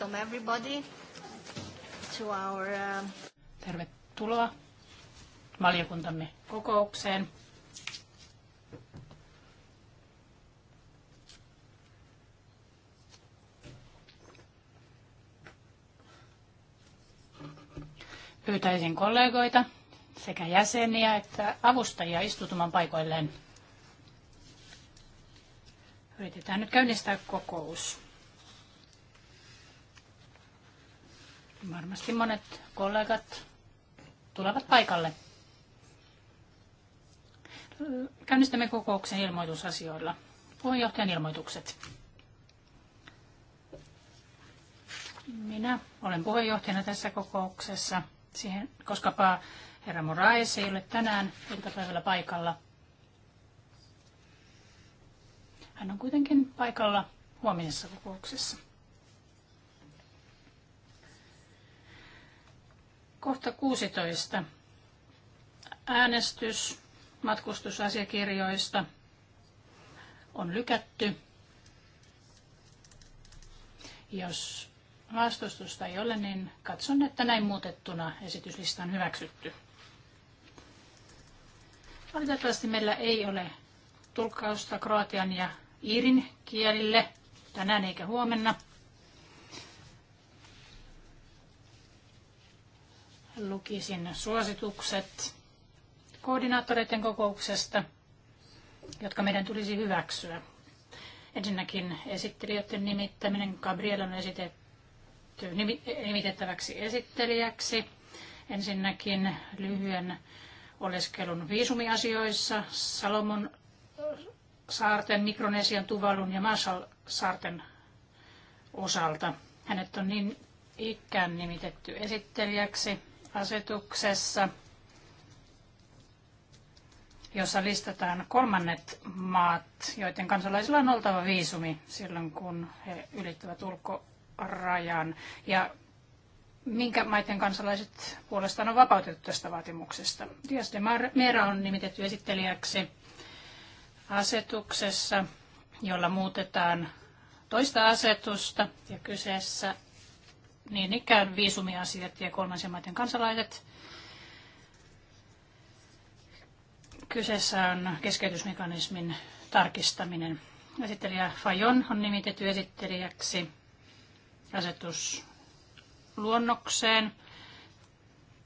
welcome everybody to our... Uh... Tervetuloa valiokuntamme kokoukseen. Pyytäisin kollegoita, sekä jäseniä että avustajia istutumaan paikoilleen. Yritetään nyt käynnistää kokous. Varmasti monet kollegat tulevat paikalle. Käynnistämme kokouksen ilmoitusasioilla. Puheenjohtajan ilmoitukset. Minä olen puheenjohtajana tässä kokouksessa, siihen, koskapa herra Moraes ei ole tänään iltapäivällä paikalla. Hän on kuitenkin paikalla huomisessa kokouksessa. Kohta 16. Äänestys matkustusasiakirjoista on lykätty. Jos vastustusta ei ole, niin katson, että näin muutettuna esityslista on hyväksytty. Valitettavasti meillä ei ole tulkkausta kroatian ja iirin kielille tänään eikä huomenna. lukisin suositukset koordinaattoreiden kokouksesta, jotka meidän tulisi hyväksyä. Ensinnäkin esittelijöiden nimittäminen. Gabriel on esitetty nimitettäväksi esittelijäksi. Ensinnäkin lyhyen oleskelun viisumiasioissa, Salomon saarten, Mikronesian, Tuvalun ja Marshall-saarten osalta. Hänet on niin ikään nimitetty esittelijäksi asetuksessa, jossa listataan kolmannet maat, joiden kansalaisilla on oltava viisumi silloin, kun he ylittävät ulkorajan. Ja minkä maiden kansalaiset puolestaan on vapautettu tästä vaatimuksesta. Dias de Mera on nimitetty esittelijäksi asetuksessa, jolla muutetaan toista asetusta ja kyseessä niin ikään viisumiasiat ja kolmansien maiden kansalaiset. Kyseessä on keskeytysmekanismin tarkistaminen. Esittelijä Fajon on nimitetty esittelijäksi asetusluonnokseen.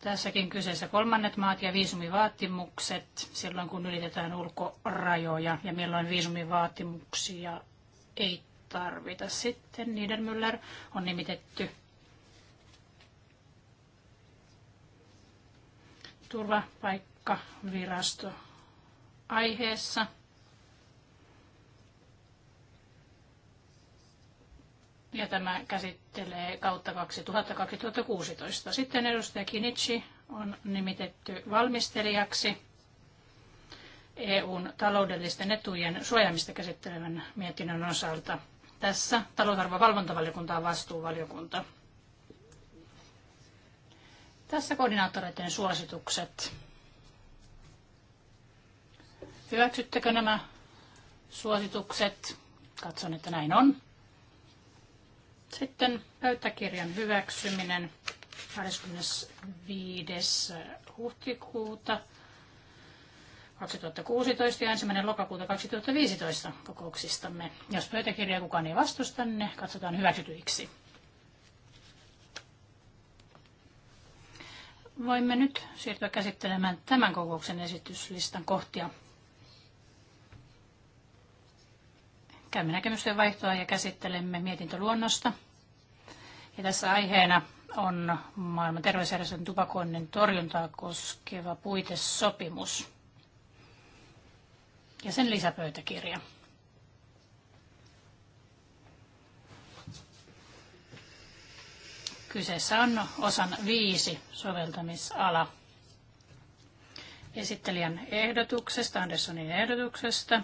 Tässäkin kyseessä kolmannet maat ja viisumivaatimukset silloin, kun ylitetään ulkorajoja ja milloin viisumivaatimuksia ei tarvita. Sitten Niedermüller on nimitetty turvapaikkavirasto aiheessa. Ja tämä käsittelee kautta 2000-2016. Sitten edustaja Kinitsi on nimitetty valmistelijaksi EUn taloudellisten etujen suojaamista käsittelevän mietinnön osalta. Tässä talousarvovalvontavaliokunta on vastuuvaliokunta. Tässä koordinaattoreiden suositukset. Hyväksyttekö nämä suositukset? Katson, että näin on. Sitten pöytäkirjan hyväksyminen 25. huhtikuuta 2016 ja ensimmäinen lokakuuta 2015 kokouksistamme. Jos pöytäkirjaa kukaan ei vastusta, ne katsotaan hyväksytyiksi. voimme nyt siirtyä käsittelemään tämän kokouksen esityslistan kohtia. Käymme näkemysten vaihtoa ja käsittelemme mietintöluonnosta. Ja tässä aiheena on maailman terveysjärjestön tupakoinnin torjuntaa koskeva puitesopimus ja sen lisäpöytäkirja. Kyseessä on osan viisi soveltamisala. Esittelijän ehdotuksesta, Anderssonin ehdotuksesta.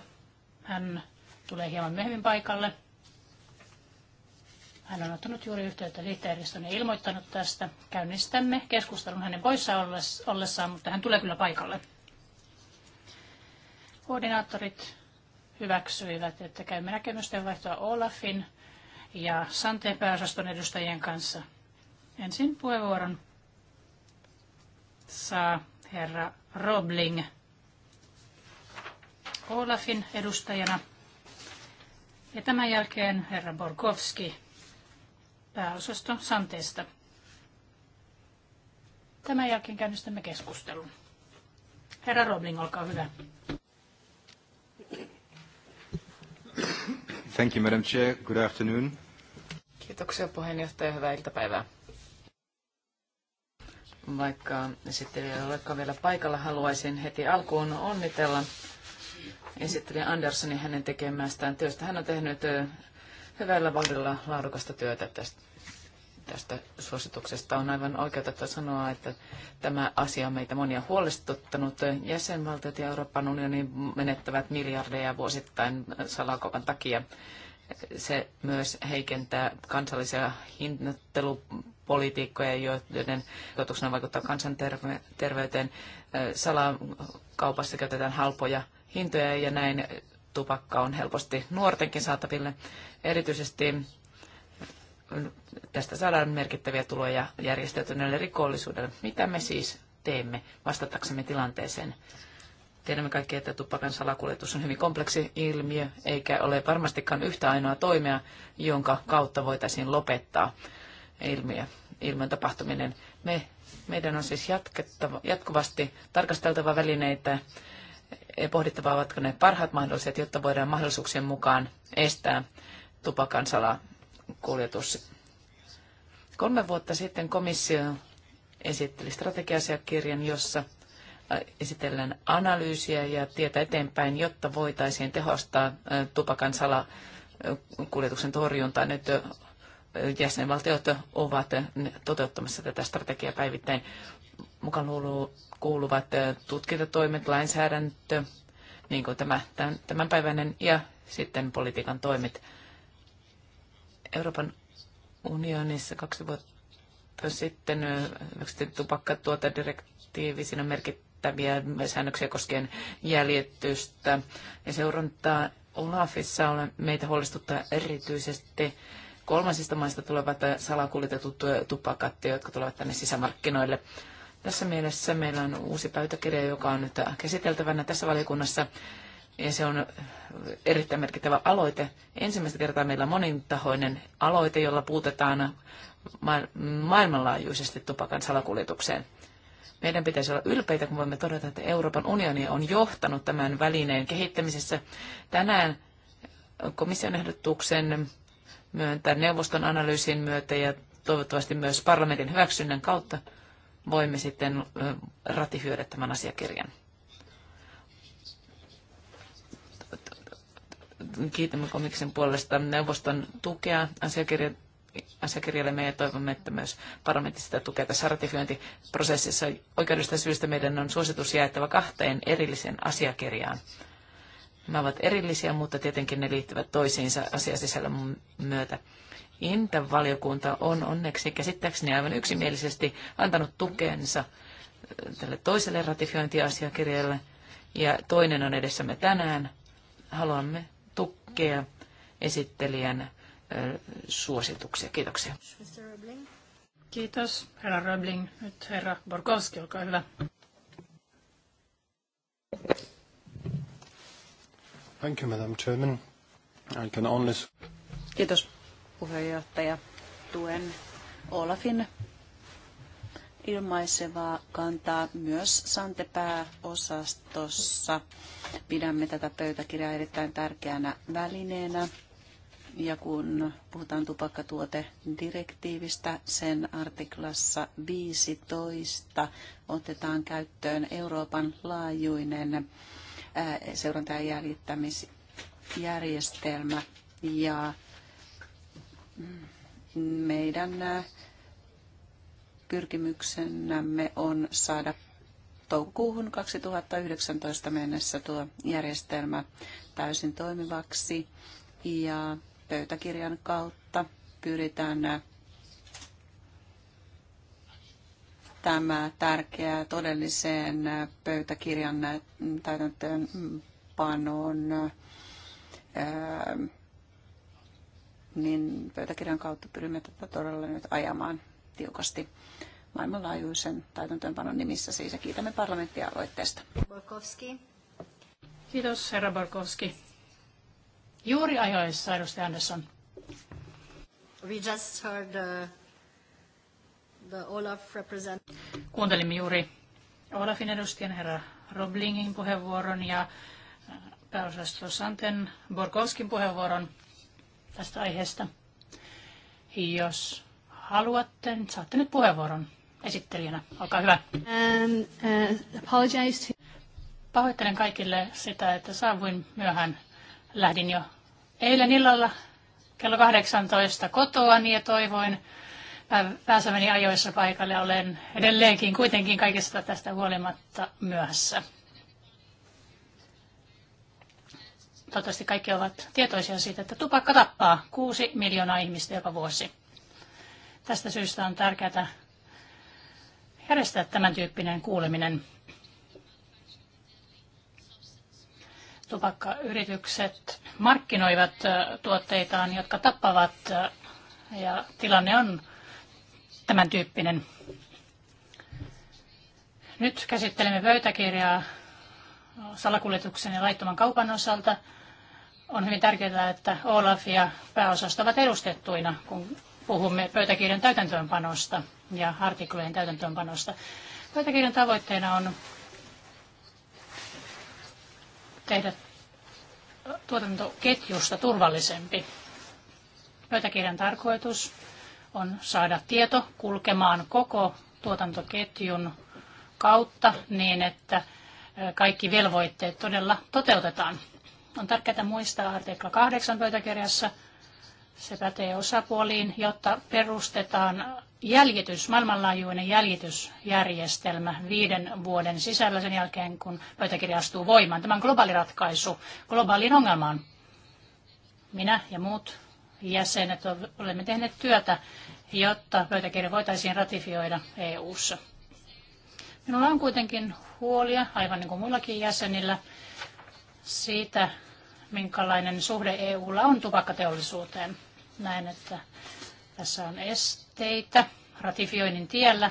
Hän tulee hieman myöhemmin paikalle. Hän on ottanut juuri yhteyttä liitteeristön ja ilmoittanut tästä. Käynnistämme keskustelun hänen poissa ollessaan, mutta hän tulee kyllä paikalle. Koordinaattorit hyväksyivät, että käymme näkemysten vaihtoa Olafin ja Santeen pääosaston edustajien kanssa – Ensin puheenvuoron saa herra Robling Olafin edustajana ja tämän jälkeen herra Borkowski pääosasto Santeesta. Tämän jälkeen käynnistämme keskustelun. Herra Robling, olkaa hyvä. Thank you, Madam Chair. Good afternoon. Kiitoksia puheenjohtaja. Hyvää iltapäivää. Vaikka sitten ei olekaan vielä paikalla, haluaisin heti alkuun onnitella esittelijä Anderssonin hänen tekemästään työstä. Hän on tehnyt hyvällä vauhdilla laadukasta työtä tästä, tästä suosituksesta. On aivan oikeutettua sanoa, että tämä asia on meitä monia huolestuttanut. Jäsenvaltiot ja Euroopan unioni menettävät miljardeja vuosittain salakovan takia. Se myös heikentää kansallisia hinnoittelupolitiikkaa politiikkoja, joiden tuotuksena vaikuttaa kansanterveyteen. Salakaupassa käytetään halpoja hintoja ja näin tupakka on helposti nuortenkin saataville. Erityisesti tästä saadaan merkittäviä tuloja järjestäytyneelle rikollisuudelle. Mitä me siis teemme vastataksemme tilanteeseen? Tiedämme kaikki, että tupakan salakuljetus on hyvin kompleksi ilmiö, eikä ole varmastikaan yhtä ainoa toimea, jonka kautta voitaisiin lopettaa ilmiö, ilmiön tapahtuminen. Me, meidän on siis jatkettava, jatkuvasti tarkasteltava välineitä ja pohdittava, ovatko ne parhaat mahdolliset, jotta voidaan mahdollisuuksien mukaan estää tupakan salakuljetus. Kolme vuotta sitten komissio esitteli strategiasiakirjan, jossa esitellään analyysiä ja tietä eteenpäin, jotta voitaisiin tehostaa tupakan salakuljetuksen torjuntaa. Nyt jäsenvaltiot ovat toteuttamassa tätä strategiaa päivittäin. Mukaan kuuluvat tutkintatoimet, lainsäädäntö, niin kuin tämä tämänpäiväinen, ja sitten politiikan toimet. Euroopan unionissa kaksi vuotta sitten hyväksyttiin tupakkatuotedirektiivi, siinä on merkittäviä säännöksiä koskien jäljitystä ja seurantaa. Olafissa meitä huolestuttaa erityisesti kolmansista maista tulevat äh, salakuljetetut äh, tupakat, jotka tulevat tänne sisämarkkinoille. Tässä mielessä meillä on uusi pöytäkirja, joka on nyt äh, käsiteltävänä tässä valiokunnassa. Ja se on erittäin merkittävä aloite. Ensimmäistä kertaa meillä on monintahoinen aloite, jolla puutetaan maailmanlaajuisesti tupakan salakuljetukseen. Meidän pitäisi olla ylpeitä, kun voimme todeta, että Euroopan unioni on johtanut tämän välineen kehittämisessä. Tänään komission ehdotuksen myöntää neuvoston analyysin myötä ja toivottavasti myös parlamentin hyväksynnän kautta voimme sitten ratifioida tämän asiakirjan. Kiitämme komiksen puolesta neuvoston tukea asiakirjan asiakirjalle me toivomme, että myös parlamentti sitä tukee tässä ratifiointiprosessissa. Oikeudesta syystä meidän on suositus jaettava kahteen erilliseen asiakirjaan. Nämä ovat erillisiä, mutta tietenkin ne liittyvät toisiinsa asiasisällön myötä. Inta-valiokunta on onneksi käsittääkseni aivan yksimielisesti antanut tukensa äh, tälle toiselle ratifiointiasiakirjalle ja toinen on edessämme tänään. Haluamme tukea esittelijän äh, suosituksia. Kiitoksia. Kiitos, herra Röbling. Nyt herra Borkowski, olkaa hyvä. Thank you, Madam Chairman. I can only... Kiitos, puheenjohtaja. Tuen Olafin ilmaisevaa kantaa myös Santepääosastossa. Pidämme tätä pöytäkirjaa erittäin tärkeänä välineenä. Ja kun puhutaan tupakkatuotedirektiivistä, sen artiklassa 15 otetaan käyttöön Euroopan laajuinen seuranta- ja jäljittämisjärjestelmä. Ja mm, meidän pyrkimyksenämme on saada toukokuuhun 2019 mennessä tuo järjestelmä täysin toimivaksi ja pöytäkirjan kautta pyritään tämä tärkeä todelliseen pöytäkirjan täytäntöönpanoon niin pöytäkirjan kautta pyrimme tätä todella nyt ajamaan tiukasti maailmanlaajuisen täytäntöönpanon nimissä. Siis ja kiitämme parlamenttia aloitteesta. Borkowski. Kiitos, herra Borkowski. Juuri ajoissa, edustaja Andersson. We just heard uh... Olaf represent... Kuuntelimme juuri Olafin edustajan herra Roblingin puheenvuoron ja äh, pääosasto Santen Borkovskin puheenvuoron tästä aiheesta. Jos haluatte, niin saatte nyt puheenvuoron esittelijänä. Olkaa hyvä. And, um, uh, to... Pahoittelen kaikille sitä, että saavuin myöhään. Lähdin jo eilen illalla kello 18 kotoa ja toivoin pääsemäni ajoissa paikalle. Olen edelleenkin kuitenkin kaikesta tästä huolimatta myöhässä. Toivottavasti kaikki ovat tietoisia siitä, että tupakka tappaa 6 miljoonaa ihmistä joka vuosi. Tästä syystä on tärkeää järjestää tämän tyyppinen kuuleminen. Tupakkayritykset markkinoivat tuotteitaan, jotka tappavat, ja tilanne on tämän tyyppinen. Nyt käsittelemme pöytäkirjaa salakuljetuksen ja laittoman kaupan osalta. On hyvin tärkeää, että Olaf ja pääosasto ovat edustettuina, kun puhumme pöytäkirjan täytäntöönpanosta ja artiklojen täytäntöönpanosta. Pöytäkirjan tavoitteena on tehdä tuotantoketjusta turvallisempi. Pöytäkirjan tarkoitus on saada tieto kulkemaan koko tuotantoketjun kautta niin, että kaikki velvoitteet todella toteutetaan. On tärkeää muistaa artikla 8 pöytäkirjassa, se pätee osapuoliin, jotta perustetaan jäljitys, maailmanlaajuinen jäljitysjärjestelmä viiden vuoden sisällä sen jälkeen, kun pöytäkirja astuu voimaan. Tämä on globaali ratkaisu globaaliin ongelmaan. Minä ja muut jäsenet olemme tehneet työtä, jotta pöytäkirja voitaisiin ratifioida EU:ssa. Minulla on kuitenkin huolia, aivan niin kuin muillakin jäsenillä, siitä, minkälainen suhde EUlla on tupakkateollisuuteen. Näen, että tässä on esteitä ratifioinnin tiellä.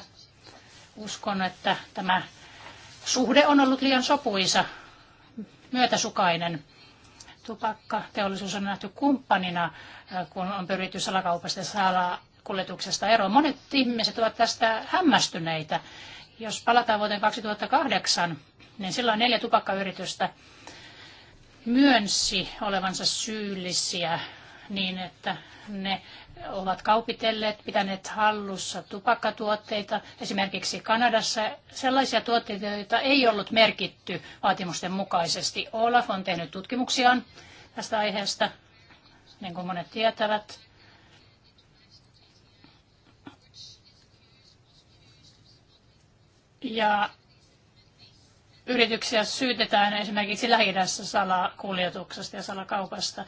Uskon, että tämä suhde on ollut liian sopuisa, myötäsukainen. Tupakkateollisuus on nähty kumppanina, äh, kun on pyritty salakaupasta ja salakuljetuksesta eroon. Monet ihmiset ovat tästä hämmästyneitä. Jos palataan vuoteen 2008, niin silloin neljä tupakkayritystä myönsi olevansa syyllisiä niin, että ne ovat kaupitelleet, pitäneet hallussa tupakkatuotteita, esimerkiksi Kanadassa sellaisia tuotteita, joita ei ollut merkitty vaatimusten mukaisesti. Olaf on tehnyt tutkimuksiaan tästä aiheesta, niin kuin monet tietävät. Ja yrityksiä syytetään esimerkiksi lähi salakuljetuksesta ja salakaupasta.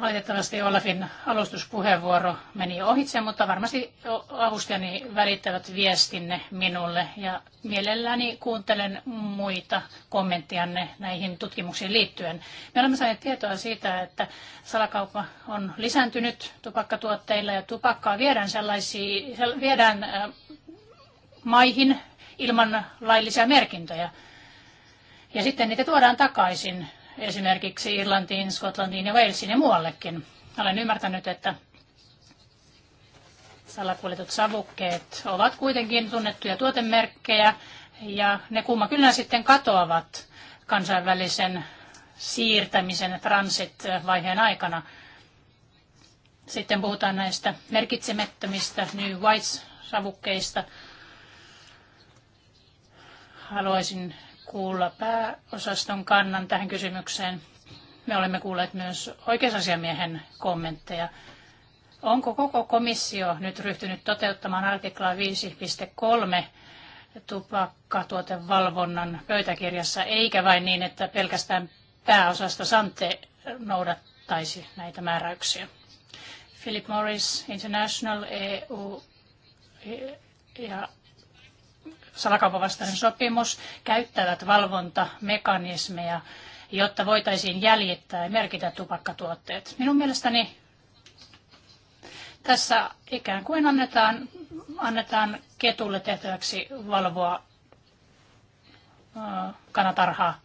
Valitettavasti Olafin alustuspuheenvuoro meni ohitse, mutta varmasti avustajani välittävät viestinne minulle ja mielelläni kuuntelen muita kommenttianne näihin tutkimuksiin liittyen. Me olemme saaneet tietoa siitä, että salakauppa on lisääntynyt tupakkatuotteilla ja tupakkaa viedään, sellaisiin, viedään äh, maihin ilman laillisia merkintöjä. Ja sitten niitä tuodaan takaisin esimerkiksi Irlantiin, Skotlantiin ja Walesiin ja muuallekin. Olen ymmärtänyt, että salakuljetut savukkeet ovat kuitenkin tunnettuja tuotemerkkejä ja ne kumma kyllä sitten katoavat kansainvälisen siirtämisen transit-vaiheen aikana. Sitten puhutaan näistä merkitsemättömistä New Whites-savukkeista. Haluaisin kuulla pääosaston kannan tähän kysymykseen. Me olemme kuulleet myös oikeusasiamiehen kommentteja. Onko koko komissio nyt ryhtynyt toteuttamaan artiklaa 5.3 tupakkatuotevalvonnan pöytäkirjassa, eikä vain niin, että pelkästään pääosasto Sante noudattaisi näitä määräyksiä? Philip Morris International EU e- ja salakaupavastainen sopimus käyttävät valvontamekanismeja, jotta voitaisiin jäljittää ja merkitä tupakkatuotteet. Minun mielestäni tässä ikään kuin annetaan, annetaan ketulle tehtäväksi valvoa kanatarhaa.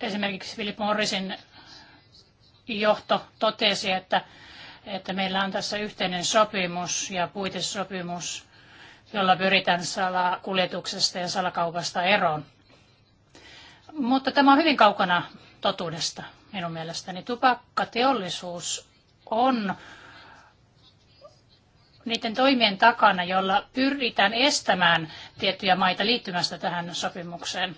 Esimerkiksi Philip Morrisin johto totesi, että että meillä on tässä yhteinen sopimus ja puitesopimus, jolla pyritään salakuljetuksesta ja salakaupasta eroon. Mutta tämä on hyvin kaukana totuudesta minun mielestäni. Tupakkateollisuus on niiden toimien takana, jolla pyritään estämään tiettyjä maita liittymästä tähän sopimukseen.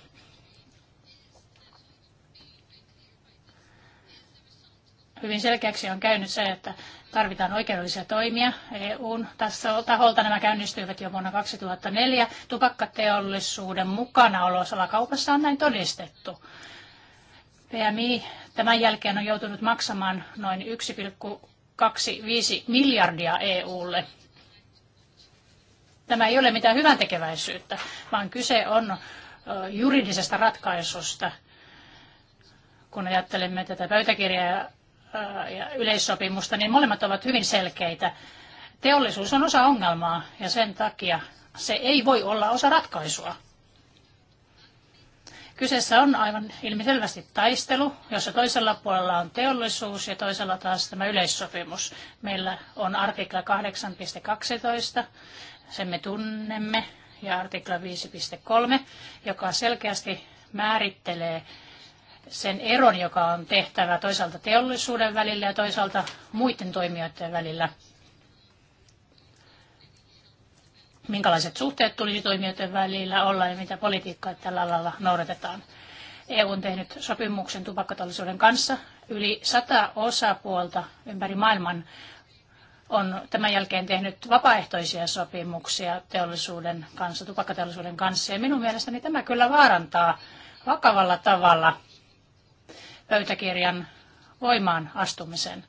Hyvin selkeäksi on käynyt se, että Tarvitaan oikeudellisia toimia EUn tässä taholta. Nämä käynnistyivät jo vuonna 2004. Tupakkateollisuuden mukana salakaupassa on näin todistettu. PMI tämän jälkeen on joutunut maksamaan noin 1,25 miljardia EUlle. Tämä ei ole mitään hyvän tekeväisyyttä, vaan kyse on juridisesta ratkaisusta kun ajattelemme tätä pöytäkirjaa Äh, ja yleissopimusta, niin molemmat ovat hyvin selkeitä. Teollisuus on osa ongelmaa ja sen takia se ei voi olla osa ratkaisua. Kyseessä on aivan ilmiselvästi taistelu, jossa toisella puolella on teollisuus ja toisella taas tämä yleissopimus. Meillä on artikla 8.12, sen me tunnemme, ja artikla 5.3, joka selkeästi määrittelee sen eron, joka on tehtävä toisaalta teollisuuden välillä ja toisaalta muiden toimijoiden välillä. Minkälaiset suhteet tulisi toimijoiden välillä olla ja mitä politiikkaa tällä alalla noudatetaan. EU on tehnyt sopimuksen tupakkateollisuuden kanssa. Yli sata osapuolta ympäri maailman on tämän jälkeen tehnyt vapaaehtoisia sopimuksia teollisuuden kanssa, tupakkateollisuuden kanssa. Ja minun mielestäni tämä kyllä vaarantaa vakavalla tavalla pöytäkirjan voimaan astumisen.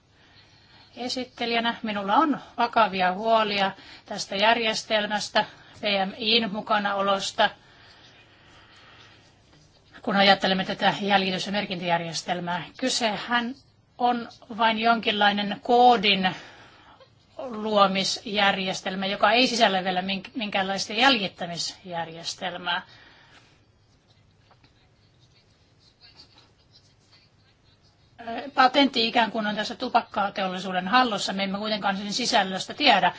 Esittelijänä minulla on vakavia huolia tästä järjestelmästä, PMIin mukanaolosta, kun ajattelemme tätä jäljitys- ja merkintäjärjestelmää. Kysehän on vain jonkinlainen koodin luomisjärjestelmä, joka ei sisällä vielä minkäänlaista jäljittämisjärjestelmää. patentti ikään kuin on tässä tupakkateollisuuden hallussa. Me emme kuitenkaan sen sisällöstä tiedä.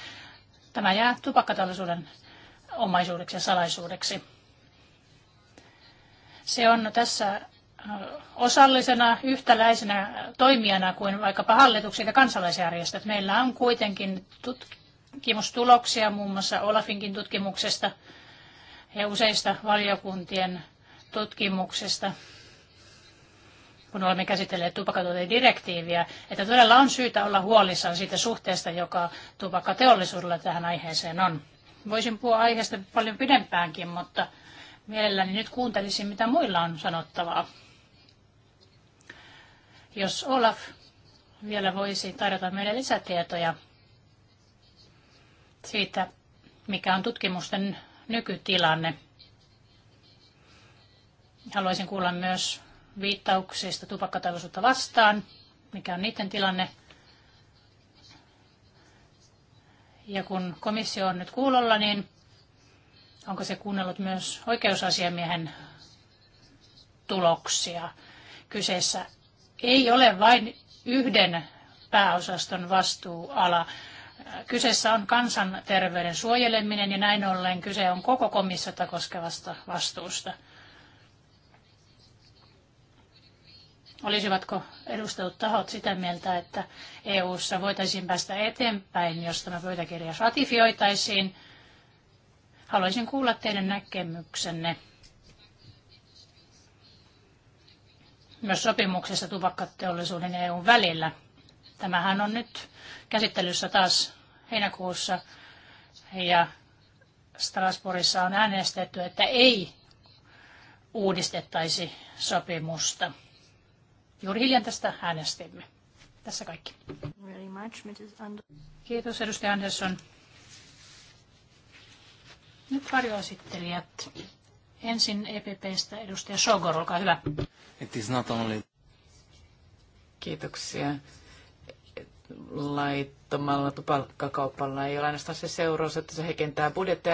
Tämä jää tupakkateollisuuden omaisuudeksi ja salaisuudeksi. Se on tässä osallisena, yhtäläisenä toimijana kuin vaikkapa hallitukset ja kansalaisjärjestöt. Meillä on kuitenkin tutkimustuloksia muun muassa Olafinkin tutkimuksesta ja useista valiokuntien tutkimuksesta kun olemme käsitelleet tupakkatuotedirektiiviä, että todella on syytä olla huolissaan siitä suhteesta, joka tupakkateollisuudella tähän aiheeseen on. Voisin puhua aiheesta paljon pidempäänkin, mutta mielelläni nyt kuuntelisin, mitä muilla on sanottavaa. Jos Olaf vielä voisi tarjota meille lisätietoja siitä, mikä on tutkimusten nykytilanne. Haluaisin kuulla myös viittauksista tupakkateollisuutta vastaan, mikä on niiden tilanne. Ja kun komissio on nyt kuulolla, niin onko se kuunnellut myös oikeusasiamiehen tuloksia? Kyseessä ei ole vain yhden pääosaston vastuuala. Kyseessä on kansanterveyden suojeleminen ja näin ollen kyse on koko komissiota koskevasta vastuusta. Olisivatko edustetut tahot sitä mieltä, että EU:ssa voitaisiin päästä eteenpäin, jos tämä pöytäkirja ratifioitaisiin? Haluaisin kuulla teidän näkemyksenne. myös sopimuksessa tupakkateollisuuden ja e EUn välillä. Tämähän on nyt käsittelyssä taas heinäkuussa ja Strasbourgissa on äänestetty, että ei uudistettaisi sopimusta. Juuri hiljan tästä äänestimme. Tässä kaikki. Very much, Mrs. Kiitos edustaja Andersson. Nyt varjoesittelijät. Ensin EPPstä edustaja Sogor, olkaa hyvä. It is not only... Kiitoksia. Laittomalla tupakkakaupalla ei ole ainoastaan se seuraus, että se heikentää budjettia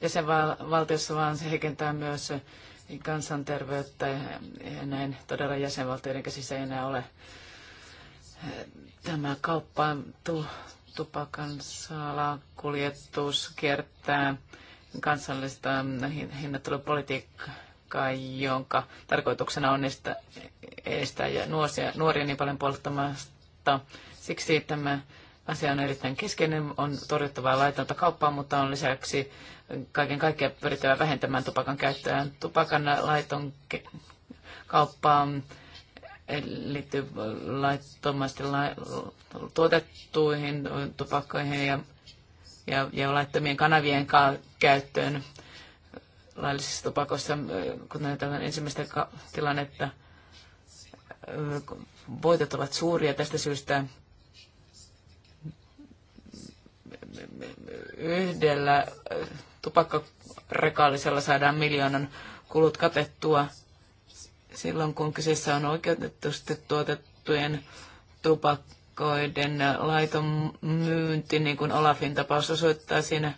jäsenvaltiossa, vaan se heikentää myös kansanterveyttä ja näin todella jäsenvaltioiden käsissä ei enää ole. Tämä kauppa tu, tupakan salakuljetus kiertää kansallista hinnattelupolitiikkaa, jonka tarkoituksena on estää, estää ja nuoria, nuoria niin paljon polttamasta. Siksi tämä asia on erittäin keskeinen, on torjuttavaa laitonta kauppaa, mutta on lisäksi kaiken kaikkiaan pyrittävä vähentämään tupakan käyttöä. Tupakan laiton kauppaan eh, liittyy laittomasti tuotettuihin tupakkoihin ja, ja, ja laittomien kanavien käyttöön laillisissa tupakossa, kun näytetään ensimmäistä tilannetta, eh, voitot ovat suuria tästä syystä yhdellä tupakkarekallisella saadaan miljoonan kulut katettua silloin, kun kyseessä on oikeutetusti tuotettujen tupakkoiden laiton myynti, niin kuin Olafin tapaus osoittaa siinä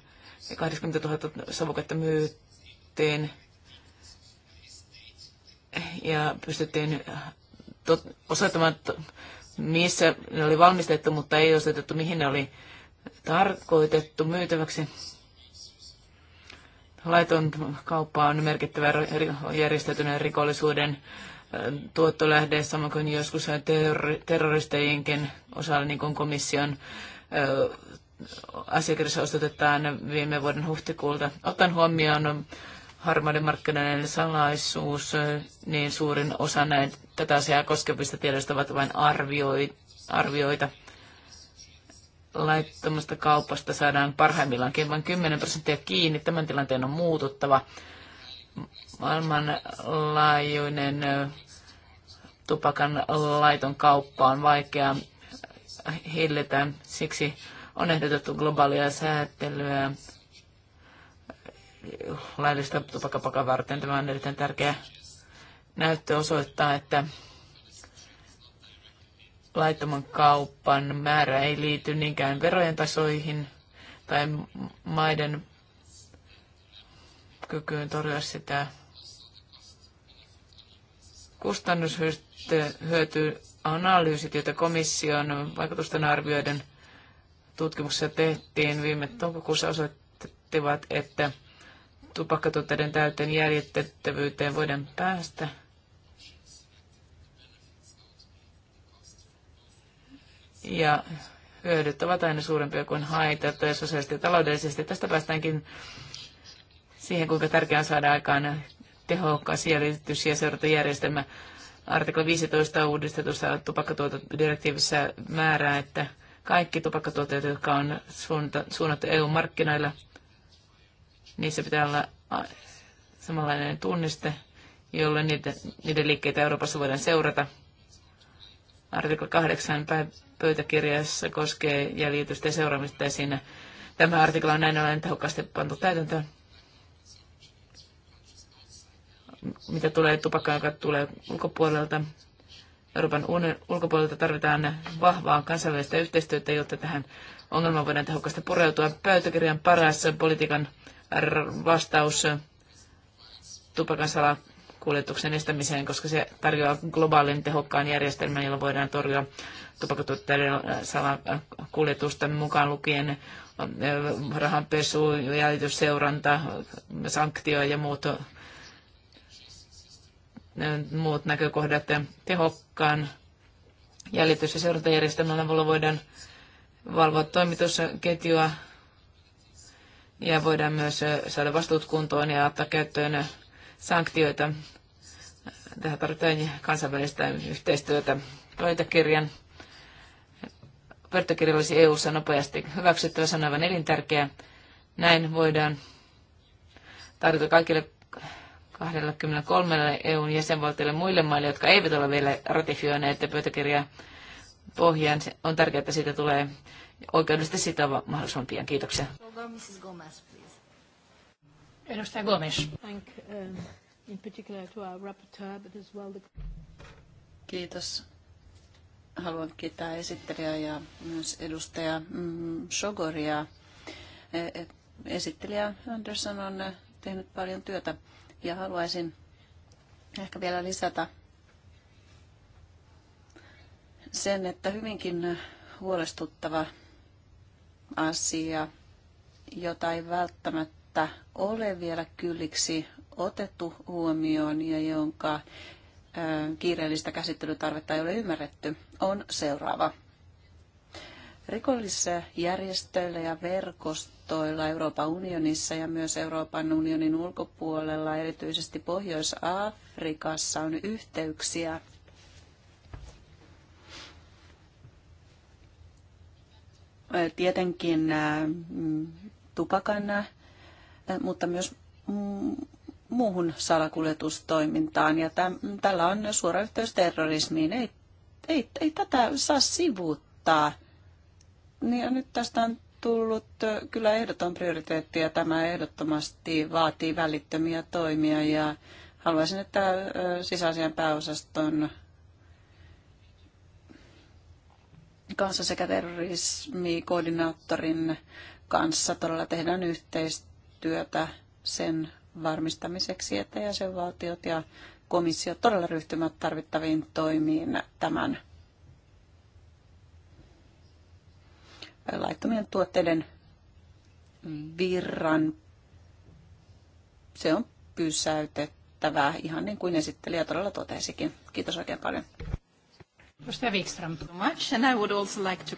80 000 savuketta myyttiin ja pystyttiin osoittamaan, missä ne oli valmistettu, mutta ei osoitettu, mihin ne oli tarkoitettu myytäväksi. Laiton kauppa on merkittävä järjestäytyneen rikollisuuden tuottolähde, samoin kuin joskus terroristeihinkin osalla, niin kuin komission asiakirjassa ostotetaan viime vuoden huhtikuulta. Otan huomioon harmaiden markkinoiden salaisuus, niin suurin osa näin, tätä asiaa koskevista tiedoista ovat vain arvioita laittomasta kaupasta saadaan parhaimmillaankin vain 10 prosenttia kiinni. Tämän tilanteen on muututtava. Maailmanlaajuinen tupakan laiton kauppa on vaikea hillitä. Siksi on ehdotettu globaalia säätelyä laillista tupakapakan varten. Tämä on erittäin tärkeä näyttö osoittaa, että laittoman kaupan määrä ei liity niinkään verojen tasoihin tai maiden kykyyn torjua sitä kustannushyötyanalyysit, joita komission vaikutusten arvioiden tutkimuksessa tehtiin viime toukokuussa osoittivat, että tupakkatuotteiden täyteen jäljitettävyyteen voidaan päästä – ja hyödyt ovat aina suurempia kuin haitat ja sosiaalisesti ja taloudellisesti. Tästä päästäänkin siihen, kuinka tärkeää on saada aikaan tehokas jäljitys- ja seurantajärjestelmä. Artikla 15 uudistetussa tupakkatuotodirektiivissä määrää, että kaikki tupakkatuotteet, jotka on suunnattu EU-markkinoilla, niissä pitää olla samanlainen tunniste, jolloin niiden, niiden liikkeitä Euroopassa voidaan seurata. Artikla 8 pöytäkirjassa koskee jäljitystä ja seuraamista ja siinä tämä artikla on näin ollen tehokkaasti pantu täytäntöön. Mitä tulee tupakkaan, joka tulee ulkopuolelta, Euroopan ulkopuolelta tarvitaan vahvaa kansainvälistä yhteistyötä, jotta tähän ongelmaan voidaan tehokkaasti pureutua. Pöytäkirjan paras politiikan vastaus tupakan salakuljetuksen estämiseen, koska se tarjoaa globaalin tehokkaan järjestelmän, jolla voidaan torjua tupakkatuotteiden äh, salakuljetusten äh, mukaan lukien äh, rahanpesu, jäljitysseuranta, sanktio ja muut, muut näkökohdat tehokkaan jäljitys- ja seurantajärjestelmällä voidaan valvoa toimitusketjua ja voidaan myös saada vastuut kuntoon ja ottaa käyttöön sanktioita. Tähän tarvitaan kansainvälistä yhteistyötä pöytäkirjan pöytäkirja olisi EU-ssa nopeasti hyväksyttävä, se on aivan elintärkeä. Näin voidaan tarjota kaikille 23 EUn jäsenvaltioille muille maille, jotka eivät ole vielä ratifioineet pöytäkirjaa pohjaan. On tärkeää, että siitä tulee oikeudellisesti sitova mahdollisimman pian. Kiitoksia. Edustaja Gomes. Um, Kiitos haluan kiittää esittelijää ja myös edustaja mm, Sogoria. E, e, esittelijä Andersson on e, tehnyt paljon työtä ja haluaisin ehkä vielä lisätä sen, että hyvinkin huolestuttava asia, jota ei välttämättä ole vielä kylliksi otettu huomioon ja jonka kiireellistä käsittelytarvetta ei ole ymmärretty, on seuraava. järjestöillä ja verkostoilla Euroopan unionissa ja myös Euroopan unionin ulkopuolella, erityisesti Pohjois-Afrikassa, on yhteyksiä tietenkin tupakan, mutta myös muuhun salakuljetustoimintaan ja täm, tällä on suora yhteys terrorismiin. Ei, ei, ei tätä saa sivuuttaa. Niin ja nyt tästä on tullut kyllä ehdoton prioriteetti ja tämä ehdottomasti vaatii välittömiä toimia ja haluaisin, että sisäasian pääosaston kanssa sekä terrorismikoordinaattorin kanssa todella tehdään yhteistyötä sen varmistamiseksi, että jäsenvaltiot ja komissio todella ryhtymät tarvittaviin toimiin tämän laittomien tuotteiden virran. Se on pysäytettävää, ihan niin kuin esittelijä todella totesikin. Kiitos oikein paljon. Edustaja Wikström. Much, and I would also like to...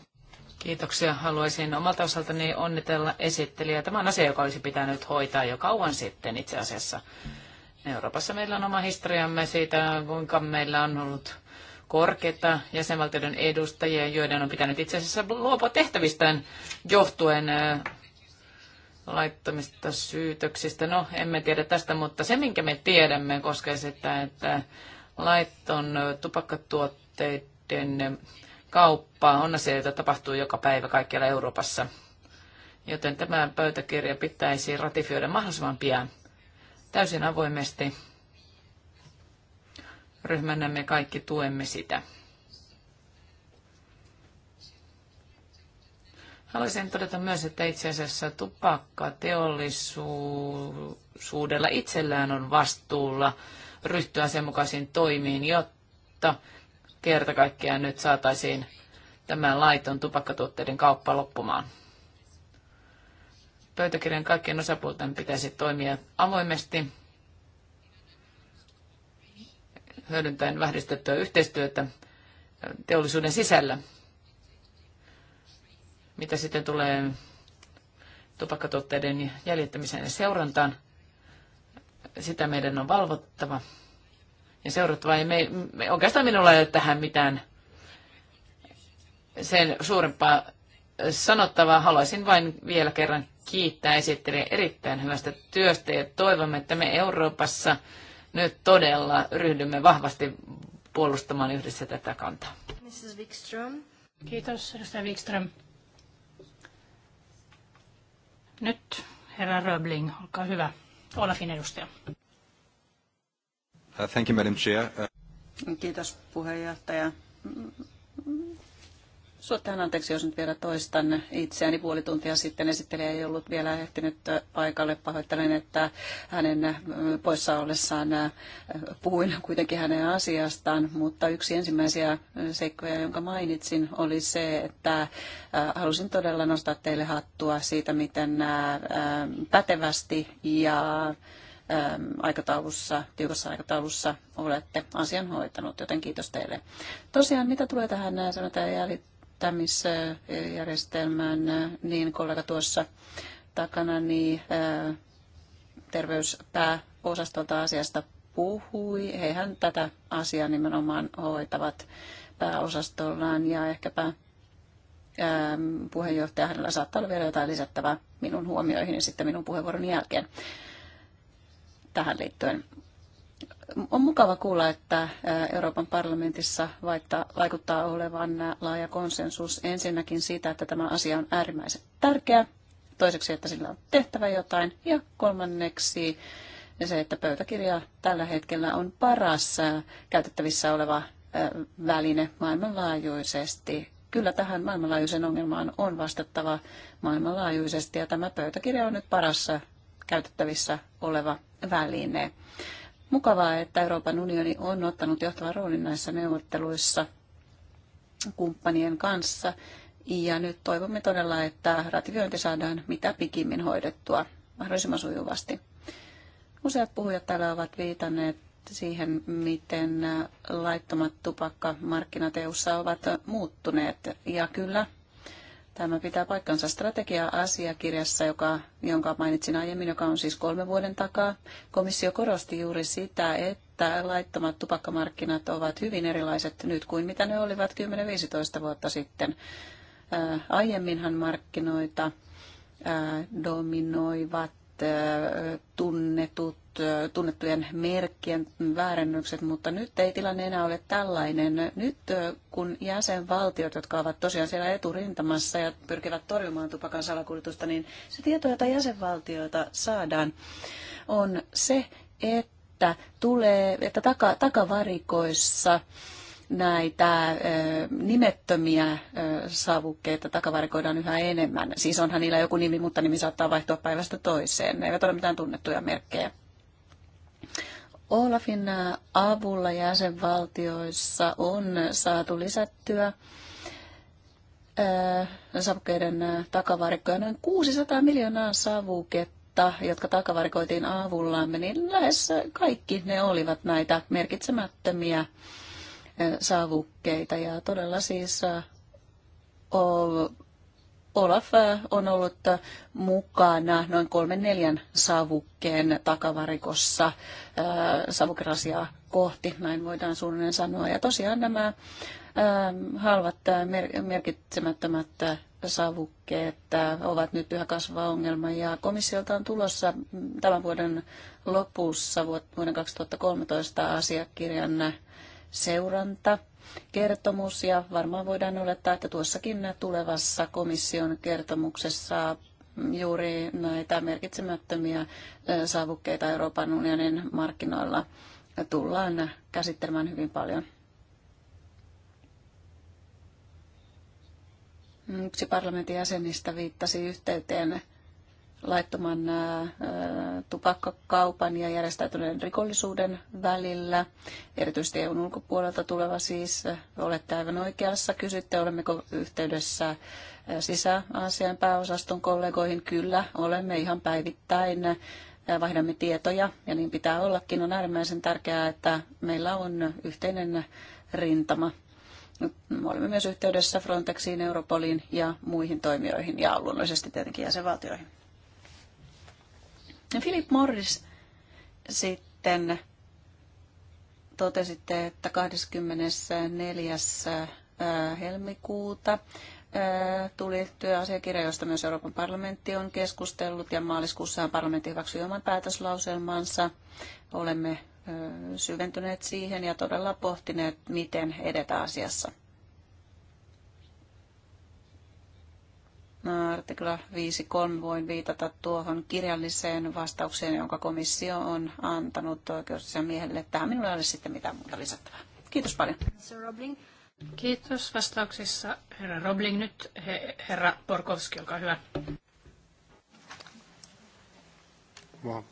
Kiitoksia. Haluaisin omalta osaltani onnitella esittelijää. Tämä on asia, joka olisi pitänyt hoitaa jo kauan sitten itse asiassa. Euroopassa meillä on oma historiamme siitä, kuinka meillä on ollut korkeita jäsenvaltioiden edustajia, joiden on pitänyt itse asiassa luopua tehtävistään johtuen laittomista syytöksistä. No, emme tiedä tästä, mutta se, minkä me tiedämme, koskee sitä, että laiton tupakkatuotteiden kauppaa. On asioita, jota tapahtuu joka päivä kaikkialla Euroopassa. Joten tämä pöytäkirja pitäisi ratifioida mahdollisimman pian täysin avoimesti. Ryhmänä me kaikki tuemme sitä. Haluaisin todeta myös, että itse asiassa tupakkateollisuudella itsellään on vastuulla ryhtyä sen mukaisiin toimiin, jotta kerta kaikkiaan nyt saataisiin tämän laiton tupakkatuotteiden kauppa loppumaan. Pöytäkirjan kaikkien osapuolten pitäisi toimia avoimesti, hyödyntäen vähdistettyä yhteistyötä teollisuuden sisällä. Mitä sitten tulee tupakkatuotteiden jäljittämiseen ja seurantaan, sitä meidän on valvottava ja seurattava. Ja me, me, oikeastaan minulla ei ole tähän mitään sen suurempaa sanottavaa. Haluaisin vain vielä kerran kiittää esittelijä erittäin hyvästä työstä ja toivomme, että me Euroopassa nyt todella ryhdymme vahvasti puolustamaan yhdessä tätä kantaa. Mrs. Wikström. Kiitos, edustaja Wikström. Nyt herra Röbling, olkaa hyvä. Olafin edustaja. Uh, thank you, Madam Chair. Uh, Kiitos puheenjohtaja. Suottahan anteeksi, jos nyt vielä toistan itseäni. Puoli tuntia sitten esittelijä ei ollut vielä ehtinyt paikalle. Pahoittelen, että hänen poissa ollessaan puhuin kuitenkin hänen asiastaan, mutta yksi ensimmäisiä seikkoja, jonka mainitsin, oli se, että halusin todella nostaa teille hattua siitä, miten pätevästi ja Ähm, aikataulussa, tiukassa aikataulussa olette asian hoitanut, joten kiitos teille. Tosiaan, mitä tulee tähän äh, sanotaan jäljittämisjärjestelmään, äh, niin kollega tuossa takana, niin äh, terveyspääosastolta asiasta puhui. Hehän tätä asiaa nimenomaan hoitavat pääosastollaan ja ehkäpä ähm, puheenjohtaja, hänellä saattaa olla vielä jotain lisättävää minun huomioihin ja sitten minun puheenvuoron jälkeen tähän liittyen. On mukava kuulla, että Euroopan parlamentissa vaikuttaa olevan laaja konsensus ensinnäkin siitä, että tämä asia on äärimmäisen tärkeä, toiseksi, että sillä on tehtävä jotain, ja kolmanneksi se, että pöytäkirja tällä hetkellä on paras käytettävissä oleva väline maailmanlaajuisesti. Kyllä tähän maailmanlaajuisen ongelmaan on vastattava maailmanlaajuisesti, ja tämä pöytäkirja on nyt paras käytettävissä oleva väline. Mukavaa, että Euroopan unioni on ottanut johtavan roolin näissä neuvotteluissa kumppanien kanssa. Ja nyt toivomme todella, että ratifiointi saadaan mitä pikimmin hoidettua mahdollisimman sujuvasti. Useat puhujat täällä ovat viitanneet siihen, miten laittomat tupakkamarkkinat EU-ssa ovat muuttuneet. Ja kyllä, Tämä pitää paikkansa strategia-asiakirjassa, joka, jonka mainitsin aiemmin, joka on siis kolme vuoden takaa. Komissio korosti juuri sitä, että laittomat tupakkamarkkinat ovat hyvin erilaiset nyt kuin mitä ne olivat 10-15 vuotta sitten. Ää, aiemminhan markkinoita ää, dominoivat ää, tunnetut tunnettujen merkkien väärennykset, mutta nyt ei tilanne enää ole tällainen. Nyt kun jäsenvaltiot, jotka ovat tosiaan siellä eturintamassa ja pyrkivät torjumaan tupakan salakuljetusta, niin se tieto, jota jäsenvaltioita saadaan, on se, että, tulee, että taka, takavarikoissa näitä nimettömiä savukkeita takavarikoidaan yhä enemmän. Siis onhan niillä joku nimi, mutta nimi saattaa vaihtua päivästä toiseen. Ne eivät ole mitään tunnettuja merkkejä. Olafin äh, avulla jäsenvaltioissa on saatu lisättyä äh, savukkeiden äh, takavarikkoja noin 600 miljoonaa savuketta, jotka takavarikoitiin avullamme, niin lähes kaikki ne olivat näitä merkitsemättömiä savukkeita ja todella siis Olaf äh, on ollut äh, mukana noin kolmen neljän savukkeen takavarikossa äh, savukerasia kohti, näin voidaan suunnilleen sanoa. Ja tosiaan nämä ähm, halvat merkitsemättömät savukkeet ovat nyt yhä kasvava ongelma ja komissiolta on tulossa mm, tämän vuoden lopussa vuoden 2013 asiakirjan seuranta kertomus ja varmaan voidaan olettaa, että tuossakin tulevassa komission kertomuksessa juuri näitä merkitsemättömiä saavukkeita Euroopan unionin markkinoilla tullaan käsittelemään hyvin paljon. Yksi parlamentin jäsenistä viittasi yhteyteen laittoman tupakkakaupan ja järjestäytyneen rikollisuuden välillä, erityisesti EUn ulkopuolelta tuleva siis. Olette aivan oikeassa. Kysytte, olemmeko yhteydessä sisäasian pääosaston kollegoihin. Kyllä, olemme ihan päivittäin vaihdamme tietoja ja niin pitää ollakin. On äärimmäisen tärkeää, että meillä on yhteinen rintama. Me olemme myös yhteydessä Frontexiin, Europoliin ja muihin toimijoihin ja luonnollisesti tietenkin jäsenvaltioihin. Philip Morris sitten totesitte, että 24. helmikuuta tuli työasiakirja, josta myös Euroopan parlamentti on keskustellut ja maaliskuussa parlamentti hyväksyi oman päätöslauselmansa. Olemme syventyneet siihen ja todella pohtineet, miten edetä asiassa. Äh, artikla 5.3 voin viitata tuohon kirjalliseen vastaukseen, jonka komissio on antanut oikeusasiamiehelle. Tähän minulla ei ole sitten mitään muuta lisättävää. Kiitos paljon. Kiitos vastauksissa. Herra Robling nyt, herra Porkovski, olkaa hyvä. Well,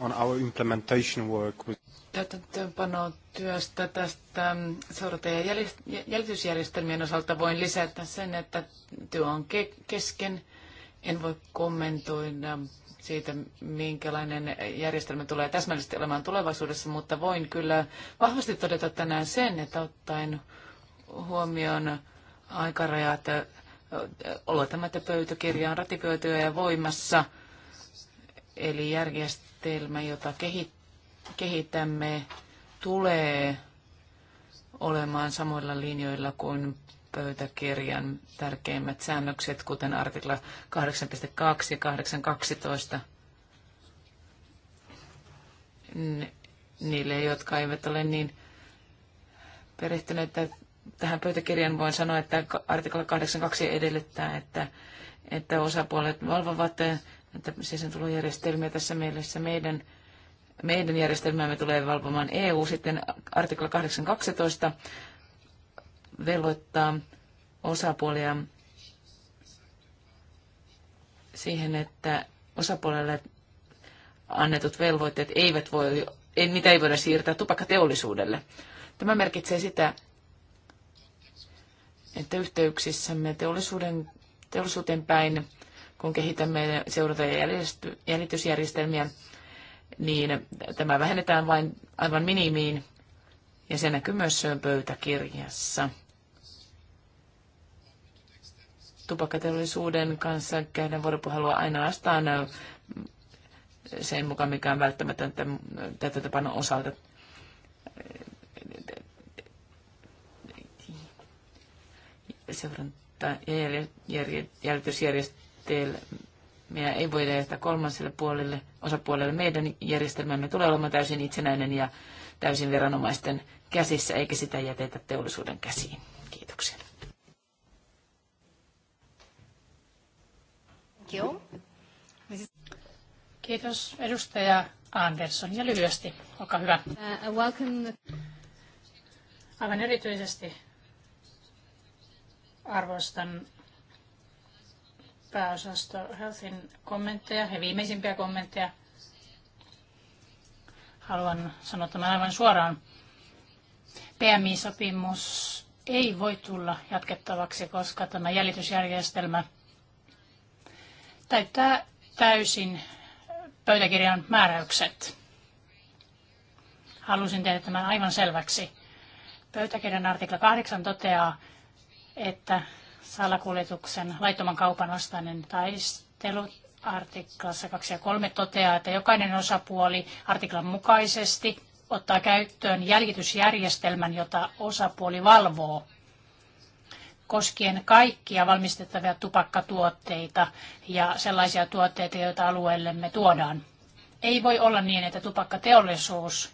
on our implementation work with täytäntöönpanoa työstä tästä seurata- ja jäljitysjärjestelmien osalta voin lisätä sen, että työ on ke- kesken. En voi kommentoida siitä, minkälainen järjestelmä tulee täsmällisesti olemaan tulevaisuudessa, mutta voin kyllä vahvasti todeta tänään sen, että ottaen huomioon aikarajat, oletamme, että pöytäkirja on ratifioitu ja voimassa, eli järjestelmä, jota kehittää kehitämme, tulee olemaan samoilla linjoilla kuin pöytäkirjan tärkeimmät säännökset, kuten artikla 8.2 ja 8.12. Niille, jotka eivät ole niin perehtyneitä tähän pöytäkirjan, voin sanoa, että artikla 8.2 edellyttää, että, että osapuolet valvovat että sisääntulo- järjestelmiä tässä mielessä meidän meidän järjestelmäämme tulee valvomaan EU. Sitten artikla 8.12 velvoittaa osapuolia siihen, että osapuolelle annetut velvoitteet eivät voi, ei, niitä ei voida siirtää tupakkateollisuudelle. Tämä merkitsee sitä, että yhteyksissämme teollisuuden, teollisuuteen päin, kun kehitämme seurata- ja jäljitysjärjestelmiä, niin tämä vähennetään vain aivan minimiin ja se näkyy myös pöytäkirjassa. Tupakkateollisuuden kanssa käydään vuoropuhelua ainoastaan sen mukaan, mikä on välttämätöntä täytäntöpanon osalta. Seuranta- ja jäljitysjärjestelmä meidän ei voida jättää kolmanselle puolelle, osapuolelle. Meidän järjestelmämme tulee olemaan täysin itsenäinen ja täysin viranomaisten käsissä, eikä sitä jätetä teollisuuden käsiin. Kiitoksia. Kiitos edustaja Andersson ja lyhyesti, olkaa hyvä. Uh, welcome. Aivan erityisesti arvostan pääosasto Healthin kommentteja ja viimeisimpiä kommentteja. Haluan sanoa tämän aivan suoraan. PMI-sopimus ei voi tulla jatkettavaksi, koska tämä jäljitysjärjestelmä täyttää täysin pöytäkirjan määräykset. Halusin tehdä tämän aivan selväksi. Pöytäkirjan artikla 8 toteaa, että salakuljetuksen laittoman kaupan vastainen taistelu artiklassa 2 ja 3 toteaa, että jokainen osapuoli artiklan mukaisesti ottaa käyttöön jäljitysjärjestelmän, jota osapuoli valvoo koskien kaikkia valmistettavia tupakkatuotteita ja sellaisia tuotteita, joita alueellemme tuodaan. Ei voi olla niin, että tupakkateollisuus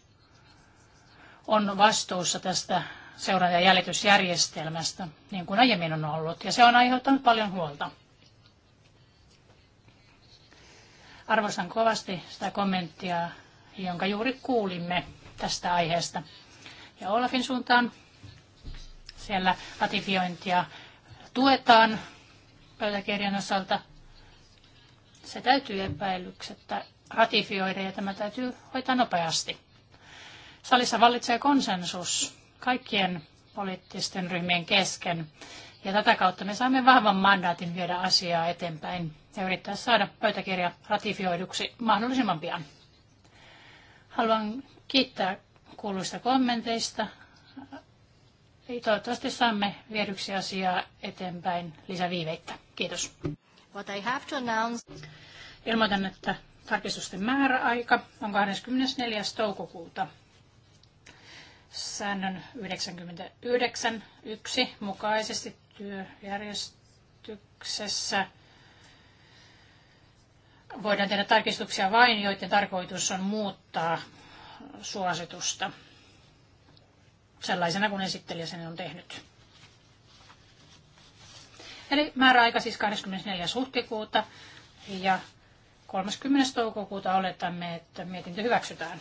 on vastuussa tästä seuranta- ja jäljitysjärjestelmästä, niin kuin aiemmin on ollut, ja se on aiheuttanut paljon huolta. Arvostan kovasti sitä kommenttia, jonka juuri kuulimme tästä aiheesta. Ja Olafin suuntaan siellä ratifiointia tuetaan pöytäkirjan osalta. Se täytyy epäilyksettä ratifioida ja tämä täytyy hoitaa nopeasti. Salissa vallitsee konsensus kaikkien poliittisten ryhmien kesken. Ja tätä kautta me saamme vahvan mandaatin viedä asiaa eteenpäin ja yrittää saada pöytäkirja ratifioiduksi mahdollisimman pian. Haluan kiittää kuuluista kommenteista. Toivottavasti saamme viedyksi asiaa eteenpäin lisäviiveittä. Kiitos. What I have to announce... Ilmoitan, että tarkistusten määräaika on 24. toukokuuta säännön 99.1 mukaisesti työjärjestyksessä voidaan tehdä tarkistuksia vain, joiden tarkoitus on muuttaa suositusta sellaisena kuin esittelijä sen on tehnyt. Eli määräaika siis 24. huhtikuuta ja 30. toukokuuta oletamme, että mietintö hyväksytään.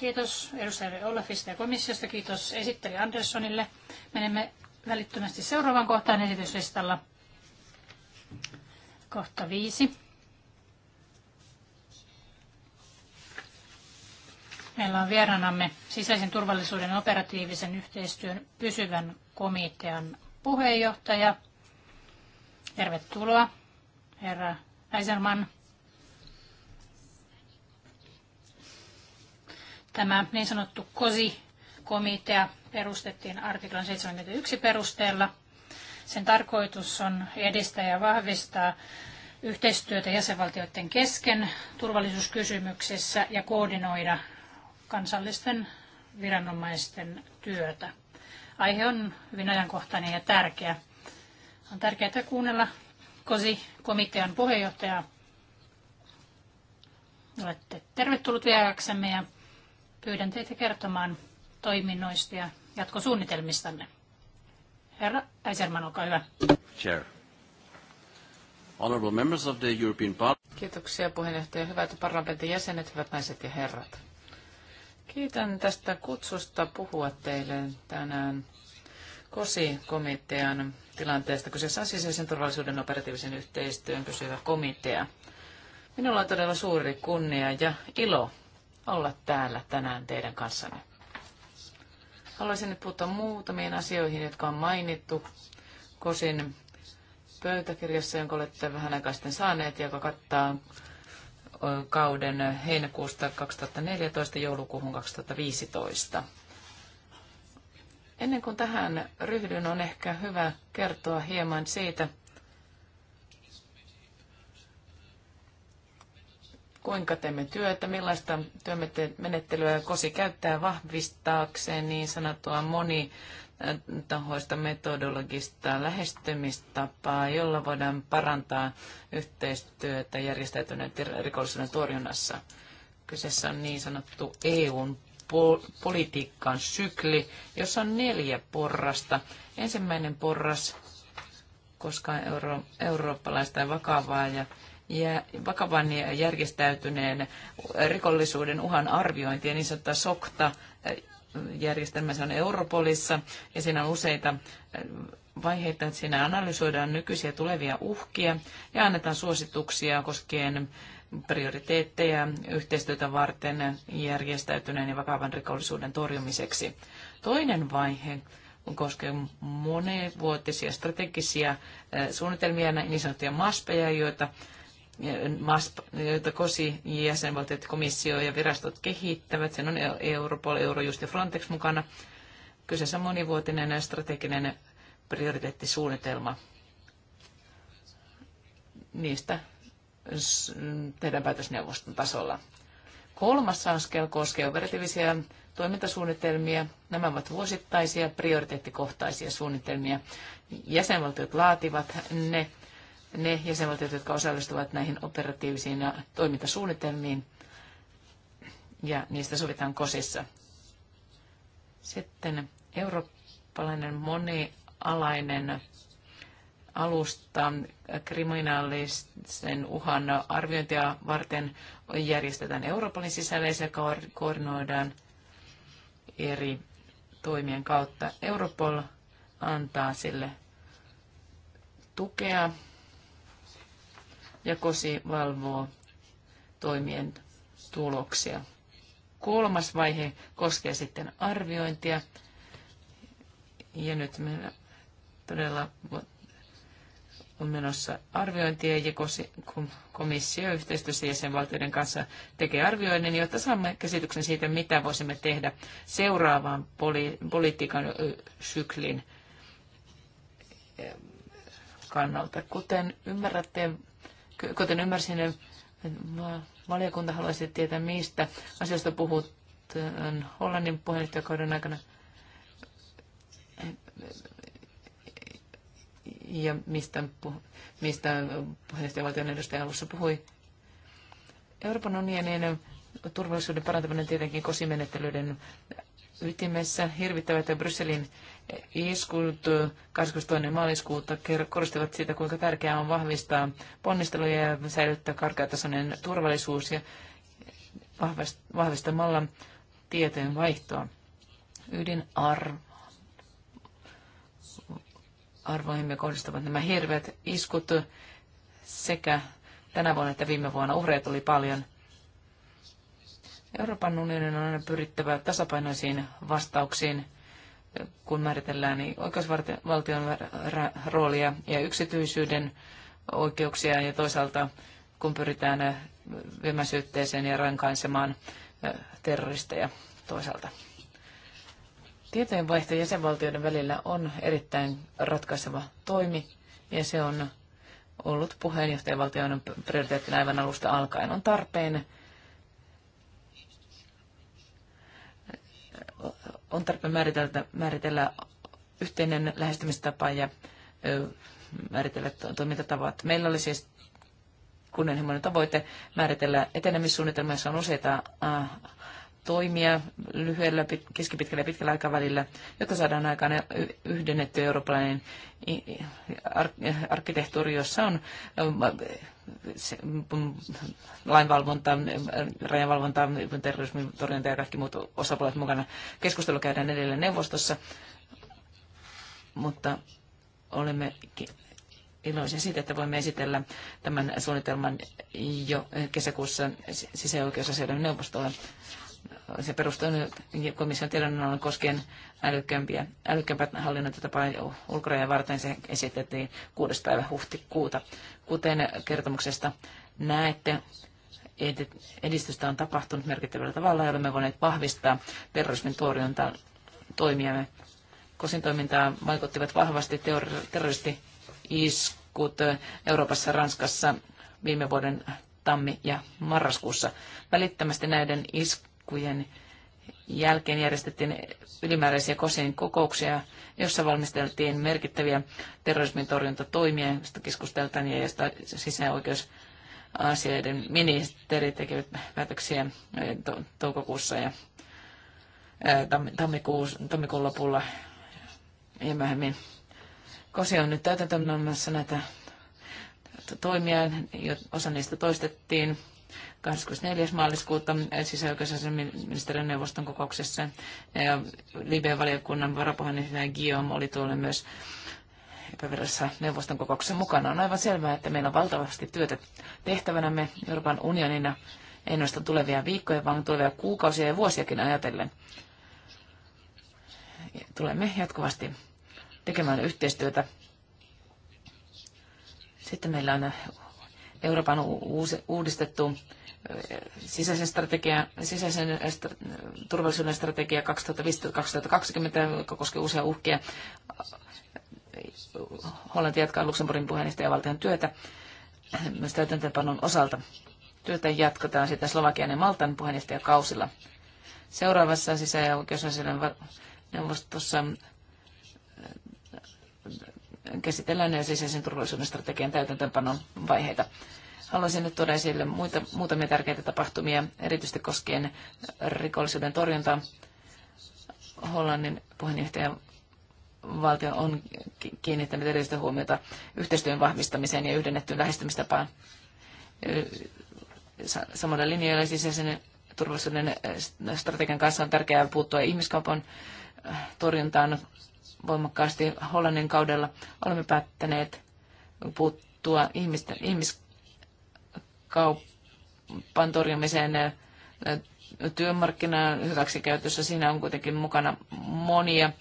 Kiitos edustajalle Olafista ja komissiosta. Kiitos esittely Anderssonille. Menemme välittömästi seuraavaan kohtaan esityslistalla. Kohta viisi. Meillä on vieraanamme sisäisen turvallisuuden operatiivisen yhteistyön pysyvän komitean puheenjohtaja. Tervetuloa, herra Eisenman. Tämä niin sanottu COSI-komitea perustettiin artiklan 71 perusteella. Sen tarkoitus on edistää ja vahvistaa yhteistyötä jäsenvaltioiden kesken turvallisuuskysymyksissä ja koordinoida kansallisten viranomaisten työtä. Aihe on hyvin ajankohtainen ja tärkeä. On tärkeää kuunnella KOSI-komitean puheenjohtajaa. Olette tervetullut vieraaksemme ja Pyydän teitä kertomaan toiminnoista ja jatkosuunnitelmistanne. Herra Eiserman, olkaa hyvä. Chair. Honorable members of the European Parliament. Kiitoksia puheenjohtaja, hyvät parlamentin jäsenet, hyvät naiset ja herrat. Kiitän tästä kutsusta puhua teille tänään cosi komitean tilanteesta. Kyseessä on sisäisen turvallisuuden operatiivisen yhteistyön pysyvä komitea. Minulla on todella suuri kunnia ja ilo olla täällä tänään teidän kanssanne. Haluaisin nyt puuttua muutamiin asioihin, jotka on mainittu Kosin pöytäkirjassa, jonka olette vähän aikaa sitten saaneet, joka kattaa kauden heinäkuusta 2014 joulukuuhun 2015. Ennen kuin tähän ryhdyn, on ehkä hyvä kertoa hieman siitä, kuinka teemme työtä, millaista työmenettelyä KOSI käyttää vahvistaakseen niin sanottua moni tahoista metodologista lähestymistapaa, jolla voidaan parantaa yhteistyötä järjestäytyneen rikollisuuden torjunnassa. Kyseessä on niin sanottu EUn politiikkaan sykli, jossa on neljä porrasta. Ensimmäinen porras koska euro, eurooppalaista ja vakavaa ja ja vakavan ja järjestäytyneen rikollisuuden uhan arviointi ja niin sanottua SOKTA eh, järjestelmä, on Europolissa ja siinä on useita eh, vaiheita, että siinä analysoidaan nykyisiä tulevia uhkia ja annetaan suosituksia koskien prioriteetteja yhteistyötä varten järjestäytyneen ja vakavan rikollisuuden torjumiseksi. Toinen vaihe koskee monivuotisia strategisia eh, suunnitelmia, niin sanottuja maspeja, joita MASP, joita KOSI, jäsenvaltiot, komissio ja virastot kehittävät. Sen on e- Europol, Eurojust ja Frontex mukana. Kyseessä on monivuotinen strateginen prioriteettisuunnitelma. Niistä tehdään päätösneuvoston tasolla. Kolmas askel koskee operatiivisia toimintasuunnitelmia. Nämä ovat vuosittaisia prioriteettikohtaisia suunnitelmia. Jäsenvaltiot laativat ne ne jäsenvaltiot, jotka osallistuvat näihin operatiivisiin ja toimintasuunnitelmiin, ja niistä sovitaan kosissa. Sitten eurooppalainen monialainen alusta kriminaalisen uhan arviointia varten järjestetään Euroopan sisällä ja koordinoidaan eri toimien kautta. Europol antaa sille tukea ja KOSI valvoo toimien tuloksia. Kolmas vaihe koskee sitten arviointia. Ja nyt meillä todella on menossa arviointia ja komissio yhteistyössä jäsenvaltioiden kanssa tekee arvioinnin, jotta saamme käsityksen siitä, mitä voisimme tehdä seuraavaan poli- politiikan syklin kannalta. Kuten ymmärrätte, kuten ymmärsin, niin valiokunta haluaisi tietää, mistä asioista puhut, Hollannin puheenjohtajakauden aikana ja mistä, mistä puheenjohtajavaltion edustaja alussa puhui. Euroopan unionin turvallisuuden parantaminen tietenkin kosimenettelyiden ytimessä. Hirvittävät ja Brysselin iskut 22. maaliskuuta korostivat siitä, kuinka tärkeää on vahvistaa ponnisteluja ja säilyttää karkeatasoinen turvallisuus ja vahvistamalla tieteen vaihtoa. Ydin ar- arvoihimme kohdistuvat nämä hirveät iskut sekä tänä vuonna että viime vuonna. Uhreja tuli paljon. Euroopan unionin on aina pyrittävä tasapainoisiin vastauksiin kun määritellään niin oikeusvaltion roolia ja yksityisyyden oikeuksia ja toisaalta kun pyritään äh, viemäsyytteeseen ja rankaisemaan äh, terroristeja toisaalta. Tietojenvaihto jäsenvaltioiden välillä on erittäin ratkaiseva toimi ja se on ollut puheenjohtajavaltion prioriteettina aivan alusta alkaen. On tarpeen on tarpeen määritellä, määritellä yhteinen lähestymistapa ja määritellä toimintatavat. Meillä oli siis kunnianhimoinen tavoite määritellä etenemissuunnitelma, jossa on useita toimia lyhyellä, keskipitkällä ja pitkällä aikavälillä, jotta saadaan aikaan yhdennetty eurooppalainen arkkitehtuuri, jossa on lainvalvonta, rajanvalvonta, terrorismin torjunta ja kaikki muut osapuolet mukana. Keskustelu käydään edelleen neuvostossa, mutta olemme iloisia siitä, että voimme esitellä tämän suunnitelman jo kesäkuussa sisäoikeusasioiden neuvostolle se perustuu komission tiedonannon koskien älykkäämpiä, älykkäämpää hallinnontatapaa ulkorajan varten. Se esitettiin 6. päivä huhtikuuta. Kuten kertomuksesta näette, edistystä on tapahtunut merkittävällä tavalla ja olemme voineet vahvistaa terrorismin torjuntaa toimijamme. Kosin toimintaa vaikuttivat vahvasti terroristi-iskut Euroopassa, Ranskassa viime vuoden tammi- ja marraskuussa. Välittömästi näiden isk- viikkojen jälkeen järjestettiin ylimääräisiä kosin kokouksia, jossa valmisteltiin merkittäviä terrorismin torjuntatoimia, joista keskusteltiin ja josta asioiden ministerit tekevät päätöksiä eh, toukokuussa ja eh, tammikuun, lopulla ja myöhemmin. Kosi on nyt täytäntöönpanomassa näitä toimia, osa niistä toistettiin 24. maaliskuuta sisäoikeusasiaministeriön neuvoston kokouksessa. Libe-valiokunnan varapuheenjohtaja Guillaume oli tuolle myös epävirallisessa neuvoston kokouksessa mukana. On aivan selvää, että meillä on valtavasti työtä tehtävänämme Euroopan unionina ennustan tulevia viikkoja, vaan tulevia kuukausia ja vuosiakin ajatellen. Tulemme jatkuvasti tekemään yhteistyötä. Sitten meillä on Euroopan uudistettu sisäisen, strategia, sisäisen turvallisuuden strategia 2015-2020, joka koskee uusia uhkia. Hollanti jatkaa Luxemburgin puheenjohtajavaltion työtä myös täytäntöönpanon osalta. Työtä jatketaan sitä Slovakian ja Maltan puheenjohtajakausilla. Seuraavassa sisä- ja oikeusasioiden neuvostossa käsitellään ja sisäisen turvallisuuden strategian täytäntöönpanon vaiheita. Haluaisin nyt tuoda esille muita, muutamia tärkeitä tapahtumia, erityisesti koskien rikollisuuden torjuntaa. Hollannin puheenjohtajan valtio on kiinnittänyt erityistä huomiota yhteistyön vahvistamiseen ja yhdennettyyn lähestymistapaan. Samalla linjoilla sisäisen turvallisuuden strategian kanssa on tärkeää puuttua ihmiskaupan torjuntaan, voimakkaasti Hollannin kaudella. Olemme päättäneet puuttua ihmisten, ihmiskaupan torjumiseen työmarkkinan hyväksikäytössä. Siinä on kuitenkin mukana monia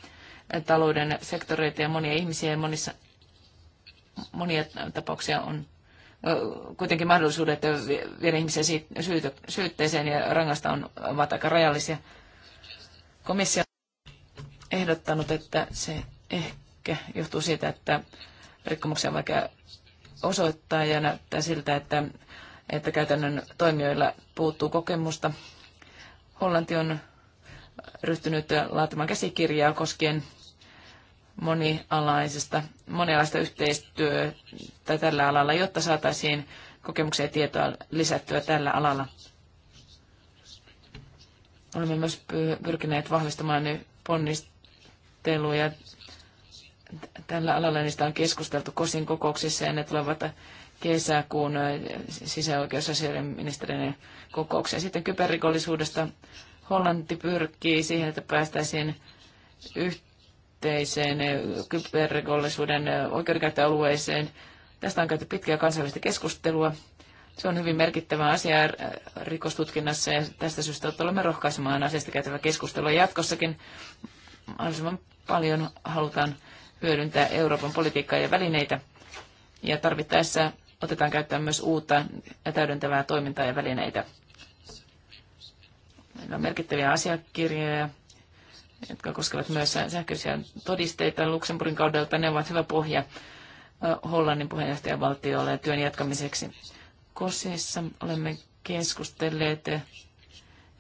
talouden sektoreita ja monia ihmisiä ja monissa, monia tapauksia on kuitenkin mahdollisuudet viedä ihmisiä syytteeseen ja rangaista on, ovat aika rajallisia. Komissio ehdottanut, että se ehkä johtuu siitä, että rikkomuksia on vaikea osoittaa ja näyttää siltä, että, että käytännön toimijoilla puuttuu kokemusta. Hollanti on ryhtynyt laatimaan käsikirjaa koskien monialaisesta, monialaista yhteistyötä tällä alalla, jotta saataisiin kokemuksia ja tietoa lisättyä tällä alalla. Olemme myös pyrkineet vahvistamaan ponnistuksia ja tällä alalla. Niistä on keskusteltu KOSin kokouksissa ja ne tulevat kesäkuun sisäoikeusasioiden ministerien kokoukseen. Sitten kyberrikollisuudesta Hollanti pyrkii siihen, että päästäisiin yhteiseen kyberrikollisuuden oikeudenkäyttöalueeseen. Tästä on käyty pitkää kansainvälistä keskustelua. Se on hyvin merkittävä asia äh, rikostutkinnassa ja tästä syystä olemme rohkaisemaan asiasta käytävä keskustelua jatkossakin mahdollisimman paljon halutaan hyödyntää Euroopan politiikkaa ja välineitä. Ja tarvittaessa otetaan käyttöön myös uutta ja täydentävää toimintaa ja välineitä. Meillä on merkittäviä asiakirjoja, jotka koskevat myös sähköisiä todisteita Luxemburgin kaudelta. Ne ovat hyvä pohja Hollannin puheenjohtajavaltiolle ja työn jatkamiseksi. Kosissa olemme keskustelleet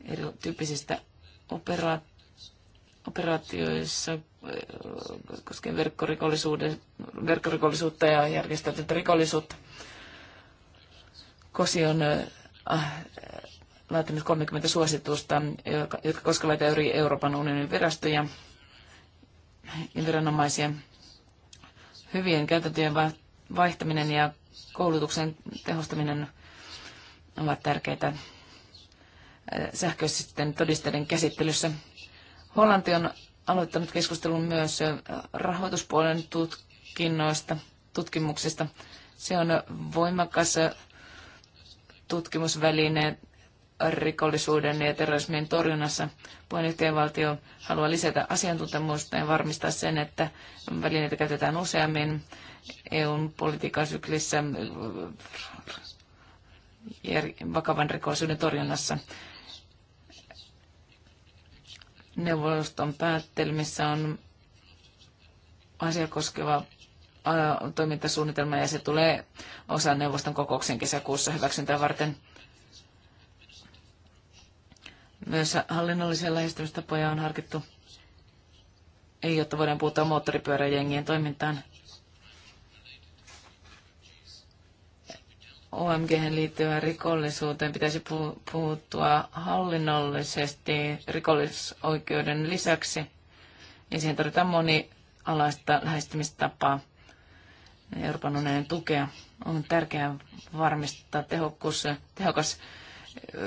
erityyppisistä operaatioista operaatioissa äh, koskien verkkorikollisuutta ja järjestäytynyttä rikollisuutta. Kosi on äh, laatinut 30 suositusta, jotka koskevat eri Euroopan unionin virastoja ja viranomaisia. Hyvien käytäntöjen vaihtaminen ja koulutuksen tehostaminen ovat tärkeitä äh, sähköisten todisteiden käsittelyssä. Hollanti on aloittanut keskustelun myös rahoituspuolen tutkinnoista, tutkimuksista. Se on voimakas tutkimusväline rikollisuuden ja terrorismin torjunnassa. Puheenjohtajavaltio haluaa lisätä asiantuntemusta ja varmistaa sen, että välineitä käytetään useammin EUn politiikan syklissä vakavan rikollisuuden torjunnassa. Neuvoston päättelmissä on asia koskeva toimintasuunnitelma ja se tulee osa neuvoston kokouksen kesäkuussa hyväksyntää varten. Myös hallinnollisia lähestymistapoja on harkittu, ei jotta voidaan puuttua moottoripyöräjengien toimintaan. OMG liittyvään rikollisuuteen pitäisi puuttua hallinnollisesti rikollisoikeuden lisäksi. niin siihen tarvitaan monialaista lähestymistapaa. Euroopan unionin tukea on tärkeää varmistaa tehokkuus, tehokas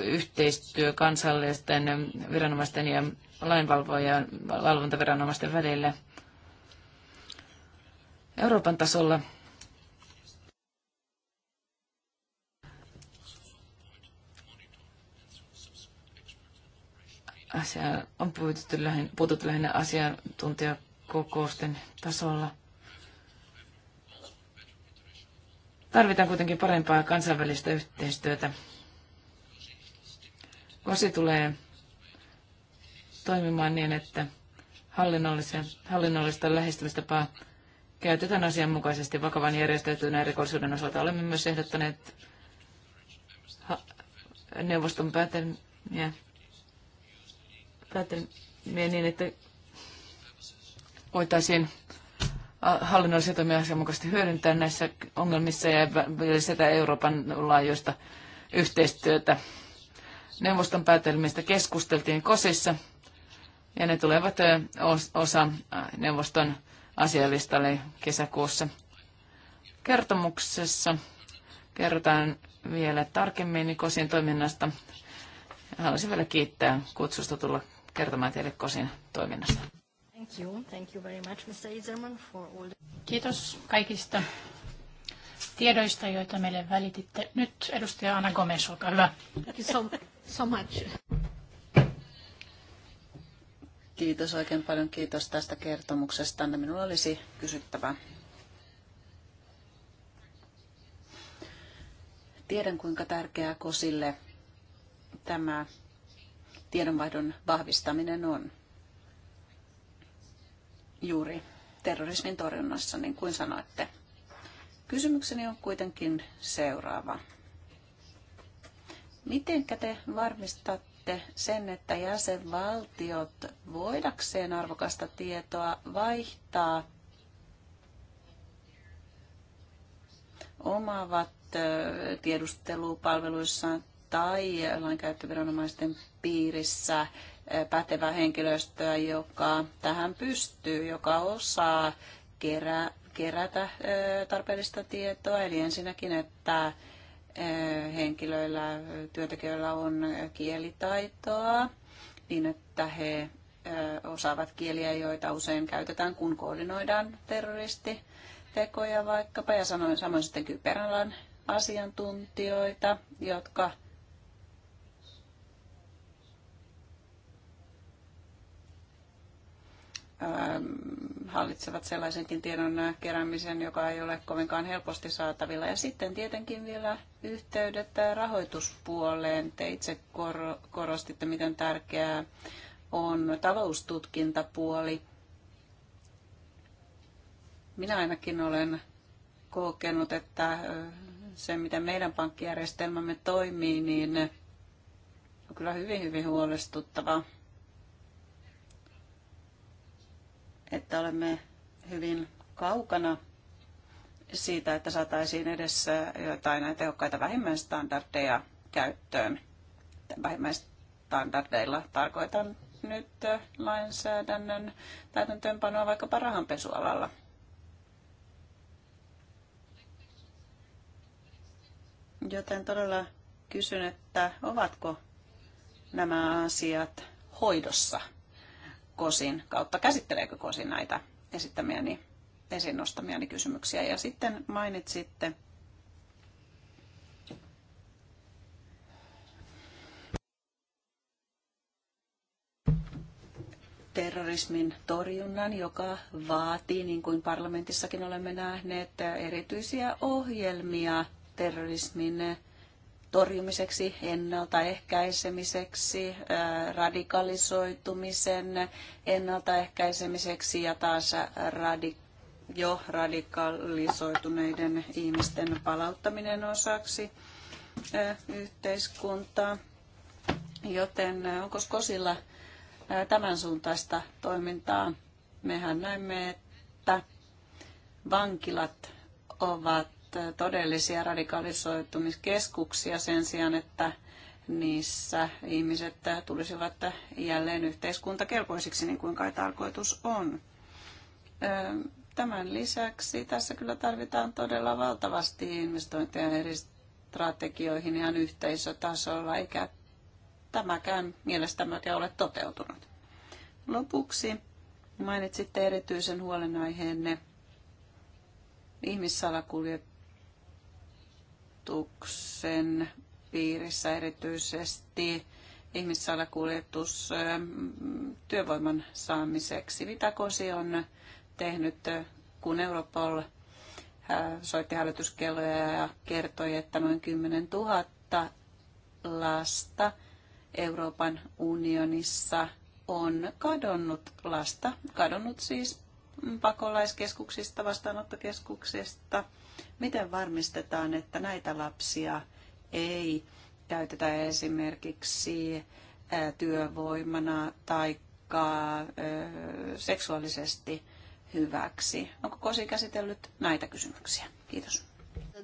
yhteistyö kansallisten viranomaisten ja lainvalvojan valvontaviranomaisten välillä. Euroopan tasolla Asia on puututtu lähinnä, puututtu lähinnä asiantuntijakokousten tasolla. Tarvitaan kuitenkin parempaa kansainvälistä yhteistyötä. Kosi tulee toimimaan niin, että hallinnollista lähestymistapaa käytetään asianmukaisesti vakavan järjestäytyneen rikollisuuden osalta. Olemme myös ehdottaneet neuvoston päätelmiä päätelmiä niin, että voitaisiin äh, hallinnollisia toimia asianmukaisesti hyödyntää näissä ongelmissa ja lisätä Euroopan laajuista yhteistyötä. Neuvoston päätelmistä keskusteltiin KOSissa ja ne tulevat äh, osa äh, neuvoston asialistalle kesäkuussa. Kertomuksessa kerrotaan vielä tarkemmin KOSin toiminnasta. Haluaisin vielä kiittää kutsusta tulla kertomaan teille KOSin toiminnasta. Thank you. Thank you very much, Mr. Iserman, for all the... Kiitos kaikista tiedoista, joita meille välititte. Nyt edustaja Anna Gomes, olkaa hyvä. Thank you so, so much. Kiitos oikein paljon. Kiitos tästä kertomuksesta. Minulla olisi kysyttävää. Tiedän, kuinka tärkeää Kosille tämä tiedonvaihdon vahvistaminen on juuri terrorismin torjunnassa, niin kuin sanoitte. Kysymykseni on kuitenkin seuraava. Miten te varmistatte sen, että jäsenvaltiot voidakseen arvokasta tietoa vaihtaa omaavat tiedustelupalveluissaan tai lainkäyttöviranomaisten piirissä pätevää henkilöstöä, joka tähän pystyy, joka osaa kerää, kerätä tarpeellista tietoa. Eli ensinnäkin, että henkilöillä, työntekijöillä on kielitaitoa niin, että he osaavat kieliä, joita usein käytetään, kun koordinoidaan terroristitekoja vaikkapa, ja sanoin samoin sitten kyperalan asiantuntijoita, jotka Ähm, hallitsevat sellaisenkin tiedon keräämisen, joka ei ole kovinkaan helposti saatavilla. Ja sitten tietenkin vielä yhteydet rahoituspuoleen. Te itse korostitte, miten tärkeää on taloustutkintapuoli. Minä ainakin olen kokenut, että äh, se, miten meidän pankkijärjestelmämme toimii, niin on kyllä hyvin, hyvin huolestuttavaa. että olemme hyvin kaukana siitä, että saataisiin edessä äh, jotain tehokkaita vähimmäistandardeja käyttöön. Vähimmäistandardeilla tarkoitan nyt äh, lainsäädännön täytäntöönpanoa vaikkapa rahanpesualalla. Joten todella kysyn, että ovatko nämä asiat hoidossa? KOSin kautta? Käsitteleekö KOSin näitä esittämiäni, esiin nostamiani kysymyksiä? Ja sitten mainitsitte terrorismin torjunnan, joka vaatii, niin kuin parlamentissakin olemme nähneet, erityisiä ohjelmia terrorismin torjumiseksi, ennaltaehkäisemiseksi, radikalisoitumisen ennaltaehkäisemiseksi ja taas radikalisoitumisen jo radikalisoituneiden ihmisten palauttaminen osaksi yhteiskuntaa. Joten onko Kosilla tämän suuntaista toimintaa? Mehän näemme, että vankilat ovat todellisia radikalisoitumiskeskuksia sen sijaan, että niissä ihmiset tulisivat jälleen yhteiskuntakelpoisiksi, niin kuin kai tarkoitus on. Tämän lisäksi tässä kyllä tarvitaan todella valtavasti investointeja eri strategioihin ihan yhteisötasolla, eikä tämäkään mielestämme ole toteutunut. Lopuksi mainitsitte erityisen huolenaiheenne ihmissalakuljet kuljetuksen piirissä erityisesti ihmissalakuljetus ähm, työvoiman saamiseksi. Mitä Kosi on tehnyt, kun Europol äh, soitti hälytyskelloja ja kertoi, että noin 10 000 lasta Euroopan unionissa on kadonnut lasta, kadonnut siis pakolaiskeskuksista, vastaanottokeskuksista – Miten varmistetaan, että näitä lapsia ei käytetä esimerkiksi työvoimana tai seksuaalisesti hyväksi? Onko Kosi käsitellyt näitä kysymyksiä? Kiitos.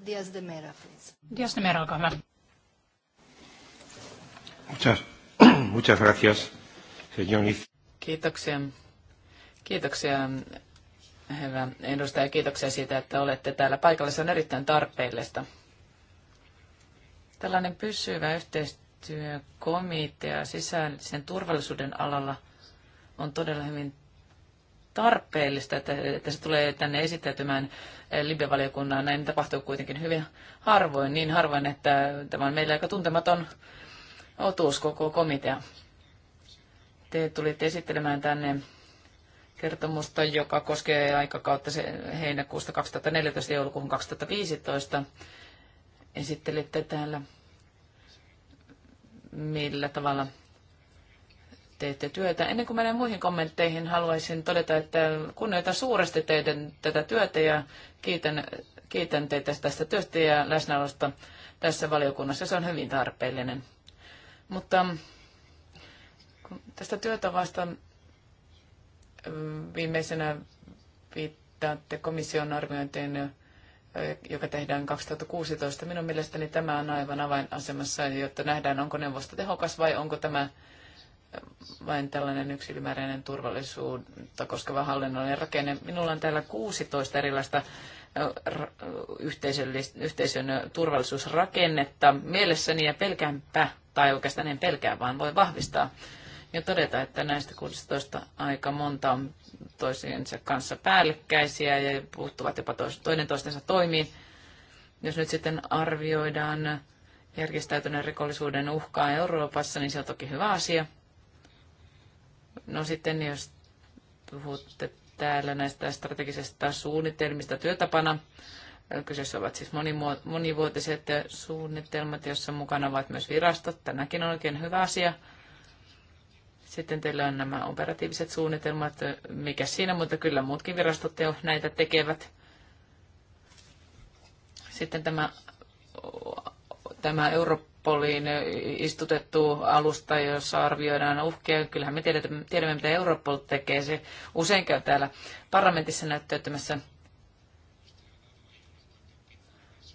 Dias de Mera, please. Dias de Mera, olkaa hyvä. Muchas, muchas gracias, señor. Kiitoksia. Kiitoksia Hyvä edustaja, kiitoksia siitä, että olette täällä paikalla. Se on erittäin tarpeellista. Tällainen pysyvä yhteistyökomitea sisäisen turvallisuuden alalla on todella hyvin tarpeellista, että, että se tulee tänne esittäytymään Libe-valiokunnan. Näin tapahtuu kuitenkin hyvin harvoin, niin harvoin, että tämä on meillä aika tuntematon otuus koko komitea. Te tulitte esittelemään tänne kertomusta, joka koskee aikakautta heinäkuusta 2014 joulukuun 2015. Esittelitte täällä, millä tavalla teette työtä. Ennen kuin menen muihin kommentteihin, haluaisin todeta, että kunnioitan suuresti teidän tätä työtä ja kiitän, kiitän teitä tästä työstä ja läsnäolosta tässä valiokunnassa. Se on hyvin tarpeellinen. Mutta tästä työtä vastaan. Viimeisenä viittaatte komission arviointiin, joka tehdään 2016. Minun mielestäni tämä on aivan avainasemassa, jotta nähdään, onko neuvosto tehokas vai onko tämä vain tällainen yksi ylimääräinen turvallisuutta koskeva hallinnollinen rakenne. Minulla on täällä 16 erilaista yhteisön turvallisuusrakennetta mielessäni ja pelkäänpä, tai oikeastaan en pelkää, vaan voi vahvistaa ja todeta, että näistä 16 aika monta on toisiinsa kanssa päällekkäisiä ja puuttuvat jopa toinen toistensa toimiin. Jos nyt sitten arvioidaan järjestäytyneen rikollisuuden uhkaa Euroopassa, niin se on toki hyvä asia. No sitten jos puhutte täällä näistä strategisista suunnitelmista työtapana, Kyseessä ovat siis monivuotiset suunnitelmat, joissa mukana ovat myös virastot. Tänäkin on oikein hyvä asia. Sitten teillä on nämä operatiiviset suunnitelmat, mikä siinä, mutta kyllä muutkin virastot jo näitä tekevät. Sitten tämä, tämä Europolin istutettu alusta, jossa arvioidaan uhkia. Kyllähän me tiedämme, tiedämme mitä Europol tekee. Se usein käy täällä parlamentissa näyttäytymässä.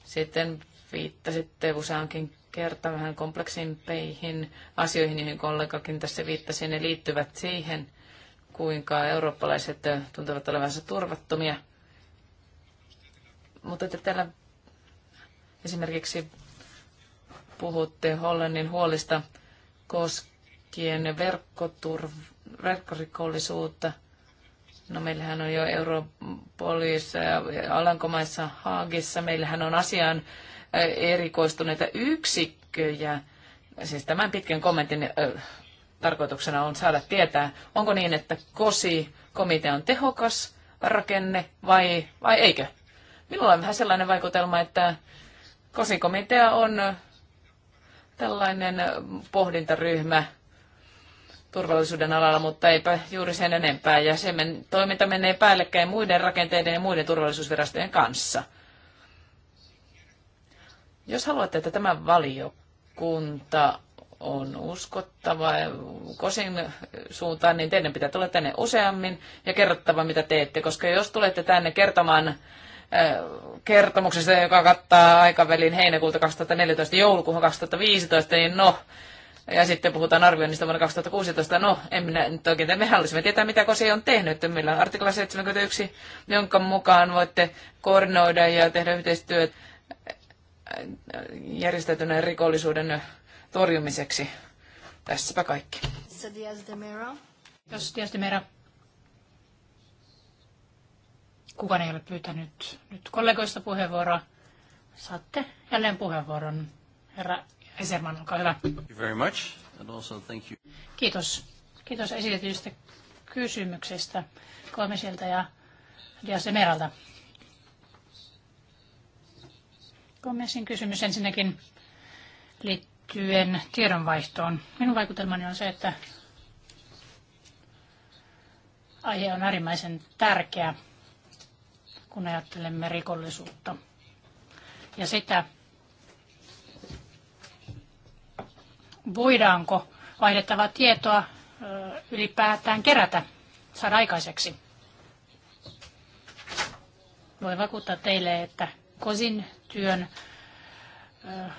Sitten viittasitte useankin kerta vähän kompleksimpeihin asioihin, joihin kollegakin tässä viittasi. Ne liittyvät siihen, kuinka eurooppalaiset tuntuvat olevansa turvattomia. Mutta te täällä esimerkiksi puhutte Hollannin huolista koskien verkkoturv- verkkorikollisuutta. No meillähän on jo Europolissa ja Alankomaissa Haagissa. Meillähän on asiaan erikoistuneita yksikköjä. Siis tämän pitkän kommentin tarkoituksena on saada tietää, onko niin, että KOSI-komitea on tehokas rakenne vai, vai eikö? Minulla on vähän sellainen vaikutelma, että KOSI-komitea on tällainen pohdintaryhmä turvallisuuden alalla, mutta eipä juuri sen enempää. Ja sen toiminta menee päällekkäin muiden rakenteiden ja muiden turvallisuusvirastojen kanssa. Jos haluatte, että tämä valiokunta on uskottava kosin suuntaan, niin teidän pitää tulla tänne useammin ja kerrottava, mitä teette. Koska jos tulette tänne kertomaan äh, kertomuksesta, joka kattaa aikavälin heinäkuulta 2014 joulukuuhun 2015, niin no, ja sitten puhutaan arvioinnista vuonna 2016. No, en minä nyt oikein. Me haluaisimme tietää, mitä KOSI on tehnyt. Meillä on artikla 71, jonka mukaan voitte koordinoida ja tehdä yhteistyötä järjestäytyneen rikollisuuden torjumiseksi. Tässäpä kaikki. Jos Dias de Mera. Kukaan ei ole pyytänyt nyt kollegoista puheenvuoroa. Saatte jälleen puheenvuoron. Herra Eserman, olkaa hyvä. Thank you very much. And also thank you. Kiitos. Kiitos esitetyistä Koemme sieltä ja Diasemeralta. de Meralta. Komission kysymys ensinnäkin liittyen tiedonvaihtoon. Minun vaikutelmani on se, että aihe on äärimmäisen tärkeä, kun ajattelemme rikollisuutta ja sitä, voidaanko vaihdettavaa tietoa ylipäätään kerätä, saada aikaiseksi. Voin vakuuttaa teille, että Kosin työn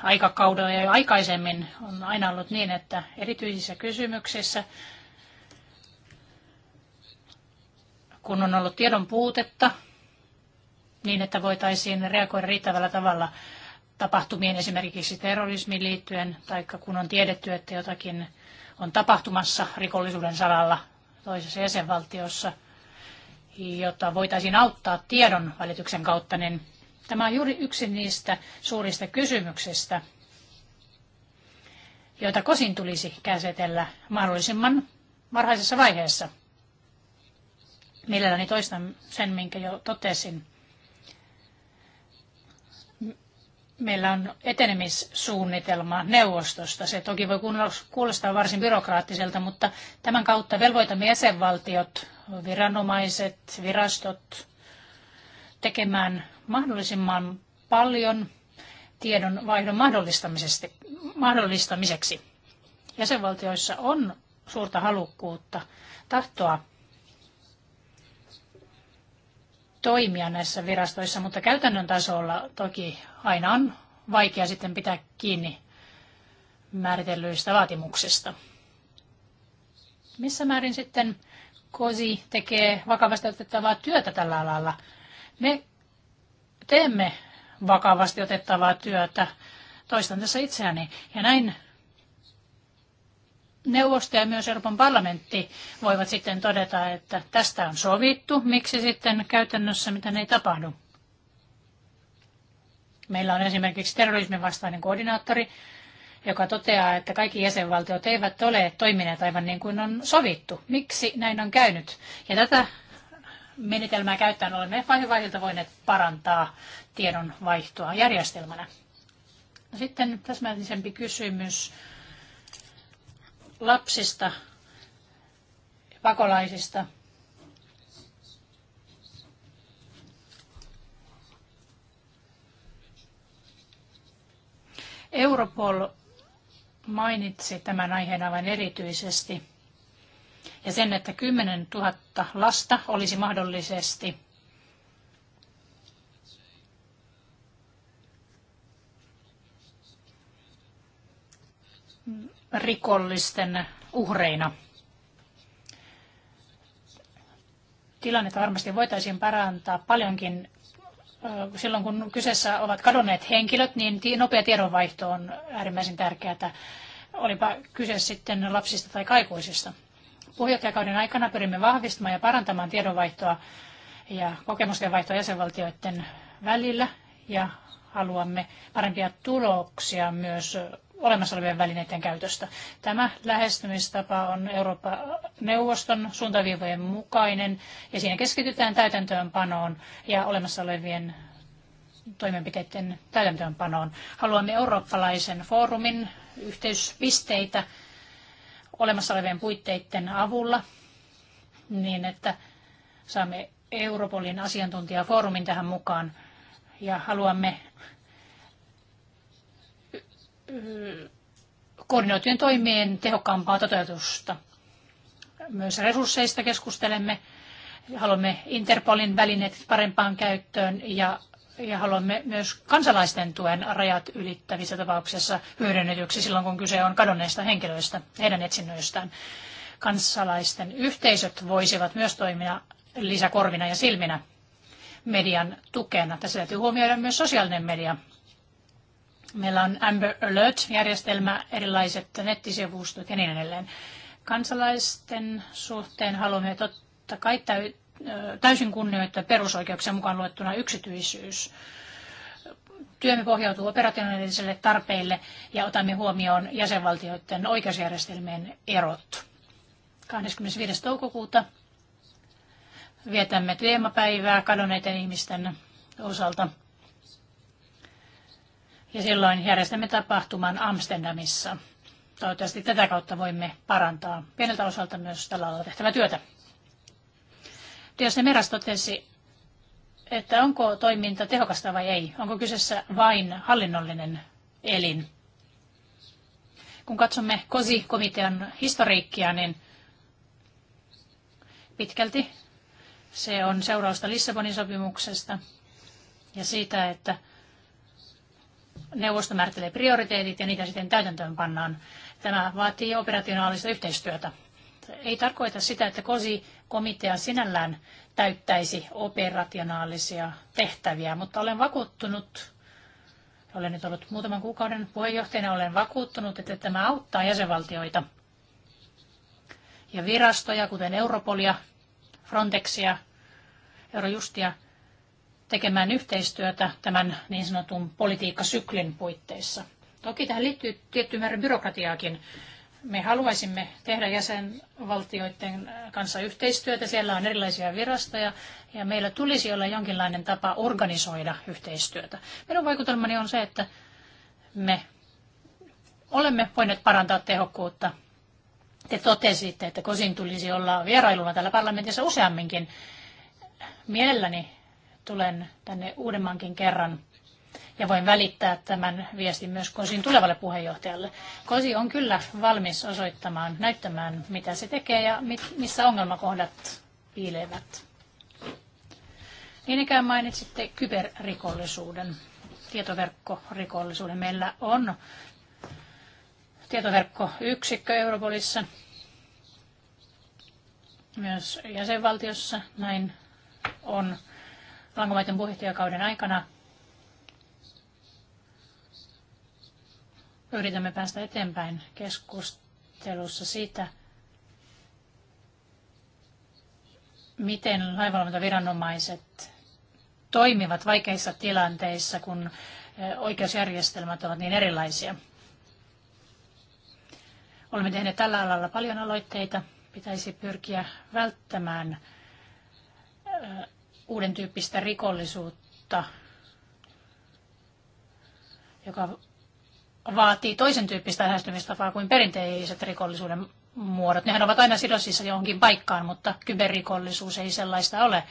aikakaudella ja jo aikaisemmin on aina ollut niin, että erityisissä kysymyksissä, kun on ollut tiedon puutetta, niin että voitaisiin reagoida riittävällä tavalla tapahtumien esimerkiksi terrorismiin liittyen, tai kun on tiedetty, että jotakin on tapahtumassa rikollisuuden salalla toisessa jäsenvaltiossa, jota voitaisiin auttaa tiedon välityksen kautta, niin Tämä on juuri yksi niistä suurista kysymyksistä, joita kosin tulisi käsitellä mahdollisimman varhaisessa vaiheessa. Mielelläni toistan sen, minkä jo totesin. Meillä on etenemissuunnitelma neuvostosta. Se toki voi kuulostaa varsin byrokraattiselta, mutta tämän kautta velvoitamme jäsenvaltiot, viranomaiset, virastot tekemään mahdollisimman paljon tiedon vaihdon mahdollistamiseksi. Jäsenvaltioissa on suurta halukkuutta, tahtoa toimia näissä virastoissa, mutta käytännön tasolla toki aina on vaikea sitten pitää kiinni määritellyistä vaatimuksista. Missä määrin sitten COSI tekee vakavasti otettavaa työtä tällä alalla? Me teemme vakavasti otettavaa työtä. Toistan tässä itseäni. Ja näin neuvosto ja myös Euroopan parlamentti voivat sitten todeta, että tästä on sovittu, miksi sitten käytännössä mitä ei tapahdu. Meillä on esimerkiksi terrorismin vastainen koordinaattori, joka toteaa, että kaikki jäsenvaltiot eivät ole toimineet aivan niin kuin on sovittu. Miksi näin on käynyt? Ja tätä menetelmää käyttäen olemme vaihe vaiheelta voineet parantaa tiedon vaihtoa järjestelmänä. No sitten täsmällisempi kysymys lapsista, pakolaisista. Europol mainitsi tämän aiheen aivan erityisesti – ja sen, että 10 000 lasta olisi mahdollisesti rikollisten uhreina. Tilannetta varmasti voitaisiin parantaa paljonkin silloin, kun kyseessä ovat kadonneet henkilöt, niin nopea tiedonvaihto on äärimmäisen tärkeää. Olipa kyse sitten lapsista tai aikuisista. Puheenjohtajakauden aikana pyrimme vahvistamaan ja parantamaan tiedonvaihtoa ja kokemusten vaihtoa jäsenvaltioiden välillä ja haluamme parempia tuloksia myös olemassa olevien välineiden käytöstä. Tämä lähestymistapa on Euroopan neuvoston suuntaviivojen mukainen ja siinä keskitytään täytäntöönpanoon ja olemassa olevien toimenpiteiden täytäntöönpanoon. Haluamme eurooppalaisen foorumin yhteyspisteitä olemassa olevien puitteiden avulla niin, että saamme Europolin asiantuntijafoorumin tähän mukaan ja haluamme koordinoitujen toimien tehokkaampaa toteutusta. Myös resursseista keskustelemme. Haluamme Interpolin välineet parempaan käyttöön ja ja haluamme myös kansalaisten tuen rajat ylittävissä tapauksissa hyödynnetyksi silloin, kun kyse on kadonneista henkilöistä, heidän etsinnöistään. Kansalaisten yhteisöt voisivat myös toimia lisäkorvina ja silminä median tukena. Tässä täytyy huomioida myös sosiaalinen media. Meillä on Amber Alert-järjestelmä, erilaiset nettisivustot ja niin edelleen. Kansalaisten suhteen haluamme totta kai täysin kunnioittaa perusoikeuksia mukaan luettuna yksityisyys. Työmme pohjautuu operationaalisille tarpeille ja otamme huomioon jäsenvaltioiden oikeusjärjestelmien erot. 25. toukokuuta vietämme teemapäivää kadonneiden ihmisten osalta. Ja silloin järjestämme tapahtuman Amsterdamissa. Toivottavasti tätä kautta voimme parantaa pieneltä osalta myös tällä alalla tehtävää työtä. Ja se Meras totesi, että onko toiminta tehokasta vai ei. Onko kyseessä vain hallinnollinen elin? Kun katsomme COSI-komitean historiikkia, niin pitkälti se on seurausta Lissabonin sopimuksesta ja siitä, että neuvosto määrittelee prioriteetit ja niitä sitten täytäntöön pannaan. Tämä vaatii operationaalista yhteistyötä. Ei tarkoita sitä, että COSI komitea sinällään täyttäisi operationaalisia tehtäviä, mutta olen vakuuttunut, olen nyt ollut muutaman kuukauden puheenjohtajana, olen vakuuttunut, että tämä auttaa jäsenvaltioita ja virastoja, kuten Europolia, Frontexia, Eurojustia, tekemään yhteistyötä tämän niin sanotun politiikkasyklin puitteissa. Toki tähän liittyy tietty määrä byrokratiaakin, me haluaisimme tehdä jäsenvaltioiden kanssa yhteistyötä. Siellä on erilaisia virastoja ja meillä tulisi olla jonkinlainen tapa organisoida yhteistyötä. Minun vaikutelmani on se, että me olemme voineet parantaa tehokkuutta. Te totesitte, että kosin tulisi olla vierailulla täällä parlamentissa useamminkin. Mielelläni tulen tänne uudemmankin kerran ja voin välittää tämän viestin myös KOSin tulevalle puheenjohtajalle. KOSI on kyllä valmis osoittamaan, näyttämään, mitä se tekee ja missä ongelmakohdat piilevät. Niin ikään mainitsitte kyberrikollisuuden, tietoverkkorikollisuuden. Meillä on tietoverkkoyksikkö Europolissa, myös jäsenvaltiossa näin on. Lankomaiden puheenjohtajakauden aikana yritämme päästä eteenpäin keskustelussa siitä, miten laivalvontaviranomaiset toimivat vaikeissa tilanteissa, kun e, oikeusjärjestelmät ovat niin erilaisia. Olemme tehneet tällä alalla paljon aloitteita. Pitäisi pyrkiä välttämään e, uuden tyyppistä rikollisuutta, joka vaatii toisen tyyppistä lähestymistapaa kuin perinteiset rikollisuuden muodot. Nehän ovat aina sidosissa johonkin paikkaan, mutta kyberrikollisuus ei sellaista ole.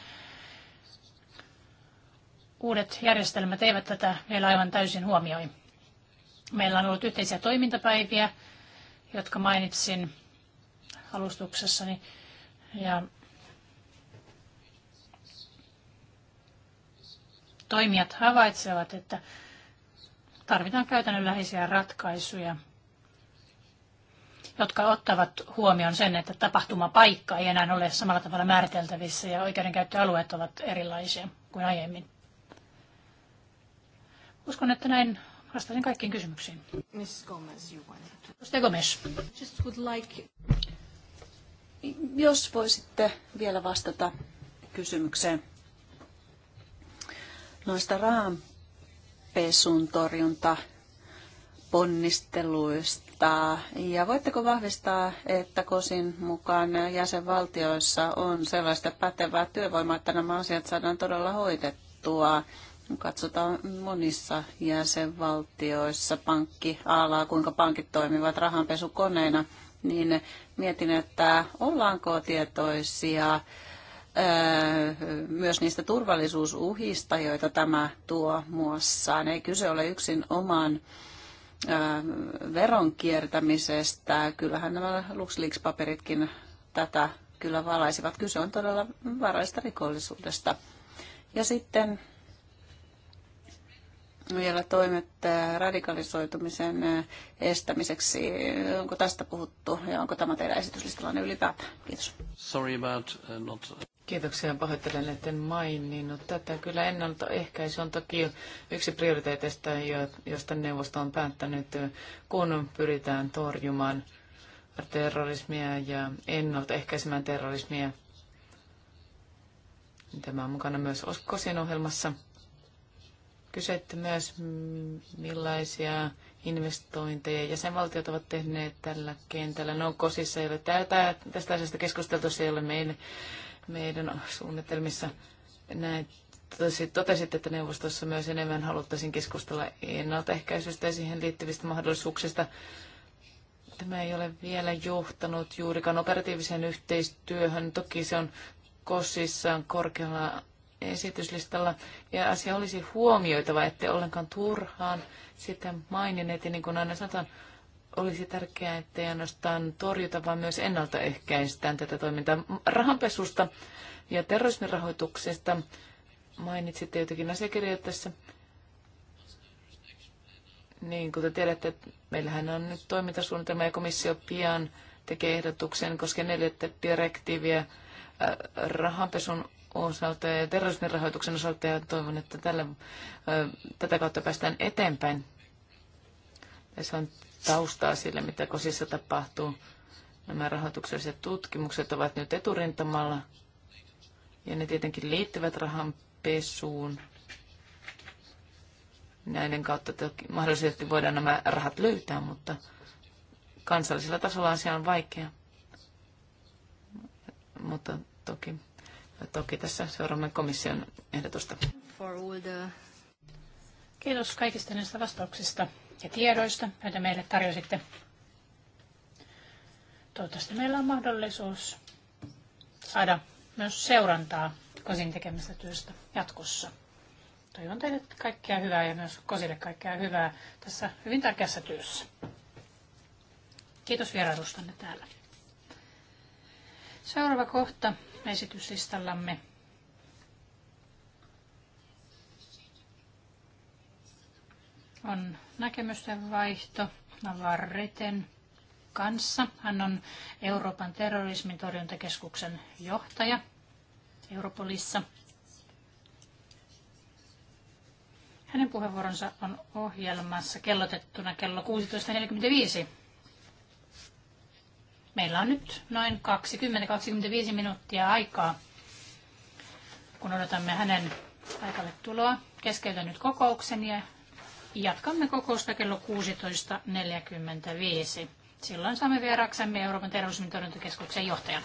Uudet järjestelmät eivät tätä vielä aivan täysin huomioi. Meillä on ollut yhteisiä toimintapäiviä, jotka mainitsin alustuksessani. Ja toimijat havaitsevat, että Tarvitaan käytännönläheisiä ratkaisuja, jotka ottavat huomioon sen, että tapahtumapaikka ei enää ole samalla tavalla määriteltävissä ja oikeudenkäyttöalueet ovat erilaisia kuin aiemmin. Uskon, että näin vastasin kaikkiin kysymyksiin. Mrs. Gomez, you wanted Gomez. Just would like... Jos voisitte vielä vastata kysymykseen noista rahan pesun torjunta ponnisteluista. Ja voitteko vahvistaa, että KOSin mukaan jäsenvaltioissa on sellaista pätevää työvoimaa, että nämä asiat saadaan todella hoidettua? Katsotaan monissa jäsenvaltioissa pankkialaa, kuinka pankit toimivat rahanpesukoneina, niin mietin, että ollaanko tietoisia myös niistä turvallisuusuhista, joita tämä tuo muassaan. Ei kyse ole yksin oman veron kiertämisestä. Kyllähän nämä LuxLeaks-paperitkin tätä kyllä valaisivat. Kyse on todella varaista rikollisuudesta. Ja sitten vielä toimet radikalisoitumisen estämiseksi. Onko tästä puhuttu ja onko tämä teidän esityslistallanne ylipäätään? Kiitos. Sorry about uh, not... Kiitoksia. Pahoittelen, etten maininnut tätä. Kyllä ennaltaehkäisy on toki yksi prioriteeteista, josta neuvosto on päättänyt, kun pyritään torjumaan terrorismia ja ennaltaehkäisemään terrorismia. Tämä on mukana myös Oskosin ohjelmassa. Kysytte myös, millaisia investointeja jäsenvaltiot ovat tehneet tällä kentällä. No, Kosissa ei ole tästä asiasta keskusteltu, se ei ole meille meidän suunnitelmissa. näin. totesit, että neuvostossa myös enemmän haluttaisiin keskustella ennaltaehkäisystä ja siihen liittyvistä mahdollisuuksista. Tämä ei ole vielä johtanut juurikaan operatiiviseen yhteistyöhön. Toki se on kossissaan korkealla esityslistalla. Ja asia olisi huomioitava, ettei ollenkaan turhaan sitä maininneet. Ja niin kuin aina sanotaan, olisi tärkeää, että ainoastaan torjuta, vaan myös ennaltaehkäistään tätä toimintaa. Rahanpesusta ja terrorismin rahoituksesta mainitsitte jotakin asiakirjoja tässä. Niin, te tiedätte, meillähän on nyt toimintasuunnitelma ja komissio pian tekee ehdotuksen koskien neljättä direktiiviä äh, rahanpesun osalta ja terrorismin rahoituksen osalta ja toivon, että tälle äh, tätä kautta päästään eteenpäin. Tässä on taustaa sille, mitä kosissa tapahtuu. Nämä rahoitukselliset tutkimukset ovat nyt eturintamalla ja ne tietenkin liittyvät rahan pesuun. Näiden kautta mahdollisesti voidaan nämä rahat löytää, mutta kansallisella tasolla asia on vaikea. Mutta toki, toki tässä seuraamme komission ehdotusta. Kiitos kaikista näistä vastauksista ja tiedoista, joita meille tarjositte. Toivottavasti meillä on mahdollisuus saada myös seurantaa Kosin tekemästä työstä jatkossa. Toivon teille kaikkea hyvää ja myös Kosille kaikkea hyvää tässä hyvin tärkeässä työssä. Kiitos vierailustanne täällä. Seuraava kohta esityslistallamme on näkemysten vaihto Navarreten kanssa. Hän on Euroopan terrorismin torjuntakeskuksen johtaja Europolissa. Hänen puheenvuoronsa on ohjelmassa kellotettuna kello 16.45. Meillä on nyt noin 20-25 minuuttia aikaa, kun odotamme hänen paikalle tuloa. Keskeytän nyt kokouksen ja Jatkamme kokousta kello 16.45. Silloin saamme vieraksemme Euroopan terrorismin torjuntakeskuksen johtajan.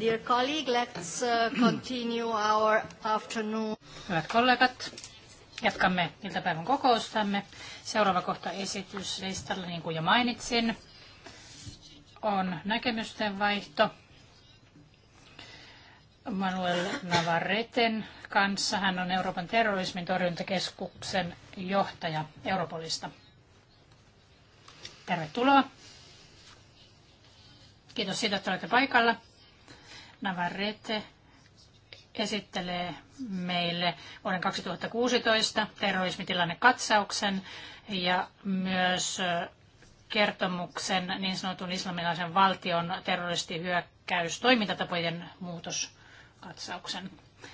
Dear colleague, let's uh, continue our afternoon. Hyvät kollegat, jatkamme iltapäivän kokoustamme. Seuraava kohta esityslistalla, niin kuin jo mainitsin, on näkemysten vaihto Manuel Navarreten kanssa. Hän on Euroopan terrorismin torjuntakeskuksen johtaja Europolista. Tervetuloa. Kiitos siitä, että olette paikalla. Navarrete esittelee meille vuoden 2016 terrorismitilannekatsauksen ja myös kertomuksen niin sanotun islamilaisen valtion terroristihyökkäys toimintatapojen muutoskatsauksen.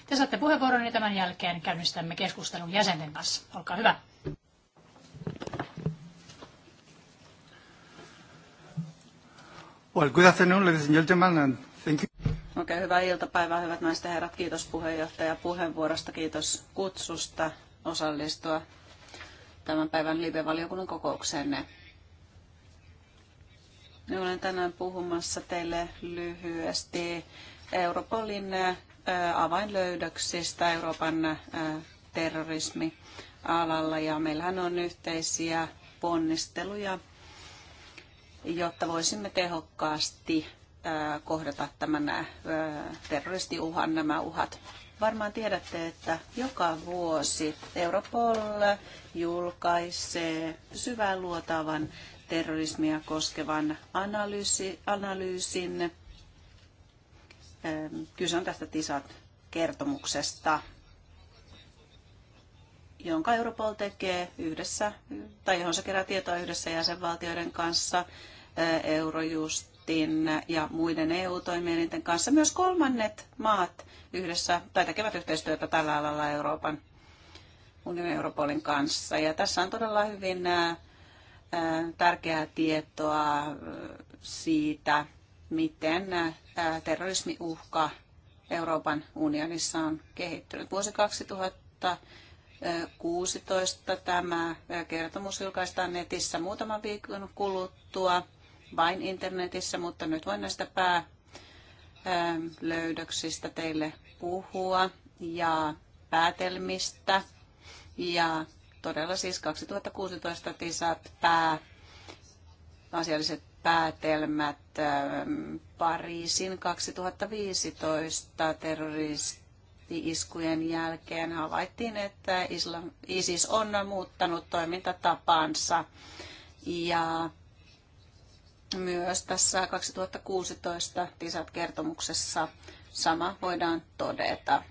Te saatte puheenvuoron ja tämän jälkeen käynnistämme keskustelun jäsenten kanssa. Olkaa hyvä. Well, good afternoon, ladies and gentlemen, and thank you. Oikein hyvää iltapäivää, hyvät naiset ja herrat. Kiitos puheenjohtaja puheenvuorosta. Kiitos kutsusta osallistua tämän päivän live-valiokunnan kokoukseenne. Minä olen tänään puhumassa teille lyhyesti Europolin avainlöydöksistä Euroopan terrorismialalla. Ja meillähän on yhteisiä ponnisteluja, jotta voisimme tehokkaasti kohdata tämän terroristiuhan, nämä uhat. Varmaan tiedätte, että joka vuosi Europol julkaisee syvään luotaavan terrorismia koskevan analyysi, analyysin. Kyse on tästä TISAT-kertomuksesta, jonka Europol tekee yhdessä, tai johon se kerää tietoa yhdessä jäsenvaltioiden kanssa, Eurojust, parlamentin ja muiden EU-toimielinten kanssa. Myös kolmannet maat yhdessä tai tekevät yhteistyötä tällä alalla Euroopan unionin Europolin kanssa. Ja tässä on todella hyvin tärkeää tietoa siitä, miten terrorismiuhka Euroopan unionissa on kehittynyt. Vuosi 2016 tämä kertomus julkaistaan netissä muutaman viikon kuluttua vain internetissä, mutta nyt voin näistä päälöydöksistä ähm, teille puhua ja päätelmistä. Ja todella siis 2016 TISAT pää, asialliset päätelmät ähm, Pariisin 2015 terroristi-iskujen jälkeen havaittiin, että Islam, ISIS on muuttanut toimintatapansa ja myös tässä 2016 TISAT-kertomuksessa sama voidaan todeta.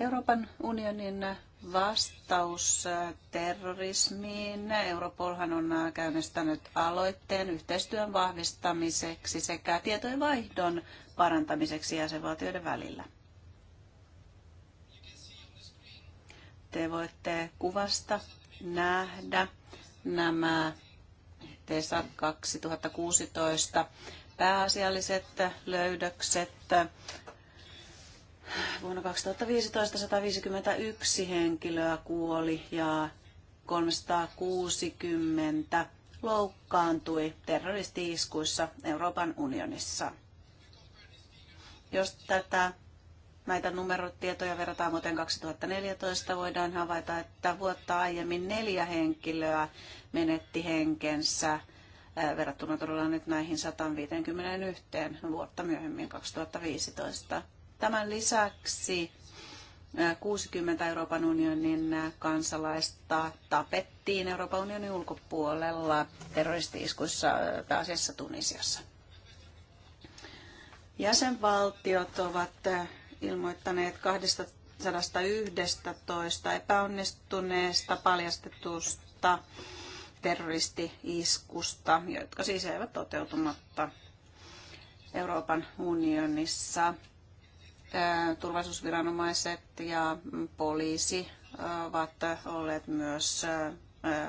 Euroopan unionin vastaus terrorismiin. Europolhan on käynnistänyt aloitteen yhteistyön vahvistamiseksi sekä tietojenvaihdon parantamiseksi jäsenvaltioiden välillä. Te voitte kuvasta nähdä nämä TESA 2016 pääasialliset löydökset. Vuonna 2015 151 henkilöä kuoli ja 360 loukkaantui terroristi-iskuissa Euroopan unionissa. Jos tätä näitä numerotietoja verrataan vuoteen 2014, voidaan havaita, että vuotta aiemmin neljä henkilöä menetti henkensä eh, verrattuna todella nyt näihin 151 vuotta myöhemmin 2015. Tämän lisäksi 60 eh, Euroopan unionin eh, kansalaista tapettiin Euroopan unionin ulkopuolella terroristi-iskuissa pääasiassa Tunisiassa. Jäsenvaltiot ovat ilmoittaneet 211 epäonnistuneesta paljastetusta terroristi-iskusta, jotka siis eivät toteutumatta Euroopan unionissa. Turvallisuusviranomaiset ja poliisi ovat olleet myös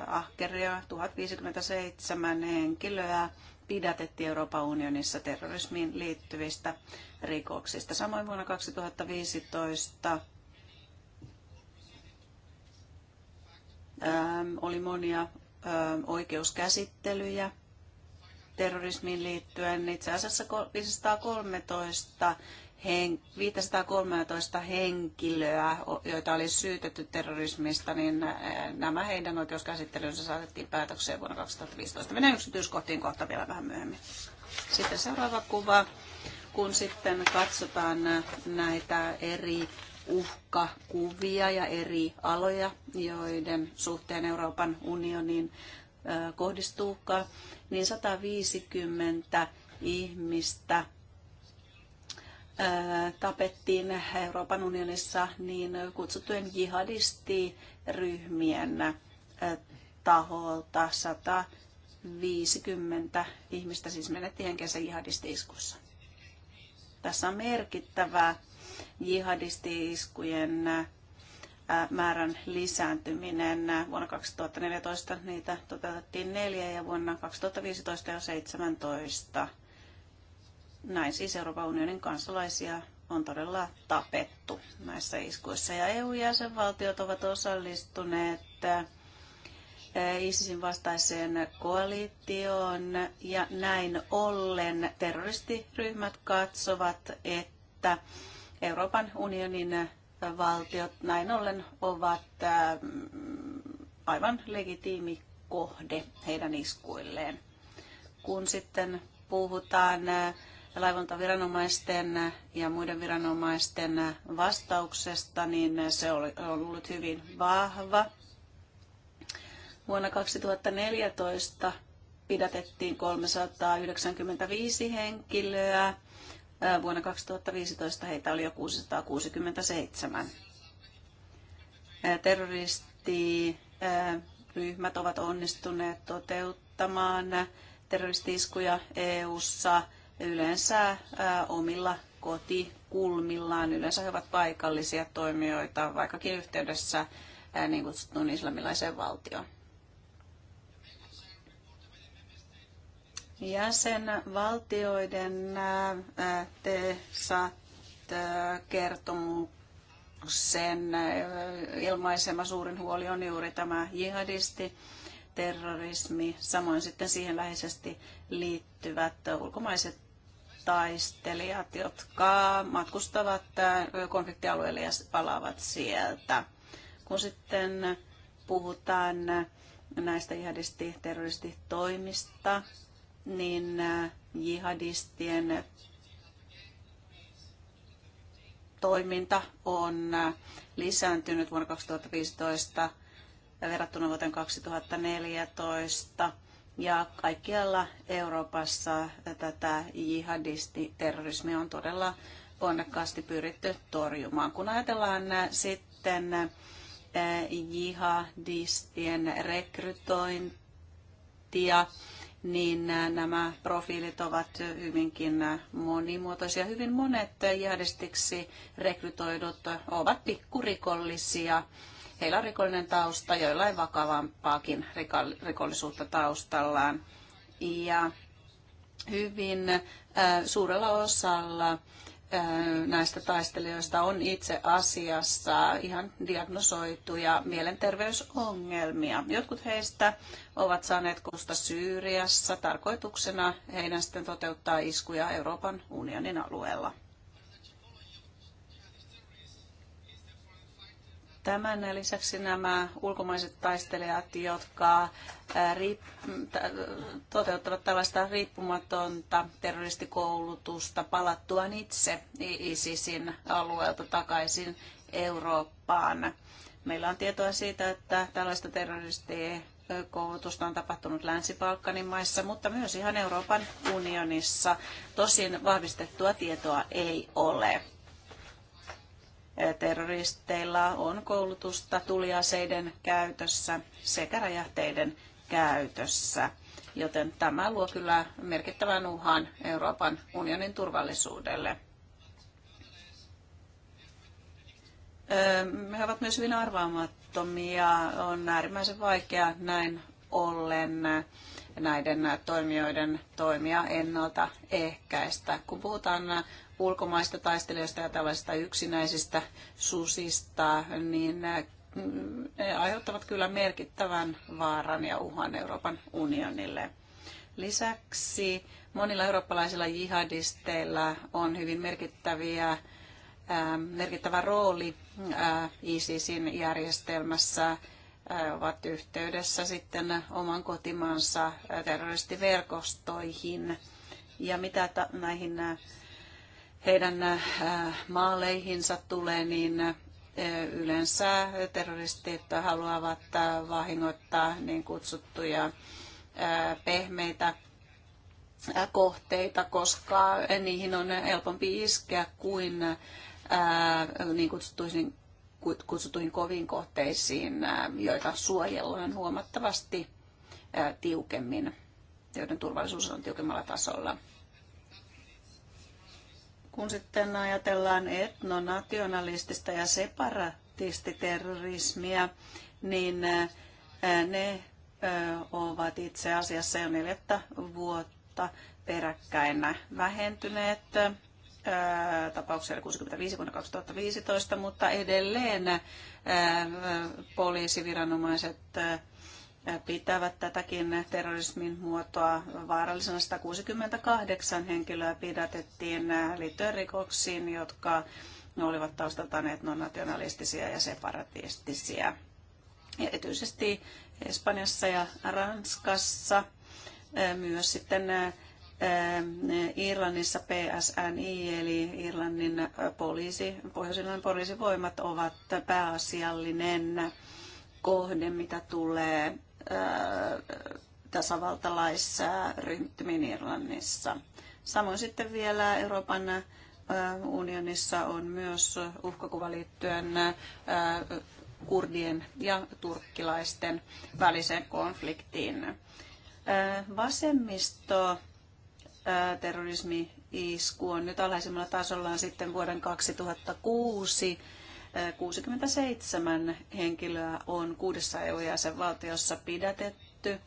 ahkeria 1057 henkilöä pidätettiin Euroopan unionissa terrorismiin liittyvistä rikoksista. Samoin vuonna 2015 ähm, oli monia ähm, oikeuskäsittelyjä terrorismiin liittyen. Itse asiassa 513 hen, 513 henkilöä, joita oli syytetty terrorismista, niin nämä heidän oikeuskäsittelynsä saatettiin päätökseen vuonna 2015. Mennään yksityiskohtiin kohta vielä vähän myöhemmin. Sitten seuraava kuva, kun sitten katsotaan näitä eri uhkakuvia ja eri aloja, joiden suhteen Euroopan unionin kohdistuukaan, niin 150 ihmistä tapettiin Euroopan unionissa niin kutsuttujen jihadistiryhmien taholta 150 ihmistä siis menetti henkensä jihadistiiskussa. Tässä on merkittävä jihadistiiskujen määrän lisääntyminen. Vuonna 2014 niitä toteutettiin neljä ja vuonna 2015 ja 17 näin siis Euroopan unionin kansalaisia on todella tapettu näissä iskuissa. Ja EU-jäsenvaltiot ovat osallistuneet eh, ISISin vastaiseen koalitioon ja näin ollen terroristiryhmät katsovat, että Euroopan unionin valtiot näin ollen ovat eh, aivan legitiimi kohde heidän iskuilleen. Kun sitten puhutaan eh, laivontaviranomaisten ja muiden viranomaisten vastauksesta, niin se on ollut hyvin vahva. Vuonna 2014 pidätettiin 395 henkilöä. Vuonna 2015 heitä oli jo 667. Terroristiryhmät ovat onnistuneet toteuttamaan terroristiiskuja EU-ssa – yleensä omilla kotikulmillaan. Yleensä he ovat paikallisia toimijoita, vaikkakin yhteydessä niin kutsuttuun islamilaiseen valtioon. Jäsenvaltioiden te saat kertomuksen ilmaisema suurin huoli on juuri tämä jihadisti terrorismi, samoin sitten siihen läheisesti liittyvät ulkomaiset taistelijat, jotka matkustavat äh, konfliktialueelle ja palaavat sieltä. Kun sitten puhutaan näistä jihadisti-terroristitoimista, niin äh, jihadistien toiminta on äh, lisääntynyt vuonna 2015 verrattuna vuoteen 2014. Ja kaikkialla Euroopassa tätä jihadistiterrorismia on todella onnekkaasti pyritty torjumaan. Kun ajatellaan sitten eh, jihadistien rekrytointia, niin eh, nämä profiilit ovat hyvinkin eh, monimuotoisia. Hyvin monet jihadistiksi rekrytoidut ovat pikkurikollisia Heillä on rikollinen tausta, joillain vakavampaakin rikollisuutta taustallaan. Ja hyvin suurella osalla näistä taistelijoista on itse asiassa ihan diagnosoituja mielenterveysongelmia. Jotkut heistä ovat saaneet kusta Syyriassa tarkoituksena heidän sitten toteuttaa iskuja Euroopan unionin alueella. Tämän lisäksi nämä ulkomaiset taistelijat, jotka toteuttavat tällaista riippumatonta terroristikoulutusta palattuaan itse ISISin alueelta takaisin Eurooppaan. Meillä on tietoa siitä, että tällaista terroristikoulutusta on tapahtunut Länsi-Balkanin maissa, mutta myös ihan Euroopan unionissa. Tosin vahvistettua tietoa ei ole terroristeilla on koulutusta tuliaseiden käytössä sekä räjähteiden käytössä. Joten tämä luo kyllä merkittävän uhan Euroopan unionin turvallisuudelle. He ovat myös hyvin arvaamattomia. On äärimmäisen vaikea näin ollen näiden toimijoiden toimia ennaltaehkäistä. Kun puhutaan ulkomaista taistelijoista ja tällaisista yksinäisistä susista, niin äh, ne aiheuttavat kyllä merkittävän vaaran ja uhan Euroopan unionille. Lisäksi monilla eurooppalaisilla jihadisteilla on hyvin merkittäviä, ää, ähm, merkittävä rooli ää, äh, ISISin järjestelmässä äh, ovat yhteydessä sitten oman kotimaansa terroristiverkostoihin. Ja mitä ta- näihin heidän äh, maaleihinsa tulee, niin äh, yleensä terroristit haluavat äh, vahingoittaa niin kutsuttuja pehmeitä kohteita, koska niihin on helpompi iskeä kuin niin kutsuttuihin, kutsuttuihin koviin kohteisiin, joita suojellaan huomattavasti tiukemmin, joiden turvallisuus on tiukemmalla tasolla. Kun sitten ajatellaan etnonationalistista ja separatistiterrorismia, niin ne ovat itse asiassa jo neljättä vuotta peräkkäin vähentyneet tapauksia 65 vuonna 2015, mutta edelleen poliisiviranomaiset pitävät tätäkin terrorismin muotoa vaarallisena. 168 henkilöä pidätettiin liittyen rikoksiin, jotka olivat taustataneet etnonationalistisia nationalistisia ja separatistisia. Erityisesti Espanjassa ja Ranskassa eh, myös sitten eh, Irlannissa PSNI eli Irlannin poliisi, Pohjois-Irlannin poliisivoimat ovat pääasiallinen kohde, mitä tulee tasavaltalaisryhmittymiin Irlannissa. Samoin sitten vielä Euroopan unionissa on myös uhkakuva liittyen kurdien ja turkkilaisten väliseen konfliktiin. Vasemmisto terrorismi-isku on nyt alhaisimmalla tasollaan sitten vuoden 2006 67 henkilöä on kuudessa EU-jäsenvaltiossa pidätetty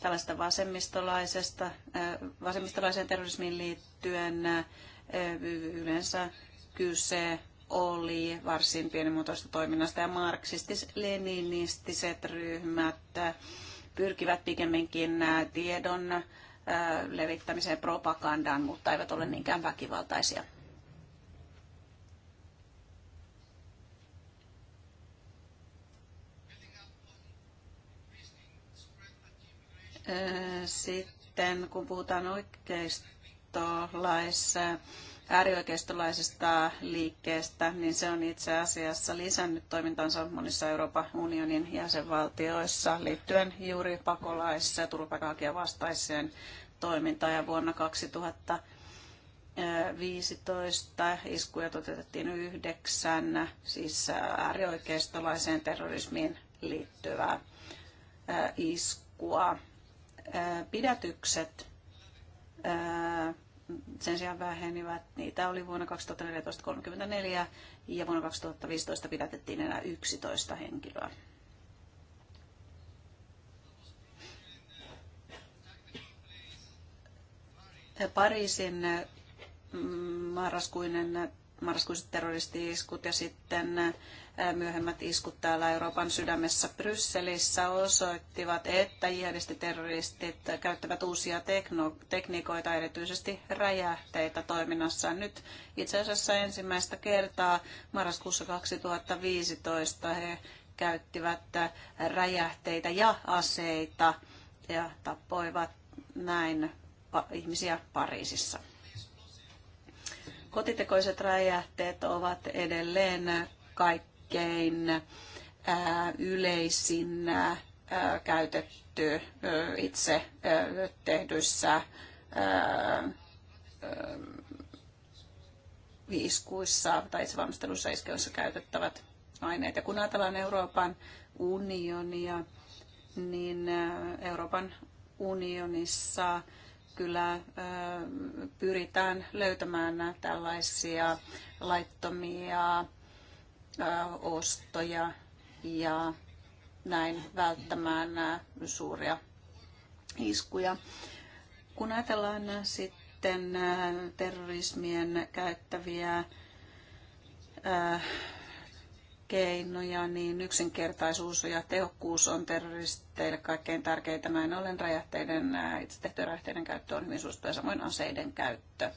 tällaista vasemmistolaisesta, vasemmistolaiseen terrorismiin liittyen yleensä kyse oli varsin pienimuotoista toiminnasta ja marksistis-leninistiset ryhmät pyrkivät pikemminkin tiedon levittämiseen propagandaan, mutta eivät ole niinkään väkivaltaisia. Sitten kun puhutaan oikeistolaisesta äärioikeistolaisesta liikkeestä, niin se on itse asiassa lisännyt toimintansa monissa Euroopan unionin jäsenvaltioissa liittyen juuri pakolais- ja turvapaikanhakijan vastaiseen toimintaan. Ja vuonna 2015 iskuja toteutettiin yhdeksän, siis äärioikeistolaiseen terrorismiin liittyvää iskua pidätykset sen sijaan vähenivät. Niitä oli vuonna 2014 34 ja vuonna 2015 pidätettiin enää 11 henkilöä. Pariisin mm, marraskuinen marraskuiset terroristi-iskut ja sitten myöhemmät iskut täällä Euroopan sydämessä Brysselissä osoittivat, että jihadistiterroristit käyttävät uusia tekno- tekniikoita, erityisesti räjähteitä toiminnassaan. Nyt itse asiassa ensimmäistä kertaa marraskuussa 2015 he käyttivät räjähteitä ja aseita ja tappoivat näin ihmisiä Pariisissa. Kotitekoiset räjähteet ovat edelleen kaikkein yleisin käytetty itse tehdyissä iskuissa tai itse valmistelussa iskuissa käytettävät aineet. Ja kun ajatellaan Euroopan unionia, niin Euroopan unionissa kyllä pyritään löytämään tällaisia laittomia ostoja ja näin välttämään suuria iskuja. Kun ajatellaan sitten terrorismien käyttäviä keinoja, niin yksinkertaisuus ja tehokkuus on terroristeille kaikkein tärkeintä. Näin ollen räjähteiden, itse tehtyjen räjähteiden käyttö on hyvin suosittu ja samoin aseiden käyttö.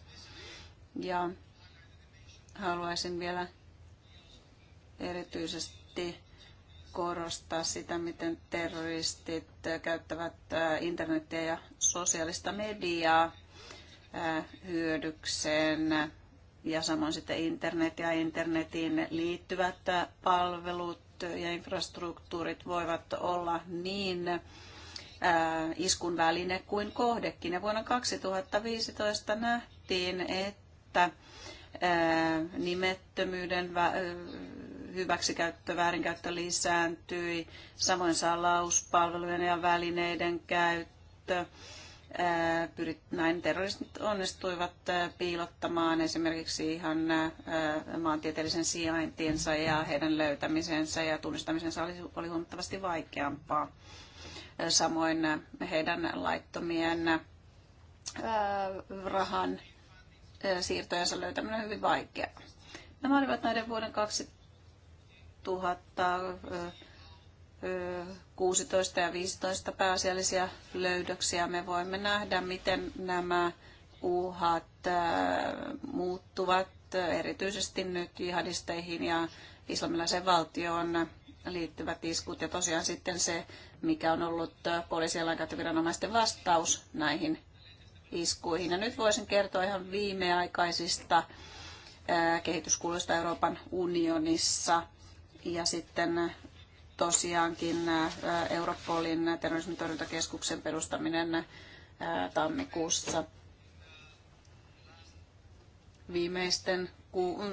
Ja haluaisin vielä erityisesti korostaa sitä, miten terroristit käyttävät internetiä ja sosiaalista mediaa hyödykseen ja samoin sitten internet ja internetiin liittyvät palvelut ja infrastruktuurit voivat olla niin äh, iskun väline kuin kohdekin. Ja vuonna 2015 nähtiin, että äh, nimettömyyden äh, hyväksikäyttö, väärinkäyttö lisääntyi, samoin salauspalvelujen ja välineiden käyttö pyrit, näin terroristit onnistuivat piilottamaan esimerkiksi ihan maantieteellisen sijaintinsa ja heidän löytämisensä ja tunnistamisensa oli, oli huomattavasti vaikeampaa. Samoin heidän laittomien rahan siirtojensa löytäminen on hyvin vaikeaa. Nämä olivat näiden vuoden 2000 16 ja 15 pääasiallisia löydöksiä me voimme nähdä, miten nämä uhat muuttuvat erityisesti nyt jihadisteihin ja islamilaisen valtioon liittyvät iskut ja tosiaan sitten se, mikä on ollut poliisien viranomaisten vastaus näihin iskuihin. Ja nyt voisin kertoa ihan viimeaikaisista kehityskuluista Euroopan unionissa ja sitten tosiaankin Europolin terrorismin torjuntakeskuksen perustaminen tammikuussa viimeisten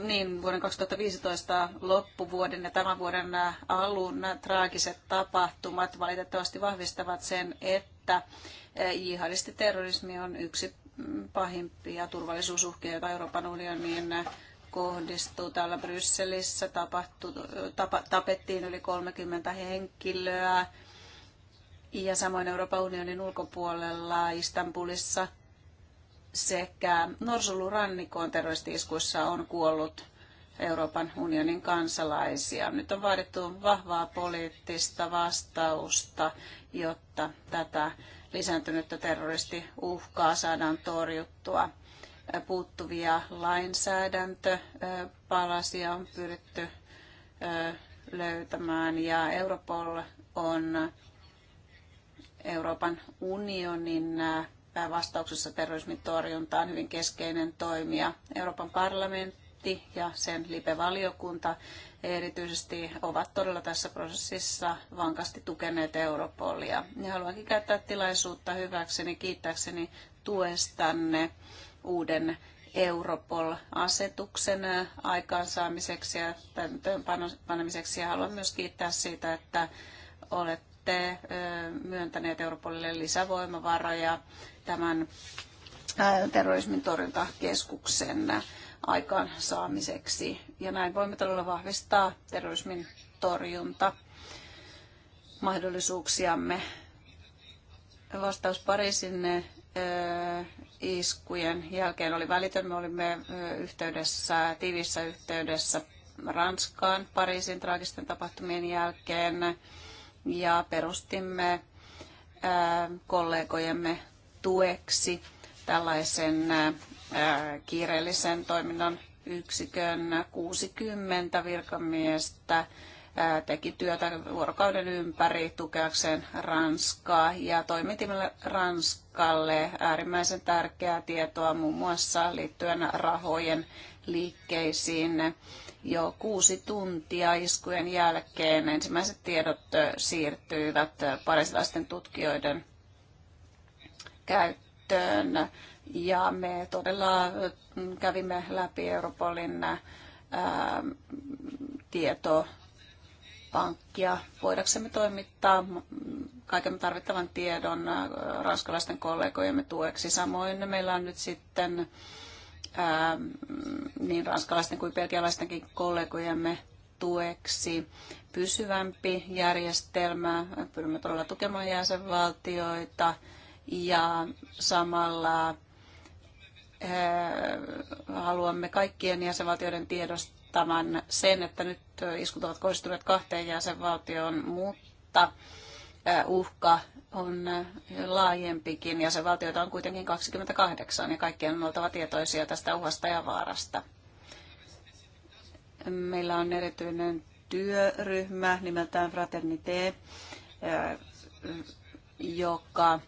niin, vuoden 2015 loppuvuoden ja tämän vuoden alun traagiset tapahtumat valitettavasti vahvistavat sen, että jihadistiterrorismi on yksi mm, pahimpia turvallisuusuhkia, joita Euroopan unionin kohdistuu. Täällä Brysselissä tapahtu, tapa, tapettiin yli 30 henkilöä ja samoin Euroopan unionin ulkopuolella Istanbulissa sekä Norsulurannikon terroristiiskuissa on kuollut Euroopan unionin kansalaisia. Nyt on vaadittu vahvaa poliittista vastausta, jotta tätä lisääntynyttä terroristiuhkaa saadaan torjuttua puuttuvia lainsäädäntöpalasia on pyritty löytämään ja Europol on Euroopan unionin vastauksessa terrorismin torjuntaan hyvin keskeinen toimija. Euroopan parlamentti ja sen lipevaliokunta erityisesti ovat todella tässä prosessissa vankasti tukeneet Europolia. Ja haluankin käyttää tilaisuutta hyväkseni, kiittääkseni tuestanne uuden Europol-asetuksen aikaansaamiseksi ja panemiseksi. Ja haluan myös kiittää siitä, että olette myöntäneet Europolille lisävoimavaroja tämän terrorismin torjuntakeskuksen aikaansaamiseksi. Ja näin voimme todella vahvistaa terrorismin torjunta mahdollisuuksiamme. Vastaus Pariisin iskujen jälkeen oli välitön. Me olimme yhteydessä, tiivissä yhteydessä Ranskaan Pariisin traagisten tapahtumien jälkeen ja perustimme kollegojemme tueksi tällaisen kiireellisen toiminnan yksikön 60 virkamiestä teki työtä vuorokauden ympäri tukeakseen Ranskaa ja toimitimme Ranskalle äärimmäisen tärkeää tietoa muun muassa liittyen rahojen liikkeisiin. Jo kuusi tuntia iskujen jälkeen ensimmäiset tiedot siirtyivät parisilaisten tutkijoiden käyttöön ja me todella kävimme läpi Europolin tieto pankkia voidaksemme toimittaa kaiken tarvittavan tiedon äh, ranskalaisten kollegojemme tueksi. Samoin meillä on nyt sitten ää, ähm, niin ranskalaisten kuin belgialaistenkin kollegojemme tueksi pysyvämpi järjestelmä. Pyrimme todella tukemaan jäsenvaltioita ja samalla äh, haluamme kaikkien jäsenvaltioiden tiedosta tämän sen, että nyt iskut ovat kohdistuneet kahteen jäsenvaltioon, mutta uhka on laajempikin. Jäsenvaltioita on kuitenkin 28 ja kaikkien on oltava tietoisia tästä uhasta ja vaarasta. Meillä on erityinen työryhmä nimeltään Fraternité, joka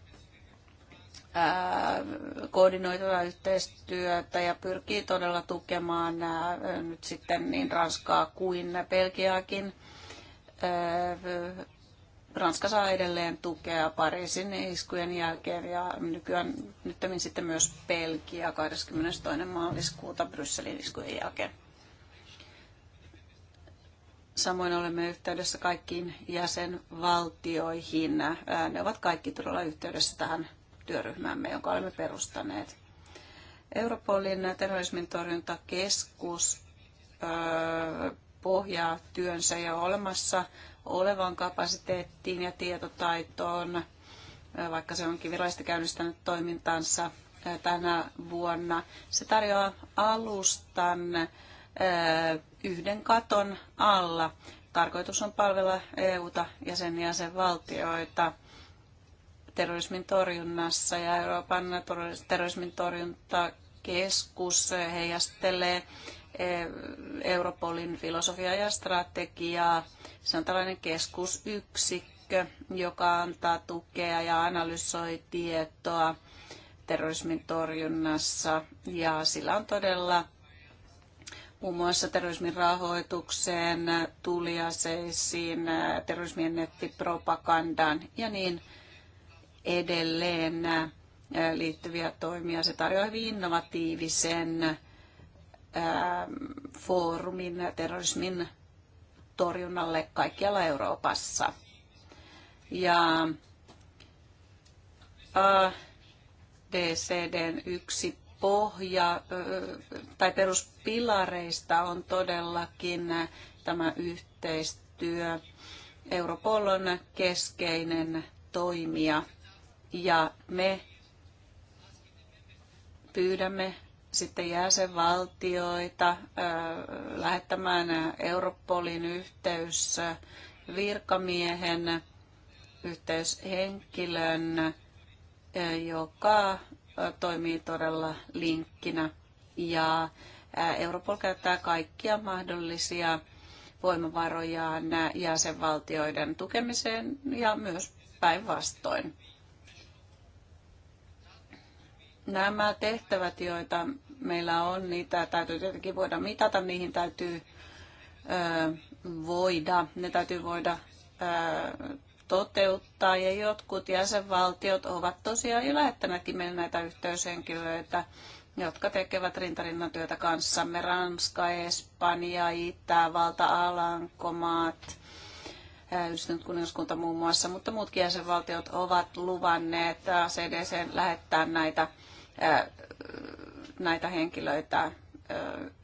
koordinoitua yhteistyötä ja pyrkii todella tukemaan nyt sitten niin Ranskaa kuin Belgiaakin. Ranska saa edelleen tukea Pariisin iskujen jälkeen ja nykyään nyt sitten myös Belgia 22. maaliskuuta Brysselin iskujen jälkeen. Samoin olemme yhteydessä kaikkiin jäsenvaltioihin. Ne ovat kaikki todella yhteydessä tähän työryhmämme, jonka olemme perustaneet. Europolin terrorismin torjuntakeskus pohjaa työnsä ja olemassa olevaan kapasiteettiin ja tietotaitoon, vaikka se onkin virallisesti käynnistänyt toimintansa tänä vuonna. Se tarjoaa alustan yhden katon alla. Tarkoitus on palvella EUta ja sen jäsenvaltioita terrorismin torjunnassa ja Euroopan terrorismin torjuntakeskus heijastelee e, Europolin filosofiaa ja strategiaa. Se on tällainen keskusyksikkö, joka antaa tukea ja analysoi tietoa terrorismin torjunnassa ja sillä on todella muun muassa terrorismin rahoitukseen, tuliaseisiin, terrorismien nettipropagandaan ja niin edelleen liittyviä toimia. Se tarjoaa hyvin innovatiivisen foorumin terrorismin torjunnalle kaikkialla Euroopassa. Ja DCDn yksi pohja tai peruspilareista on todellakin tämä yhteistyö. Europol on keskeinen toimija ja me pyydämme sitten jäsenvaltioita lähettämään Europolin yhteys virkamiehen yhteyshenkilön, joka toimii todella linkkinä. Ja Europol käyttää kaikkia mahdollisia voimavarojaan jäsenvaltioiden tukemiseen ja myös päinvastoin nämä tehtävät, joita meillä on, niitä täytyy tietenkin voida mitata, niihin täytyy voida, ne täytyy voida toteuttaa ja jotkut jäsenvaltiot ovat tosiaan jo lähettäneetkin meille näitä yhteyshenkilöitä, jotka tekevät rintarinnan työtä kanssamme. Ranska, Espanja, Itävalta, Alankomaat, yhdistynyt kuningaskunta muun muassa, mutta muutkin jäsenvaltiot ovat luvanneet CDC lähettää näitä näitä henkilöitä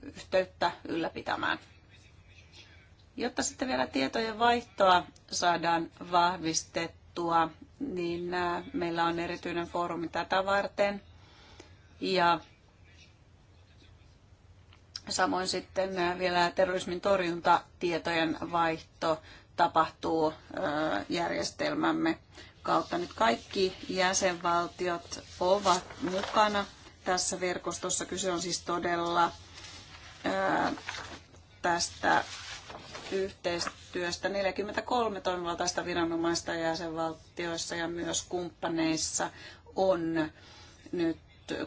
yhteyttä ylläpitämään. Jotta sitten vielä tietojen vaihtoa saadaan vahvistettua, niin meillä on erityinen foorumi tätä varten. Ja samoin sitten vielä terrorismin torjuntatietojen vaihto tapahtuu järjestelmämme kautta. Nyt kaikki jäsenvaltiot ovat mukana tässä verkostossa. Kyse on siis todella ää, tästä yhteistyöstä 43 toimivaltaista viranomaista jäsenvaltioissa ja myös kumppaneissa on nyt,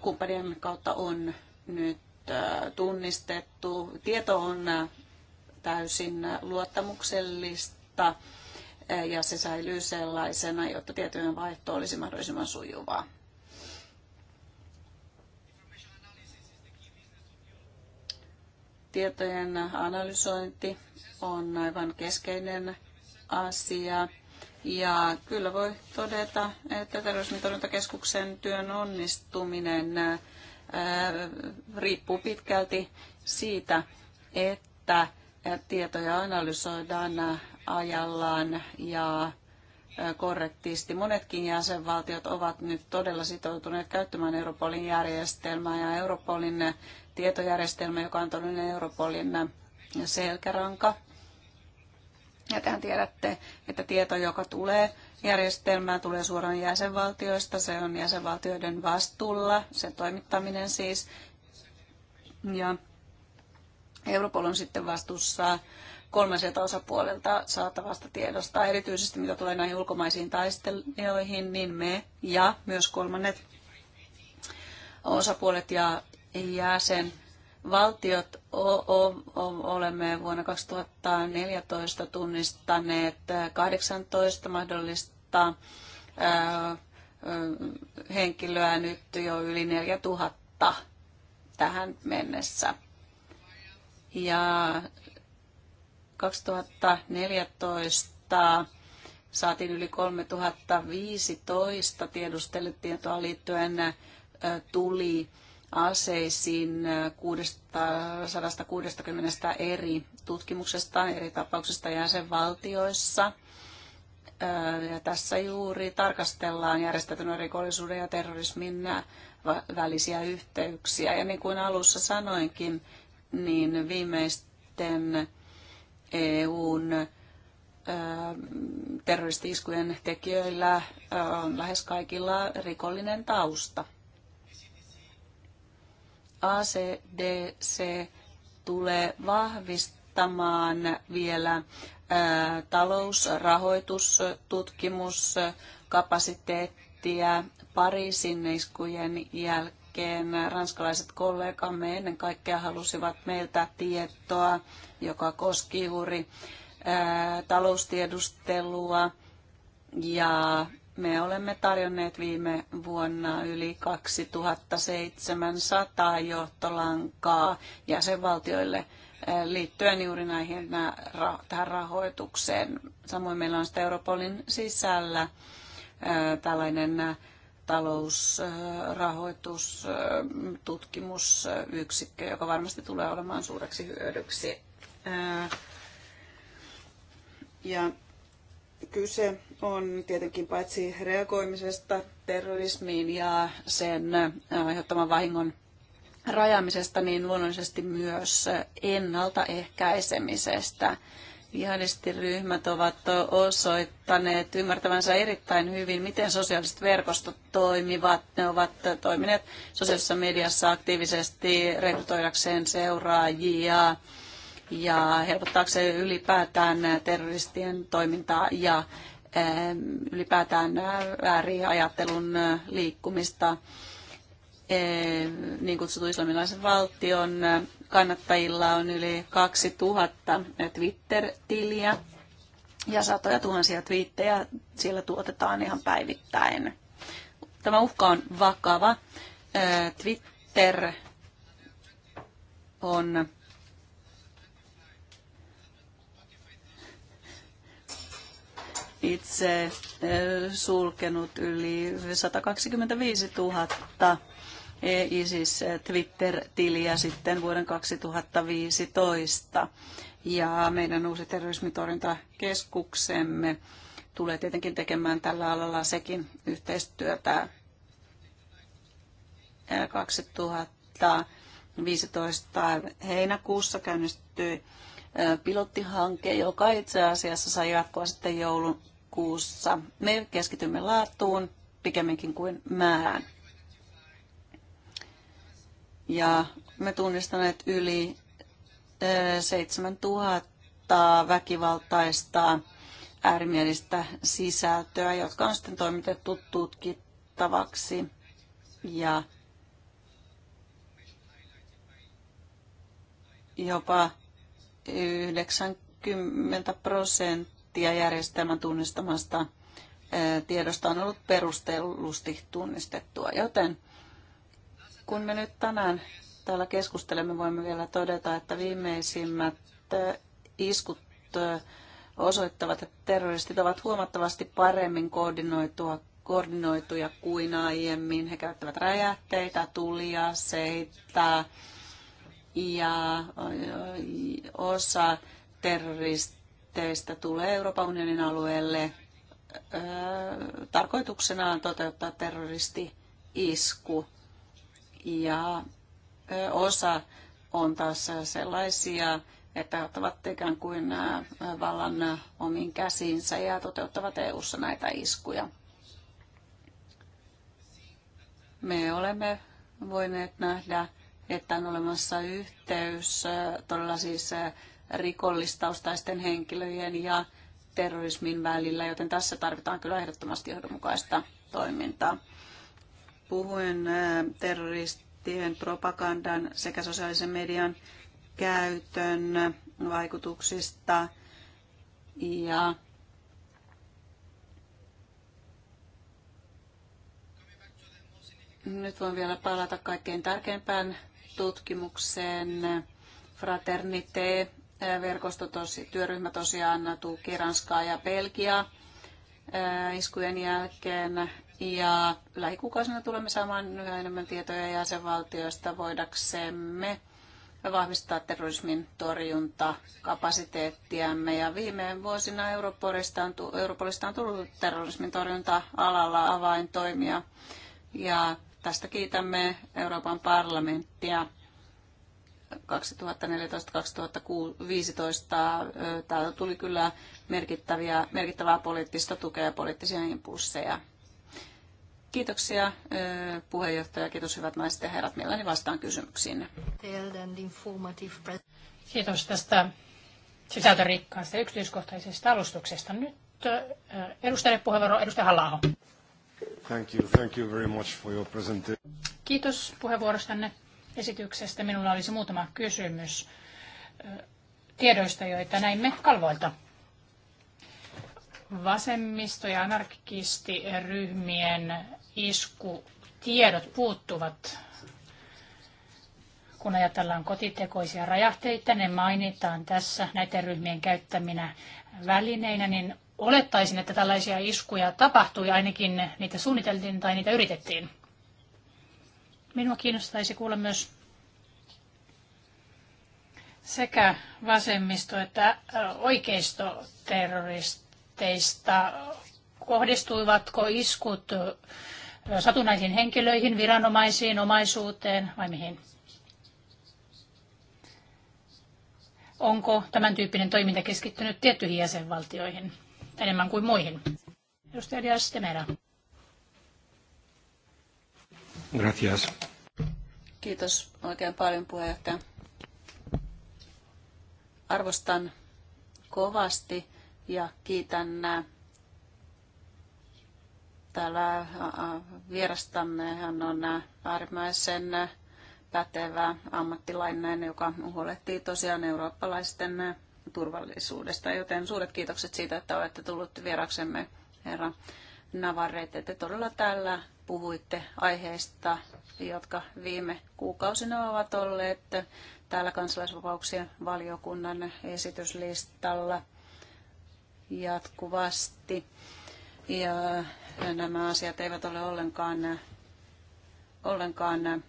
kumppanien kautta on nyt tunnistettu. Tieto on täysin luottamuksellista ja se säilyy sellaisena, jotta tietojen vaihto olisi mahdollisimman sujuvaa. Tietojen analysointi on aivan keskeinen asia. Ja kyllä voi todeta, että terrorismitorjuntakeskuksen työn onnistuminen riippuu pitkälti siitä, että tietoja analysoidaan ajallaan ja korrektisti. Monetkin jäsenvaltiot ovat nyt todella sitoutuneet käyttämään Europolin järjestelmää ja Europolin tietojärjestelmä, joka on todellinen Europolin selkäranka. Ja tähän tiedätte, että tieto, joka tulee järjestelmään, tulee suoraan jäsenvaltioista. Se on jäsenvaltioiden vastuulla, sen toimittaminen siis. Ja Europol on sitten vastuussa kolmansilta osapuolelta saatavasta tiedosta, erityisesti mitä tulee näihin ulkomaisiin taistelijoihin, niin me ja myös kolmannet osapuolet ja jäsen valtiot olemme vuonna 2014 tunnistaneet 18 mahdollista henkilöä, nyt jo yli 4000 tähän mennessä. Ja 2014 saatiin yli 3015 tiedustelutietoa liittyen tuli aseisiin 660 eri tutkimuksesta, eri tapauksista jäsenvaltioissa. Ja tässä juuri tarkastellaan järjestetyn rikollisuuden ja terrorismin välisiä yhteyksiä. Ja niin kuin alussa sanoinkin, niin viimeisten EUn terroristi-iskujen tekijöillä on lähes kaikilla rikollinen tausta. ACDC tulee vahvistamaan vielä talous-, rahoitus-, tutkimuskapasiteettia Pariisin iskujen jälkeen. Ranskalaiset kollegamme ennen kaikkea halusivat meiltä tietoa joka koski juuri taloustiedustelua. Ja me olemme tarjonneet viime vuonna yli 2700 johtolankaa jäsenvaltioille liittyen juuri näihin, tähän rahoitukseen. Samoin meillä on sitten Europolin sisällä tällainen talousrahoitustutkimusyksikkö, joka varmasti tulee olemaan suureksi hyödyksi ja kyse on tietenkin paitsi reagoimisesta terrorismiin ja sen aiheuttaman vahingon rajaamisesta, niin luonnollisesti myös ennaltaehkäisemisestä. Jihadistiryhmät ovat osoittaneet ymmärtävänsä erittäin hyvin, miten sosiaaliset verkostot toimivat. Ne ovat toimineet sosiaalisessa mediassa aktiivisesti rekrytoidakseen seuraajia ja se ylipäätään terroristien toimintaa ja ähm, ylipäätään äh, ääriajattelun äh, liikkumista äh, niin kutsutun islamilaisen valtion kannattajilla on yli 2000 Twitter-tiliä ja satoja tuhansia twiittejä siellä tuotetaan ihan päivittäin. Tämä uhka on vakava. Twitter on itse sulkenut yli 125 000 e, ISIS Twitter-tiliä sitten vuoden 2015. Ja meidän uusi terrorismitorjuntakeskuksemme tulee tietenkin tekemään tällä alalla sekin yhteistyötä 2015 heinäkuussa käynnistyi pilottihanke, joka itse asiassa sai jatkoa sitten joulun kuussa. Me keskitymme laatuun pikemminkin kuin määrään. Ja me tunnistaneet yli 7000 eh, väkivaltaista äärimielistä sisältöä, jotka on sitten toimitettu tutkittavaksi. Ja jopa 90 prosenttia prosenttia järjestelmän tunnistamasta tiedosta on ollut perustellusti tunnistettua. Joten kun me nyt tänään täällä keskustelemme, voimme vielä todeta, että viimeisimmät iskut osoittavat, että terroristit ovat huomattavasti paremmin koordinoitua, koordinoituja kuin aiemmin. He käyttävät räjähteitä, tulia, seitä ja osa terrorist jätteistä tulee Euroopan unionin alueelle tarkoituksenaan toteuttaa terroristi-isku. Ja osa on taas sellaisia, että he ottavat ikään kuin vallan omiin käsiinsä ja toteuttavat EU-ssa näitä iskuja. Me olemme voineet nähdä, että on olemassa yhteys todella siis rikollistaustaisten henkilöjen ja terrorismin välillä, joten tässä tarvitaan kyllä ehdottomasti johdonmukaista toimintaa. Puhuen terroristien propagandan sekä sosiaalisen median käytön vaikutuksista ja nyt voin vielä palata kaikkein tärkeimpään tutkimukseen Fraternité verkosto tosi, työryhmä tosiaan tuki Ranskaa ja Belgiaa iskujen jälkeen. Ja lähikuukausina tulemme saamaan yhä enemmän tietoja jäsenvaltioista voidaksemme vahvistaa terrorismin torjuntakapasiteettiamme. Ja viime vuosina Europolista on, Europolista on tullut terrorismin torjunta-alalla avaintoimia. Ja tästä kiitämme Euroopan parlamenttia. 2014-2015 täältä tuli kyllä merkittäviä, merkittävää poliittista tukea ja poliittisia impulseja. Kiitoksia puheenjohtaja, kiitos hyvät naiset ja herrat, mielelläni vastaan kysymyksiin. Kiitos tästä sisältörikkaasta yksityiskohtaisesta alustuksesta. Nyt edustajalle puheenvuoro, edustaja halla Thank you, thank you very much for your presentation. Kiitos puheenvuorostanne esityksestä. Minulla olisi muutama kysymys tiedoista, joita näimme kalvoilta. Vasemmisto- ja anarkistiryhmien iskutiedot puuttuvat kun ajatellaan kotitekoisia räjähteitä, ne mainitaan tässä näiden ryhmien käyttäminä välineinä, niin olettaisin, että tällaisia iskuja tapahtui, ainakin niitä suunniteltiin tai niitä yritettiin. Minua kiinnostaisi kuulla myös sekä vasemmisto- että oikeistoterroristeista. Kohdistuivatko iskut satunnaisiin henkilöihin, viranomaisiin, omaisuuteen vai mihin? Onko tämän tyyppinen toiminta keskittynyt tiettyihin jäsenvaltioihin enemmän kuin muihin? Edustaja Dias Demera. Gracias. Kiitos oikein paljon puheenjohtaja. Arvostan kovasti ja kiitän äh, täällä äh, äh, vierastamme. Hän on äärimmäisen pätevä ammattilainen, joka huolehtii tosiaan eurooppalaisten turvallisuudesta. Joten suuret kiitokset siitä, että olette tullut vieraksemme, herra Navarrete, te todella tällä puhuitte aiheista, jotka viime kuukausina ovat olleet täällä kansalaisvapauksien valiokunnan esityslistalla jatkuvasti. Ja nämä asiat eivät ole ollenkaan, ollenkaan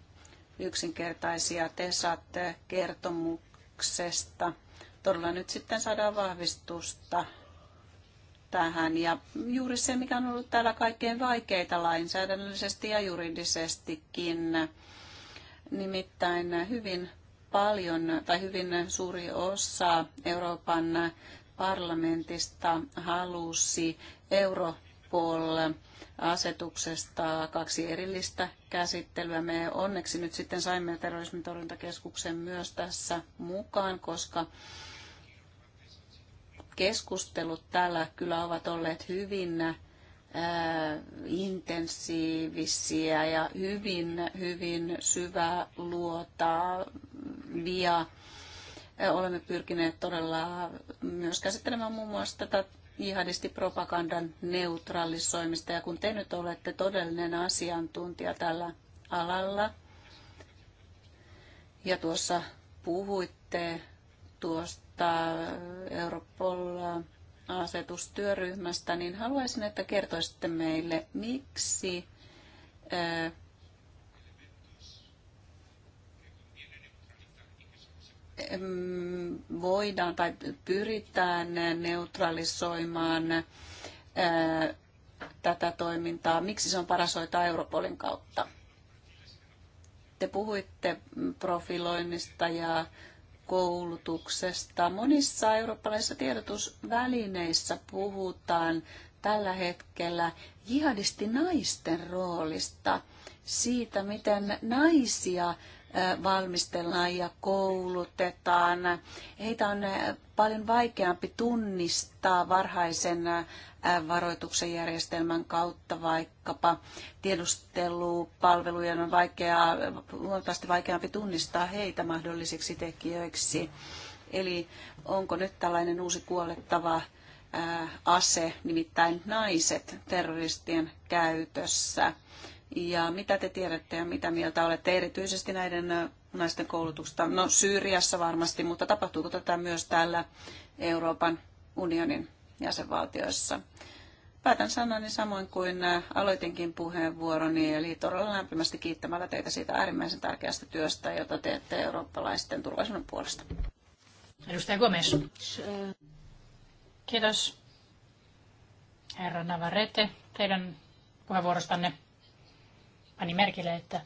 yksinkertaisia. Te saatte kertomuksesta. Todella nyt sitten saadaan vahvistusta tähän. Ja juuri se, mikä on ollut täällä kaikkein vaikeita lainsäädännöllisesti ja juridisestikin, nimittäin hyvin paljon tai hyvin suuri osa Euroopan parlamentista halusi Europol-asetuksesta kaksi erillistä käsittelyä. Me onneksi nyt sitten saimme terrorismin torjuntakeskuksen myös tässä mukaan, koska keskustelut täällä kyllä ovat olleet hyvin äh, intensiivisiä ja hyvin, hyvin syvää luotaavia. Äh, olemme pyrkineet todella myös käsittelemään muun muassa tätä jihadistipropagandan neutralisoimista. Ja kun te nyt olette todellinen asiantuntija tällä alalla, ja tuossa puhuitte tuosta tuosta Europol-asetustyöryhmästä, niin haluaisin, että kertoisitte meille, miksi voidaan tai pyritään neutralisoimaan tätä toimintaa, miksi se on paras hoitaa Europolin kautta. Te puhuitte profiloinnista ja koulutuksesta. Monissa eurooppalaisissa tiedotusvälineissä puhutaan tällä hetkellä jihadistinaisten roolista, siitä miten naisia valmistellaan ja koulutetaan. Heitä on paljon vaikeampi tunnistaa varhaisen varoituksen järjestelmän kautta vaikkapa tiedustelupalvelujen on vaikeaa, huomattavasti vaikeampi tunnistaa heitä mahdollisiksi tekijöiksi. Eli onko nyt tällainen uusi kuolettava ase, nimittäin naiset terroristien käytössä ja mitä te tiedätte ja mitä mieltä olette erityisesti näiden äh, naisten koulutuksesta? No Syyriassa varmasti, mutta tapahtuuko tätä myös täällä Euroopan unionin jäsenvaltioissa? Päätän sanani samoin kuin äh, aloitinkin puheenvuoroni, eli todella lämpimästi kiittämällä teitä siitä äärimmäisen tärkeästä työstä, jota teette eurooppalaisten turvallisuuden puolesta. Edustaja Gomes. Kiitos. Herra Navarrete, teidän puheenvuorostanne pani merkille, että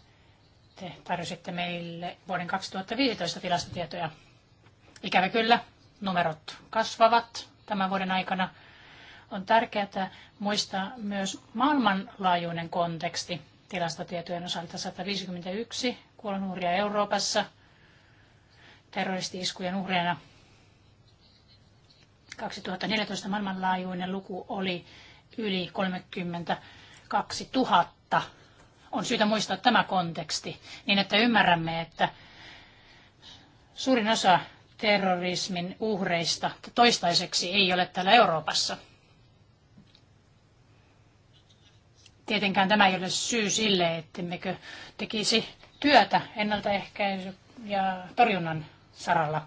te tarjositte meille vuoden 2015 tilastotietoja. Ikävä kyllä, numerot kasvavat tämän vuoden aikana. On tärkeää muistaa myös maailmanlaajuinen konteksti tilastotietojen osalta 151 kuolonuhria Euroopassa terroristi-iskujen uhreina. 2014 maailmanlaajuinen luku oli yli 32 000 on syytä muistaa tämä konteksti niin, että ymmärrämme, että suurin osa terrorismin uhreista toistaiseksi ei ole täällä Euroopassa. Tietenkään tämä ei ole syy sille, ettemmekö tekisi työtä ennaltaehkäisy- ja torjunnan saralla.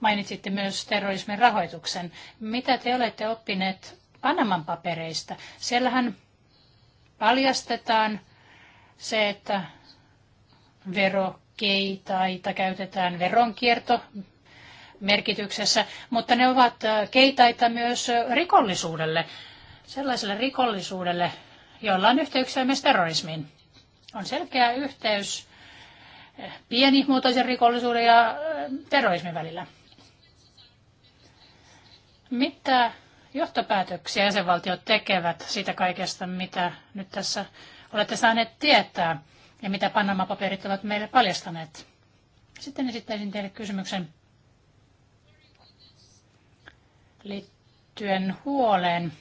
Mainitsitte myös terrorismin rahoituksen. Mitä te olette oppineet Panaman papereista? Siellähän paljastetaan se, että tai käytetään veronkierto merkityksessä, mutta ne ovat äh, keitaita myös rikollisuudelle, sellaiselle rikollisuudelle, jolla on yhteyksiä myös terrorismiin. On selkeä yhteys äh, pienimuotoisen rikollisuuden ja äh, terrorismin välillä. Mitä johtopäätöksiä jäsenvaltiot tekevät siitä kaikesta, mitä nyt tässä olette saaneet tietää ja mitä Panama-paperit ovat meille paljastaneet? Sitten esittäisin teille kysymyksen liittyen huoleen,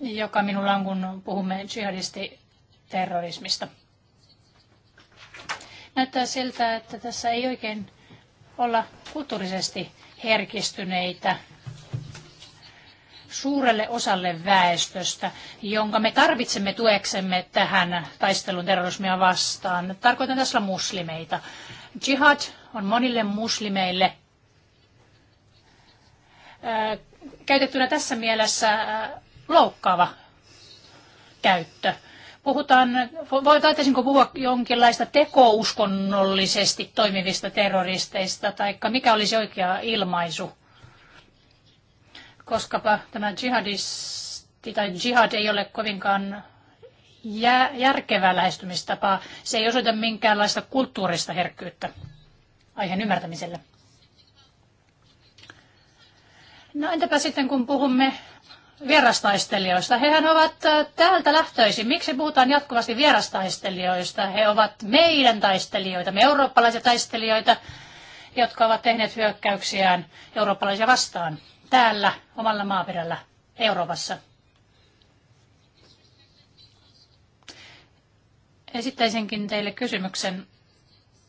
joka minulla on, kun puhumme jihadistiterrorismista. Näyttää siltä, että tässä ei oikein olla kulttuurisesti herkistyneitä suurelle osalle väestöstä, jonka me tarvitsemme tueksemme tähän taistelun terrorismia vastaan. Tarkoitan tässä muslimeita. Jihad on monille muslimeille äh, käytettynä tässä mielessä äh, loukkaava käyttö. Puhutaan, voitaisiinko puhua jonkinlaista tekouskonnollisesti toimivista terroristeista, tai mikä olisi oikea ilmaisu? koskapa tämä jihadisti tai jihad ei ole kovinkaan järkevää lähestymistapaa. Se ei osoita minkäänlaista kulttuurista herkkyyttä aiheen ymmärtämiselle. No entäpä sitten kun puhumme vierastaistelijoista? Hehän ovat äh, täältä lähtöisin. Miksi puhutaan jatkuvasti vierastaistelijoista? He ovat meidän taistelijoita, me eurooppalaisia taistelijoita, jotka ovat tehneet hyökkäyksiään eurooppalaisia vastaan täällä omalla maaperällä Euroopassa. Esittäisinkin teille kysymyksen,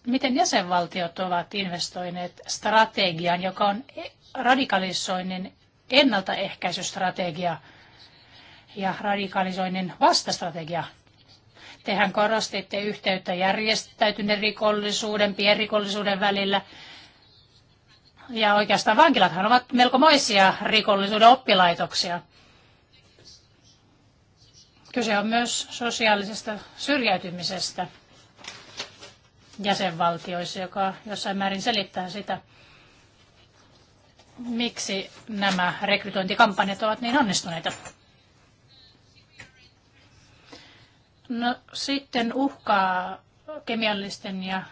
miten jäsenvaltiot ovat investoineet strategiaan, joka on e- radikalisoinnin ennaltaehkäisystrategia ja radikalisoinnin vastastrategia. Tehän korostitte yhteyttä järjestäytyneen rikollisuuden, pienrikollisuuden välillä – ja oikeastaan vankilathan ovat melkomoisia rikollisuuden oppilaitoksia. Kyse on myös sosiaalisesta syrjäytymisestä jäsenvaltioissa, joka jossain määrin selittää sitä, miksi nämä rekrytointikampanjat ovat niin onnistuneita. No sitten uhkaa kemiallisten ja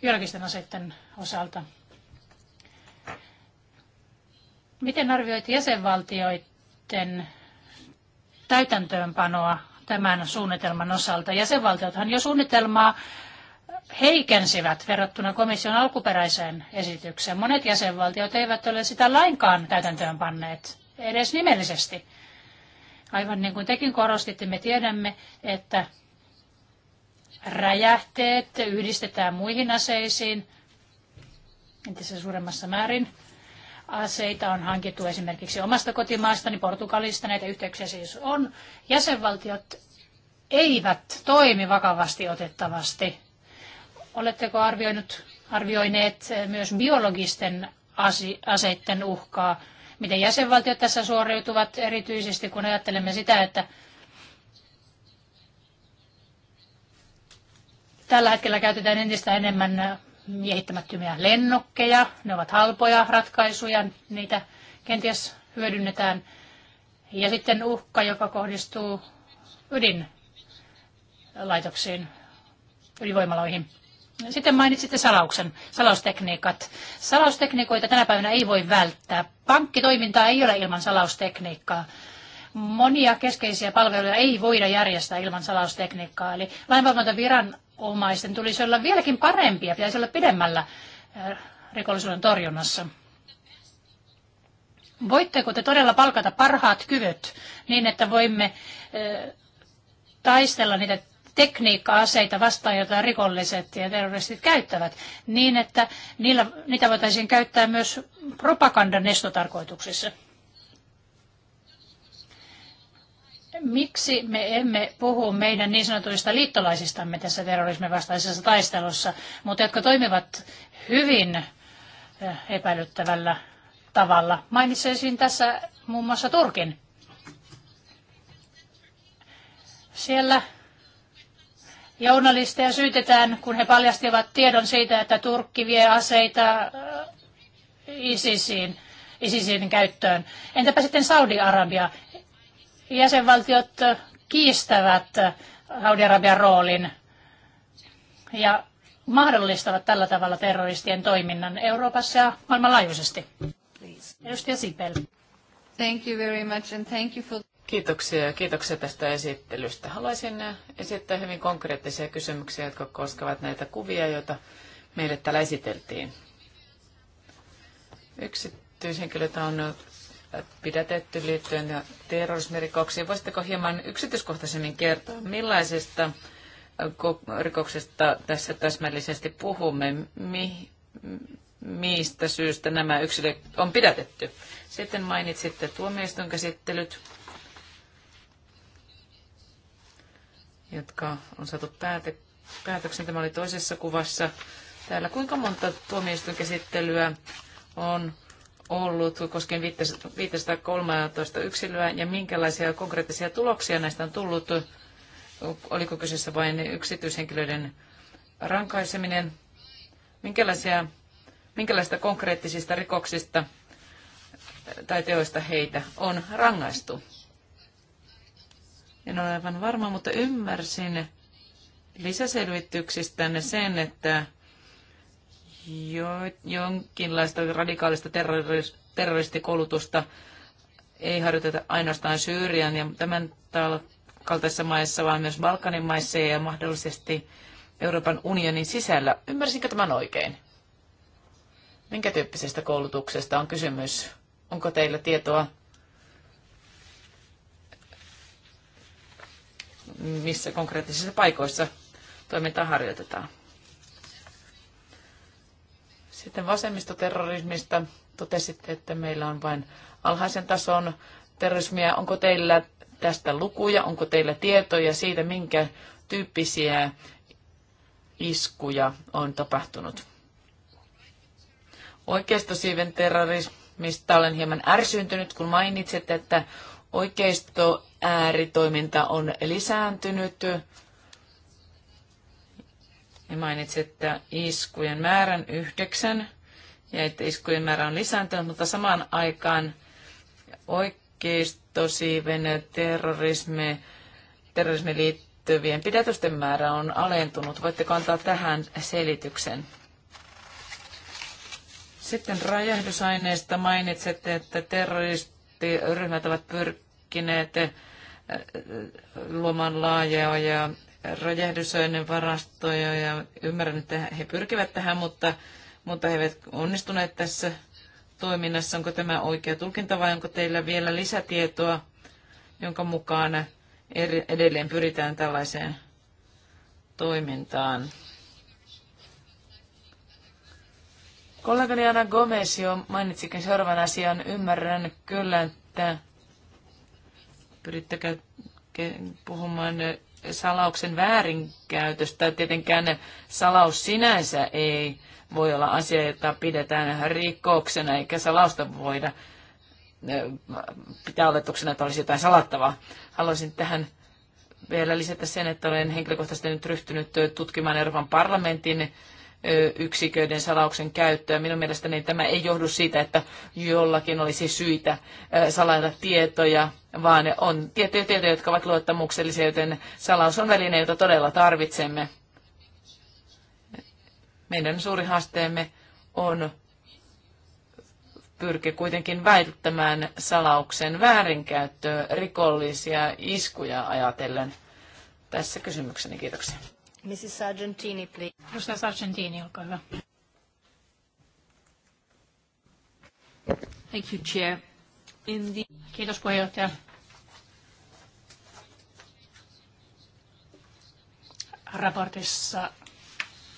biologisten aseiden osalta. Miten arvioit jäsenvaltioiden täytäntöönpanoa tämän suunnitelman osalta? Jäsenvaltiothan jo suunnitelmaa heikensivät verrattuna komission alkuperäiseen esitykseen. Monet jäsenvaltiot eivät ole sitä lainkaan täytäntöönpanneet, edes nimellisesti. Aivan niin kuin tekin korostitte, me tiedämme, että räjähteet yhdistetään muihin aseisiin entistä suuremmassa määrin aseita on hankittu esimerkiksi omasta kotimaastani, Portugalista, näitä yhteyksiä siis on. Jäsenvaltiot eivät toimi vakavasti otettavasti. Oletteko arvioinut, arvioineet eh, myös biologisten aseiden uhkaa? Miten jäsenvaltiot tässä suoriutuvat erityisesti, kun ajattelemme sitä, että tällä hetkellä käytetään entistä enemmän eh, miehittämättömiä lennokkeja. Ne ovat halpoja ratkaisuja, niitä kenties hyödynnetään. Ja sitten uhka, joka kohdistuu ydinlaitoksiin, ydinvoimaloihin. Sitten mainitsitte salauksen, salaustekniikat. Salaustekniikoita tänä päivänä ei voi välttää. Pankkitoimintaa ei ole ilman salaustekniikkaa monia keskeisiä palveluja ei voida järjestää ilman salaustekniikkaa. Eli lainvalvontaviranomaisten tulisi olla vieläkin parempia, pitäisi olla pidemmällä eh, rikollisuuden torjunnassa. Voitteko te todella palkata parhaat kyvyt niin, että voimme eh, taistella niitä tekniikka-aseita vastaan, joita rikolliset ja terroristit käyttävät, niin että niillä, niitä voitaisiin käyttää myös propagandan estotarkoituksissa? miksi me emme puhu meidän niin sanotuista liittolaisistamme tässä terrorismin vastaisessa taistelussa, mutta jotka toimivat hyvin eh, epäilyttävällä tavalla. Mainitsisin tässä muun muassa Turkin. Siellä journalisteja syytetään, kun he paljastivat tiedon siitä, että Turkki vie aseita eh, ISISiin. ISISin käyttöön. Entäpä sitten Saudi-Arabia? jäsenvaltiot kiistävät Saudi-Arabian roolin ja mahdollistavat tällä tavalla terroristien toiminnan Euroopassa ja maailmanlaajuisesti. Edustaja Sipel. Thank you very much and thank you for... Kiitoksia ja kiitoksia tästä esittelystä. Haluaisin esittää hyvin konkreettisia kysymyksiä, jotka koskevat näitä kuvia, joita meille täällä esiteltiin. Yksityishenkilöitä on pidätetty liittyen terrorismirikoksiin. Voisitteko hieman yksityiskohtaisemmin kertoa, millaisista äh, rikoksista tässä täsmällisesti puhumme? Mi, mistä syystä nämä yksilöt on pidätetty? Sitten mainitsitte tuomioistuin käsittelyt, jotka on saatu pääte, päätöksen. Tämä oli toisessa kuvassa täällä. Kuinka monta tuomioistuin käsittelyä on ollut koskien 513 yksilöä ja minkälaisia konkreettisia tuloksia näistä on tullut? Oliko kyseessä vain yksityishenkilöiden rankaiseminen? Minkälaisia, minkälaista konkreettisista rikoksista tai teoista heitä on rangaistu? En ole aivan varma, mutta ymmärsin lisäselvityksistänne sen, että jo, jonkinlaista radikaalista terroris, terroristikoulutusta ei harjoiteta ainoastaan Syyrian ja tämän kaltaisissa maissa, vaan myös Balkanin maissa ja mahdollisesti Euroopan unionin sisällä. Ymmärsinkö tämän oikein? Minkä tyyppisestä koulutuksesta on kysymys? Onko teillä tietoa, missä konkreettisissa paikoissa toimintaa harjoitetaan? Sitten vasemmistoterrorismista totesitte, että meillä on vain alhaisen tason terrorismia. Onko teillä tästä lukuja, onko teillä tietoja siitä, minkä tyyppisiä iskuja on tapahtunut? Oikeistosiiven terrorismista olen hieman ärsyntynyt, kun mainitsit, että oikeistoääritoiminta on lisääntynyt ja mainitsi, että iskujen määrän yhdeksän ja että iskujen määrä on lisääntynyt, mutta samaan aikaan oikeistosiiven terrorismi, terrorismi liittyvien pidätysten määrä on alentunut. Voitteko antaa tähän selityksen? Sitten räjähdysaineista mainitsette, että terroristiryhmät ovat pyrkineet äh, äh, luomaan laajoja räjähdysöinen varastoja ja ymmärrän, että he pyrkivät tähän, mutta, mutta he eivät onnistuneet tässä toiminnassa. Onko tämä oikea tulkinta vai onko teillä vielä lisätietoa, jonka mukaan edelleen pyritään tällaiseen toimintaan? Kollegani Ana Gomez jo mainitsikin seuraavan asian. Ymmärrän kyllä, että pyritte puhumaan salauksen väärinkäytöstä. Tietenkään salaus sinänsä ei voi olla asia, jota pidetään rikoksena, eikä salausta voida pitää oletuksena, että olisi jotain salattavaa. Haluaisin tähän vielä lisätä sen, että olen henkilökohtaisesti nyt ryhtynyt tutkimaan Euroopan parlamentin yksiköiden salauksen käyttöä. Minun mielestäni tämä ei johdu siitä, että jollakin olisi syitä salata tietoja, vaan on tiettyjä tietoja, jotka ovat luottamuksellisia, joten salaus on väline, jota todella tarvitsemme. Meidän suuri haasteemme on pyrkiä kuitenkin välttämään salauksen väärinkäyttöä rikollisia iskuja ajatellen. Tässä kysymykseni, kiitoksia. Mrs. Sargentini, please. Edustaja Sargentini, olkaa hyvä. Thank you, Chair. In the... Kiitos puheenjohtaja. Raportissa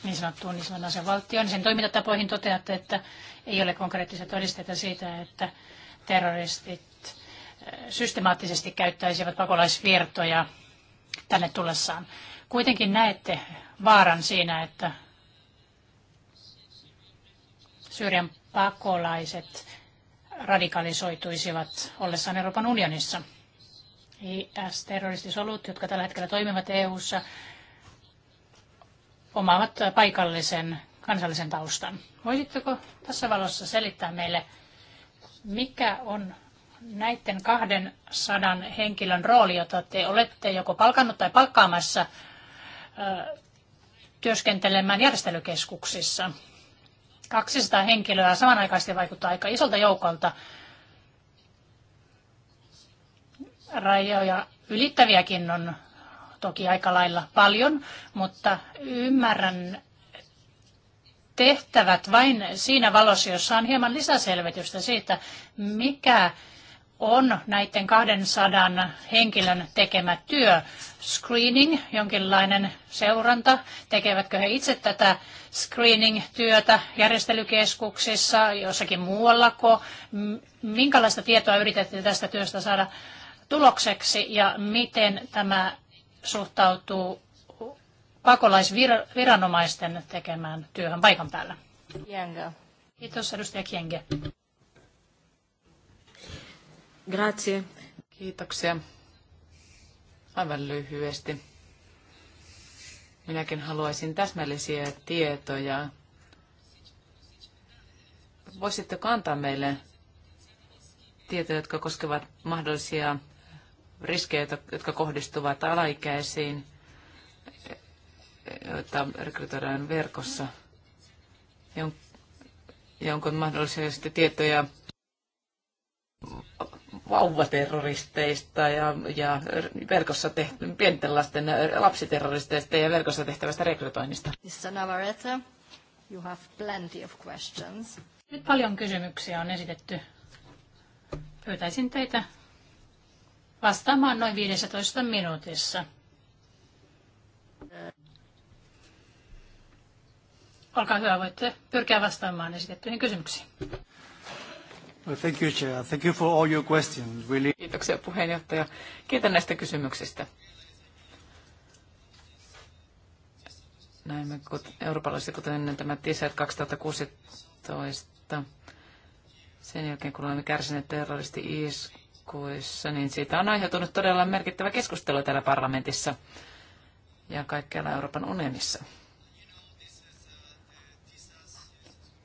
niin sanottuun Islannin asevaltioon. Niin sen toimintatapoihin toteatte, että ei ole konkreettisia todisteita siitä, että terroristit eh, systemaattisesti käyttäisivät pakolaisvirtoja tänne tullessaan. Kuitenkin näette vaaran siinä, että Syyrian pakolaiset radikalisoituisivat ollessaan Euroopan unionissa. IS-terroristisolut, jotka tällä hetkellä toimivat EU:ssa, omaavat paikallisen kansallisen taustan. Voisitteko tässä valossa selittää meille, mikä on näiden 200 henkilön rooli, jota te olette joko palkannut tai palkkaamassa työskentelemään järjestelykeskuksissa. 200 henkilöä samanaikaisesti vaikuttaa aika isolta joukolta rajoja ylittäviäkin on toki aika lailla paljon, mutta ymmärrän tehtävät vain siinä valossa, jossa on hieman lisäselvitystä siitä, mikä on näiden 200 henkilön tekemä työ, screening, jonkinlainen seuranta, tekevätkö he itse tätä screening-työtä järjestelykeskuksissa, jossakin muuallako, minkälaista tietoa yritettiin tästä työstä saada tulokseksi ja miten tämä suhtautuu pakolaisviranomaisten tekemään työhön paikan päällä. Kiitos edustaja Kienge. Grazie. Kiitoksia. Aivan lyhyesti. Minäkin haluaisin täsmällisiä tietoja. Voisitteko antaa meille tietoja, jotka koskevat mahdollisia riskejä, jotka kohdistuvat alaikäisiin, joita rekrytoidaan verkossa? Ja onko mahdollisesti tietoja vauvaterroristeista ja, ja verkossa tehty, pienten lasten lapsiterroristeista ja verkossa tehtävästä rekrytoinnista. Navarrete, you have plenty of questions. Nyt paljon kysymyksiä on esitetty. Pyytäisin teitä vastaamaan noin 15 minuutissa. Olkaa hyvä, voitte pyrkiä vastaamaan esitettyihin kysymyksiin. Thank you, Chair. Thank you for all your questions. Really. Kiitoksia puheenjohtaja. Kiitän näistä kysymyksistä. Näemme eurooppalaisesti, kuten ennen tämä TISER 2016, sen jälkeen kun olemme kärsineet terroristi-iskuissa, niin siitä on aiheutunut todella merkittävä keskustelu täällä parlamentissa ja kaikkialla Euroopan unionissa.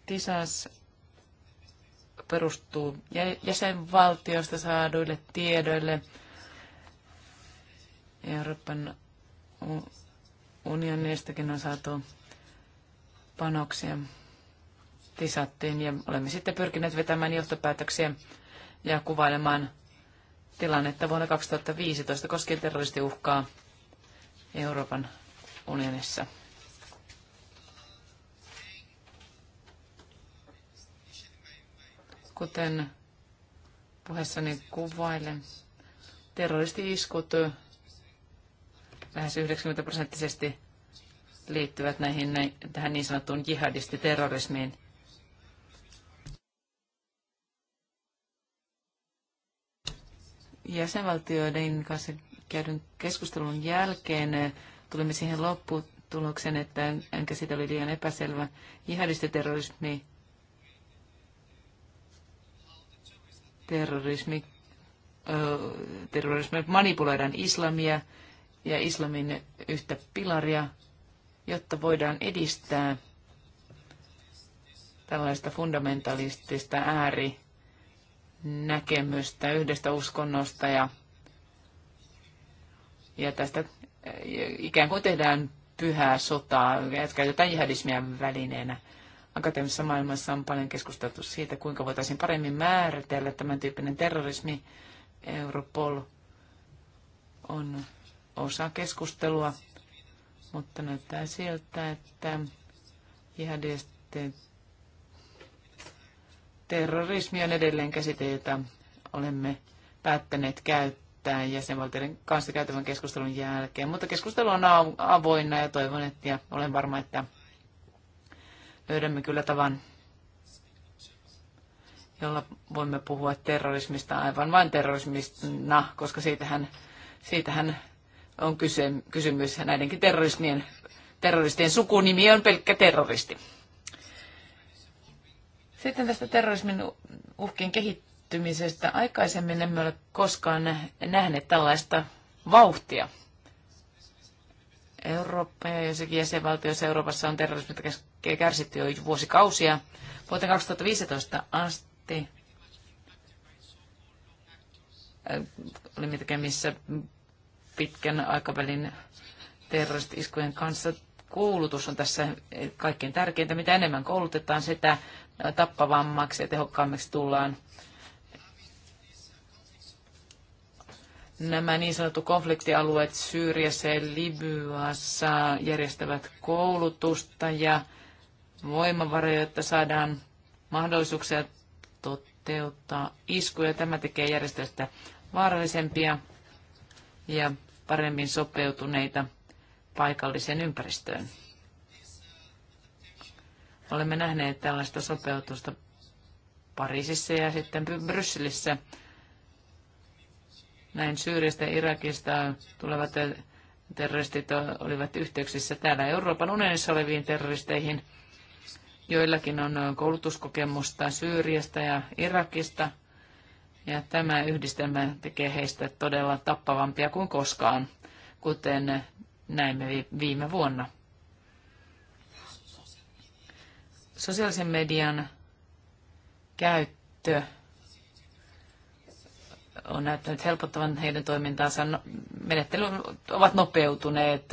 TISAS perustuu jäsenvaltiosta saaduille tiedoille. Euroopan unionistakin on saatu panoksia tisattiin ja olemme sitten pyrkineet vetämään johtopäätöksiä ja kuvailemaan tilannetta vuonna 2015 koskien terroristiuhkaa Euroopan unionissa. Kuten puheessani kuvailen, terroristi-iskut lähes 90 prosenttisesti liittyvät näihin, tähän niin sanottuun jihadistiterrorismiin. Jäsenvaltioiden kanssa käydyn keskustelun jälkeen tulimme siihen lopputulokseen, että enkä siitä oli liian epäselvä. Jihadistiterrorismi terrorismi, terrorismi manipuloidaan islamia ja islamin yhtä pilaria, jotta voidaan edistää tällaista fundamentalistista näkemystä, yhdestä uskonnosta ja, ja tästä ikään kuin tehdään pyhää sotaa, käytetään jihadismia välineenä akateemisessa maailmassa on paljon keskusteltu siitä, kuinka voitaisiin paremmin määritellä tämän tyyppinen terrorismi. Europol on osa keskustelua, mutta näyttää siltä, että jihadistit terrorismi on edelleen käsite, jota olemme päättäneet käyttää jäsenvaltioiden kanssa käytävän keskustelun jälkeen. Mutta keskustelu on avoinna ja toivon, että ja olen varma, että löydämme kyllä tavan, jolla voimme puhua terrorismista aivan vain terrorismina, koska siitähän, siitähän on kyse, kysymys näidenkin terroristien, terroristien sukunimi on pelkkä terroristi. Sitten tästä terrorismin uhkien kehittymisestä. Aikaisemmin emme ole koskaan nähneet tällaista vauhtia. Eurooppa ja joissakin jäsenvaltioissa Euroopassa on terrorismista kärsitty jo vuosikausia. Vuoteen 2015 asti äh, olimme tekemissä pitkän aikavälin terroristiskujen kanssa. Koulutus on tässä kaikkein tärkeintä. Mitä enemmän koulutetaan, sitä tappavammaksi ja tehokkaammaksi tullaan. Nämä niin sanottu konfliktialueet Syyriassa ja Libyassa järjestävät koulutusta ja voimavaroja, jotta saadaan mahdollisuuksia toteuttaa iskuja. Tämä tekee järjestöistä vaarallisempia ja paremmin sopeutuneita paikalliseen ympäristöön. Olemme nähneet tällaista sopeutusta Pariisissa ja sitten Brysselissä näin Syyristä ja Irakista tulevat terroristit olivat yhteyksissä täällä Euroopan unionissa oleviin terroristeihin. Joillakin on koulutuskokemusta Syyriasta ja Irakista, ja tämä yhdistelmä tekee heistä todella tappavampia kuin koskaan, kuten näimme viime vuonna. Sosiaalisen median käyttö on näyttänyt helpottavan heidän toimintaansa. No, menettelyt ovat nopeutuneet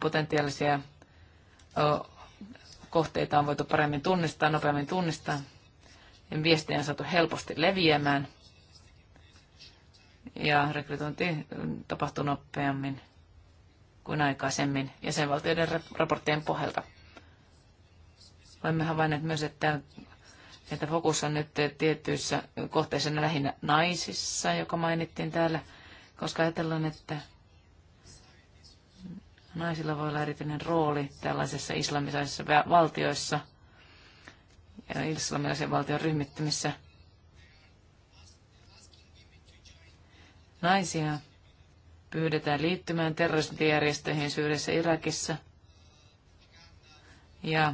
potentiaalisia kohteita on voitu paremmin tunnistaa, nopeammin tunnistaa. Viestejä on saatu helposti leviämään ja rekrytointi tapahtuu nopeammin kuin aikaisemmin jäsenvaltioiden raporttien pohjalta. Olemme havainneet myös, että että fokus on nyt tietyissä kohteissa lähinnä naisissa, joka mainittiin täällä, koska ajatellaan, että naisilla voi olla erityinen rooli tällaisessa islamilaisissa valtioissa ja islamilaisen valtion ryhmittymissä. Naisia pyydetään liittymään terroristijärjestöihin Syyriassa Irakissa ja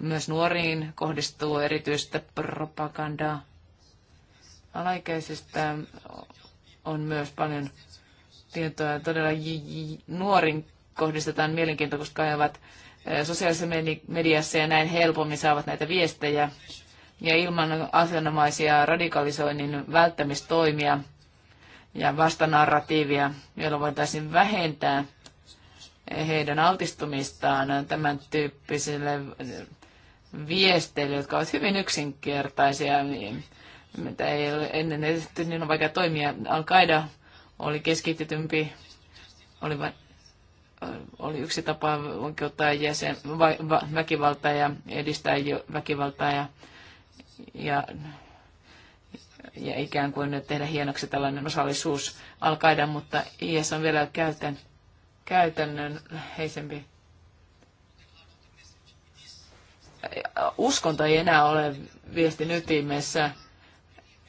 myös nuoriin kohdistuu erityistä propagandaa. Alaikäisistä on myös paljon tietoa. Todella nuoriin kohdistetaan mielenkiintoa, koska he ovat eh, sosiaalisessa mediassa ja näin helpommin saavat näitä viestejä. Ja ilman asianomaisia radikalisoinnin välttämistoimia ja vastanarratiivia, joilla voitaisiin vähentää heidän altistumistaan tämän tyyppisille viesteillä, jotka ovat hyvin yksinkertaisia, niin, mitä ei ole ennen esitetty, niin on vaikea toimia. Al-Qaida oli keskitetympi, oli, va, oli yksi tapa oikeuttaa jäsen, va, va, väkivaltaa ja edistää jo, väkivaltaa ja, ja ja ikään kuin nyt tehdä hienoksi tällainen osallisuus al mutta IS on vielä käytän, käytännön heisempi uskonto ei enää ole viestin ytimessä.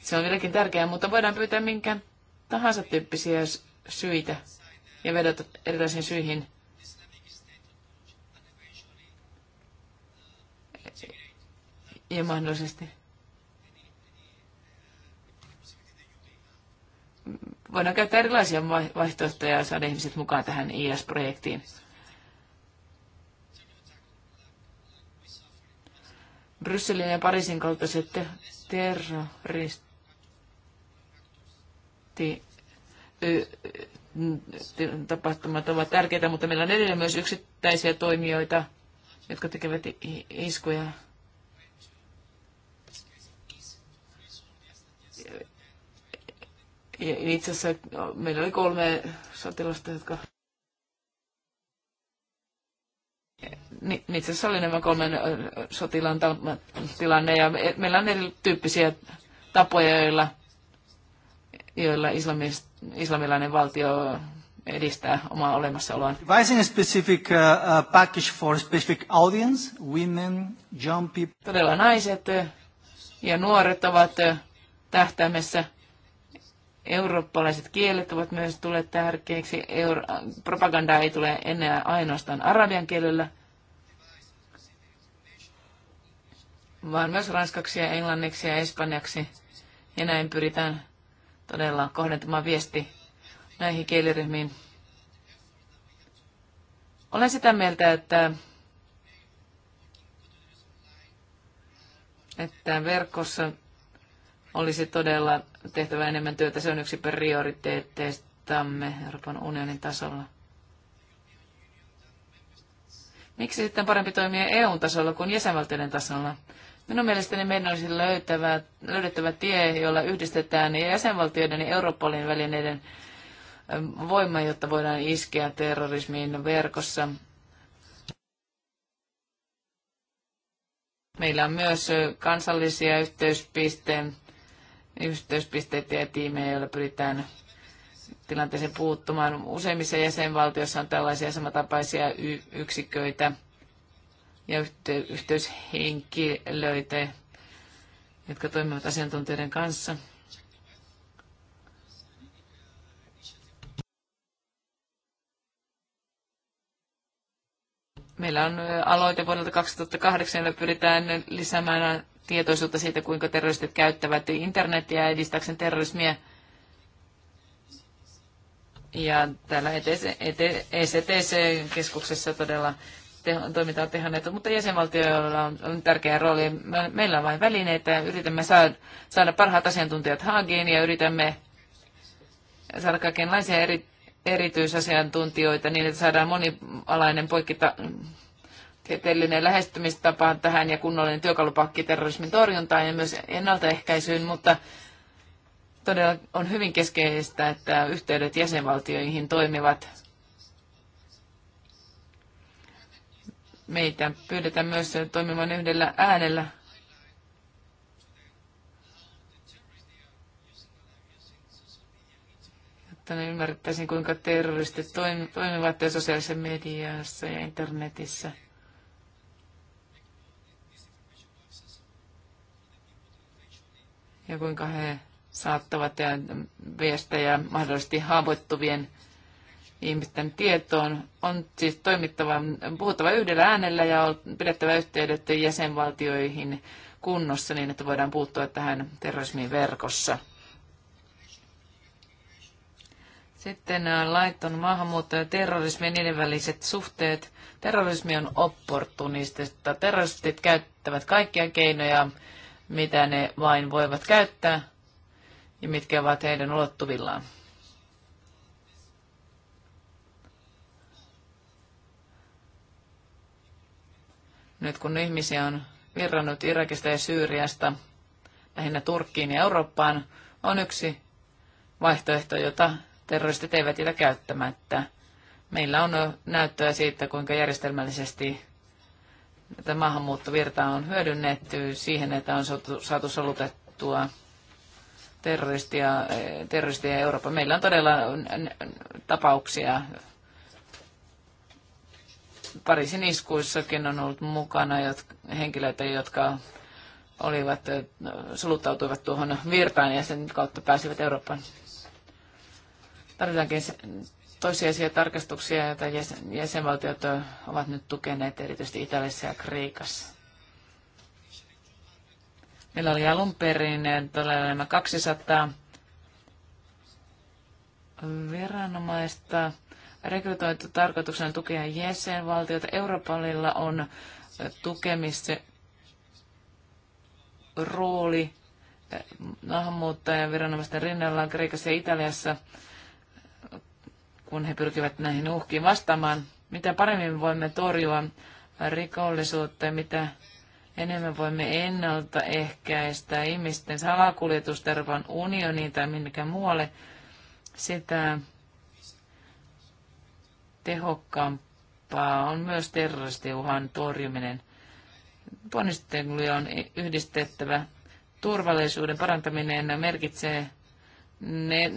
Se on vieläkin tärkeää, mutta voidaan pyytää minkään tahansa tyyppisiä syitä ja vedota erilaisiin syihin. Ja mahdollisesti. Voidaan käyttää erilaisia vaihtoehtoja ja saada ihmiset mukaan tähän IS-projektiin. Brysselin ja Pariisin kaltaiset terroristi tapahtumat ovat tärkeitä, mutta meillä on edelleen myös yksittäisiä toimijoita, jotka tekevät iskuja. Itse asiassa meillä oli kolme sotilasta, jotka niin itse asiassa oli nämä kolmen sotilaan tilanne ja meillä on erityyppisiä tapoja, joilla, joilla islamist, islamilainen valtio edistää omaa olemassaoloaan. Devising a specific uh, uh, package for a specific audience, women, young people. Todella naiset ja nuoret ovat tähtäimessä Eurooppalaiset kielet ovat myös tulleet tärkeiksi. Euro- propagandaa ei tule enää ainoastaan arabian kielellä, vaan myös ranskaksi ja englanniksi ja espanjaksi. Ja näin pyritään todella kohdentamaan viesti näihin kieliryhmiin. Olen sitä mieltä, että, että verkossa olisi todella tehtävä enemmän työtä. Se on yksi prioriteetteistamme Euroopan unionin tasolla. Miksi sitten parempi toimia EU-tasolla kuin jäsenvaltioiden tasolla? Minun mielestäni meidän olisi löytävä, löydettävä tie, jolla yhdistetään jäsenvaltioiden ja Europolin välineiden ähm, voima, jotta voidaan iskeä terrorismiin verkossa. Meillä on myös äh, kansallisia yhteyspisteitä yhteyspisteitä ja tiimejä, joilla pyritään tilanteeseen puuttumaan. Useimmissa jäsenvaltioissa on tällaisia samantapaisia y- yksiköitä ja yhte- yhteyshenkilöitä, jotka toimivat asiantuntijoiden kanssa. Meillä on aloite vuodelta 2008, jolla pyritään lisäämään tietoisuutta siitä, kuinka terroristit käyttävät internetiä edistääkseen terrorismia. Ja täällä ECTC-keskuksessa todella toiminta on tehonnettu, mutta jäsenvaltioilla on, on tärkeä rooli. Meillä on vain välineitä, yritämme saada, saada parhaat asiantuntijat Haagiin ja yritämme saada kaikenlaisia eri, erityisasiantuntijoita niin, että saadaan monialainen poikkita, tieteellinen lähestymistapa tähän ja kunnollinen työkalupakki terrorismin torjuntaan ja myös ennaltaehkäisyyn, mutta todella on hyvin keskeistä, että yhteydet jäsenvaltioihin toimivat. Meitä pyydetään myös toimimaan yhdellä äänellä. jotta ne ymmärrettäisiin, kuinka terroristit toimivat ja sosiaalisessa mediassa ja internetissä – ja kuinka he saattavat viestejä mahdollisesti haavoittuvien ihmisten tietoon. On siis toimittava, puhuttava yhdellä äänellä ja on pidettävä yhteydet jäsenvaltioihin kunnossa niin, että voidaan puuttua tähän terrorismin verkossa. Sitten äh, laiton maahanmuutto ja terrorismi ja niiden väliset suhteet. Terrorismi on opportunistista. Terroristit käyttävät kaikkia keinoja mitä ne vain voivat käyttää ja mitkä ovat heidän ulottuvillaan. Nyt kun ihmisiä on virrannut Irakista ja Syyriasta lähinnä Turkkiin ja Eurooppaan, on yksi vaihtoehto, jota terroristit eivät jätä käyttämättä. Meillä on näyttöä siitä, kuinka järjestelmällisesti että maahanmuuttovirtaa on hyödynnetty siihen, että on saatu solutettua terroristia, eh, terroristia Eurooppa. Meillä on todella tapauksia. Pariisin iskuissakin on ollut mukana henkilöitä, jotka olivat, eh, soluttautuivat tuohon virtaan ja sen kautta pääsivät Eurooppaan. Tarvitaankin toisiaisia tarkastuksia, joita jäsenvaltiot ovat nyt tukeneet, erityisesti Italiassa ja Kreikassa. Meillä oli alun perin nämä 200 viranomaista rekrytoitu tarkoituksena tukea jäsenvaltiota. Europolilla on tukemisen rooli maahanmuuttajan viranomaisten rinnalla Kreikassa ja Italiassa – kun he pyrkivät näihin uhkiin vastaamaan. Mitä paremmin voimme torjua rikollisuutta ja mitä enemmän voimme ennaltaehkäistä ihmisten salakuljetusta Euroopan unioniin tai minnekään muualle, sitä tehokkaampaa on myös terroristiuhan torjuminen. Ponnistelu on yhdistettävä. Turvallisuuden parantaminen merkitsee ne,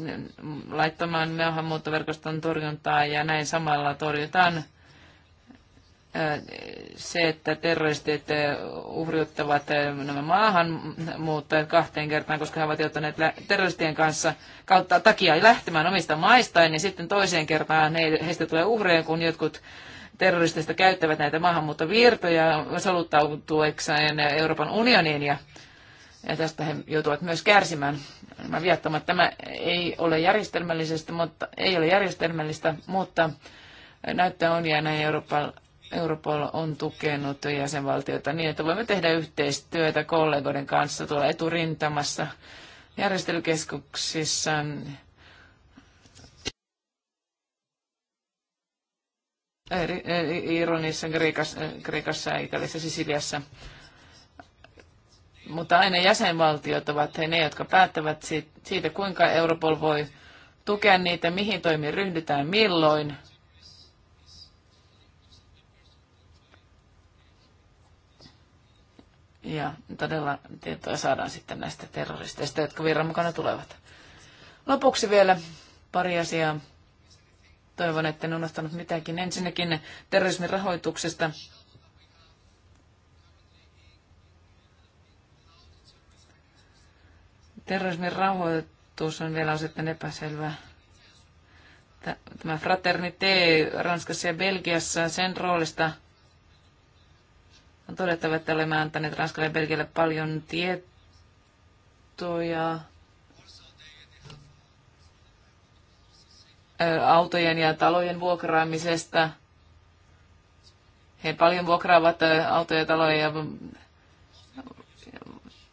laittamaan maahanmuuttoverkoston torjuntaa ja näin samalla torjutaan se, että terroristit uhriuttavat nämä maahanmuuttajat kahteen kertaan, koska he ovat joutuneet terroristien kanssa kautta takia lähtemään omista maistaan, niin sitten toiseen kertaan heistä tulee uhreja, kun jotkut terroristista käyttävät näitä maahanmuuttovirtoja soluttautuekseen Euroopan unioniin ja ja tästä he joutuvat myös kärsimään. Nämä viattomat, tämä ei ole järjestelmällisesti, mutta ei ole järjestelmällistä, mutta näyttää on ja näin Euroopan Europol on tukenut jäsenvaltioita niin, että voimme tehdä yhteistyötä kollegoiden kanssa tuolla eturintamassa järjestelykeskuksissa. Ironissa, Kreikassa Italiassa, Sisiliassa mutta aina jäsenvaltiot ovat he ne, jotka päättävät siitä, kuinka Europol voi tukea niitä, mihin toimiin ryhdytään, milloin. Ja todella tietoa saadaan sitten näistä terroristeista, jotka virran mukana tulevat. Lopuksi vielä pari asiaa. Toivon, että en unohtanut mitäkin. Ensinnäkin terrorismin rahoituksesta Terrorismin rahoitus on vielä osittain epäselvä. Tämä Fraternité Ranskassa ja Belgiassa, sen roolista on todettava, että olemme antaneet Ranskalle ja Belgialle paljon tietoja autojen ja talojen vuokraamisesta. He paljon vuokraavat autoja, taloja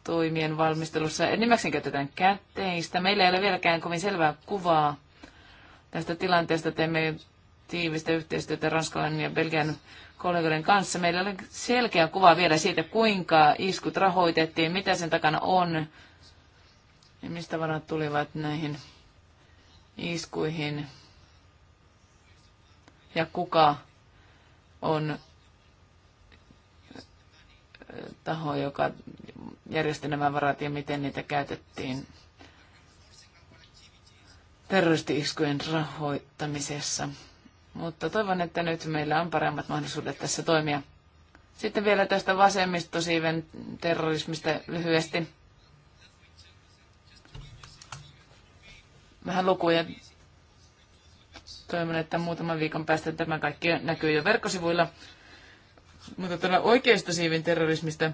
toimien valmistelussa enimmäkseen käytetään käteistä. Meillä ei ole vieläkään kovin selvää kuvaa tästä tilanteesta. Teemme tiivistä yhteistyötä Ranskan ja Belgian kollegoiden kanssa. Meillä ole selkeä kuva vielä siitä, kuinka iskut rahoitettiin, mitä sen takana on ja mistä varat tulivat näihin iskuihin ja kuka on taho, joka järjesti nämä varat ja miten niitä käytettiin terroristi-iskujen rahoittamisessa. Mutta toivon, että nyt meillä on paremmat mahdollisuudet tässä toimia. Sitten vielä tästä vasemmistosiiven terrorismista lyhyesti. Vähän lukuja. Toivon, että muutaman viikon päästä tämä kaikki näkyy jo verkkosivuilla. Mutta tuolla oikeista siivin terrorismista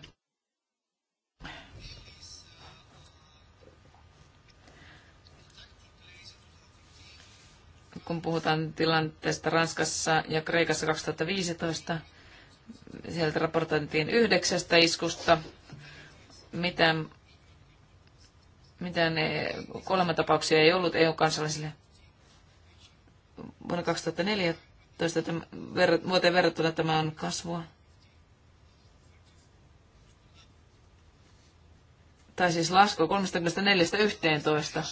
kun puhutaan tilanteesta Ranskassa ja Kreikassa 2015, sieltä raportointiin yhdeksästä iskusta. Mitään, mitään tapauksia ei ollut EU-kansalaisille. Vuonna 2014 vuoteen verrattuna tämä on kasvua. tai siis lasku 34 11.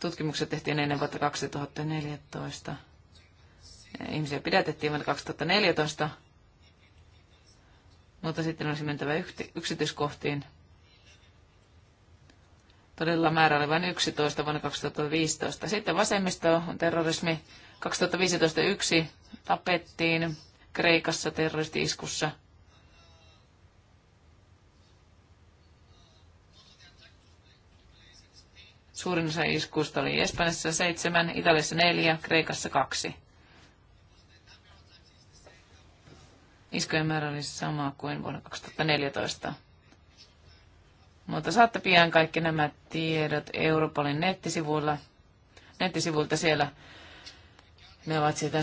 Tutkimukset tehtiin ennen vuotta 2014. Ihmisiä pidätettiin vuonna 2014, mutta sitten olisi mentävä yksityiskohtiin. Todella määrä oli vain 11 vuonna 2015. Sitten vasemmisto on terrorismi. 2015 yksi tapettiin Kreikassa terroristi-iskussa – Suurin osa iskuista oli Espanjassa seitsemän, Italiassa neljä, Kreikassa kaksi. Iskujen määrä oli sama kuin vuonna 2014. Mutta saatte pian kaikki nämä tiedot Europolin nettisivuilla. Nettisivuilta siellä ne ovat sitä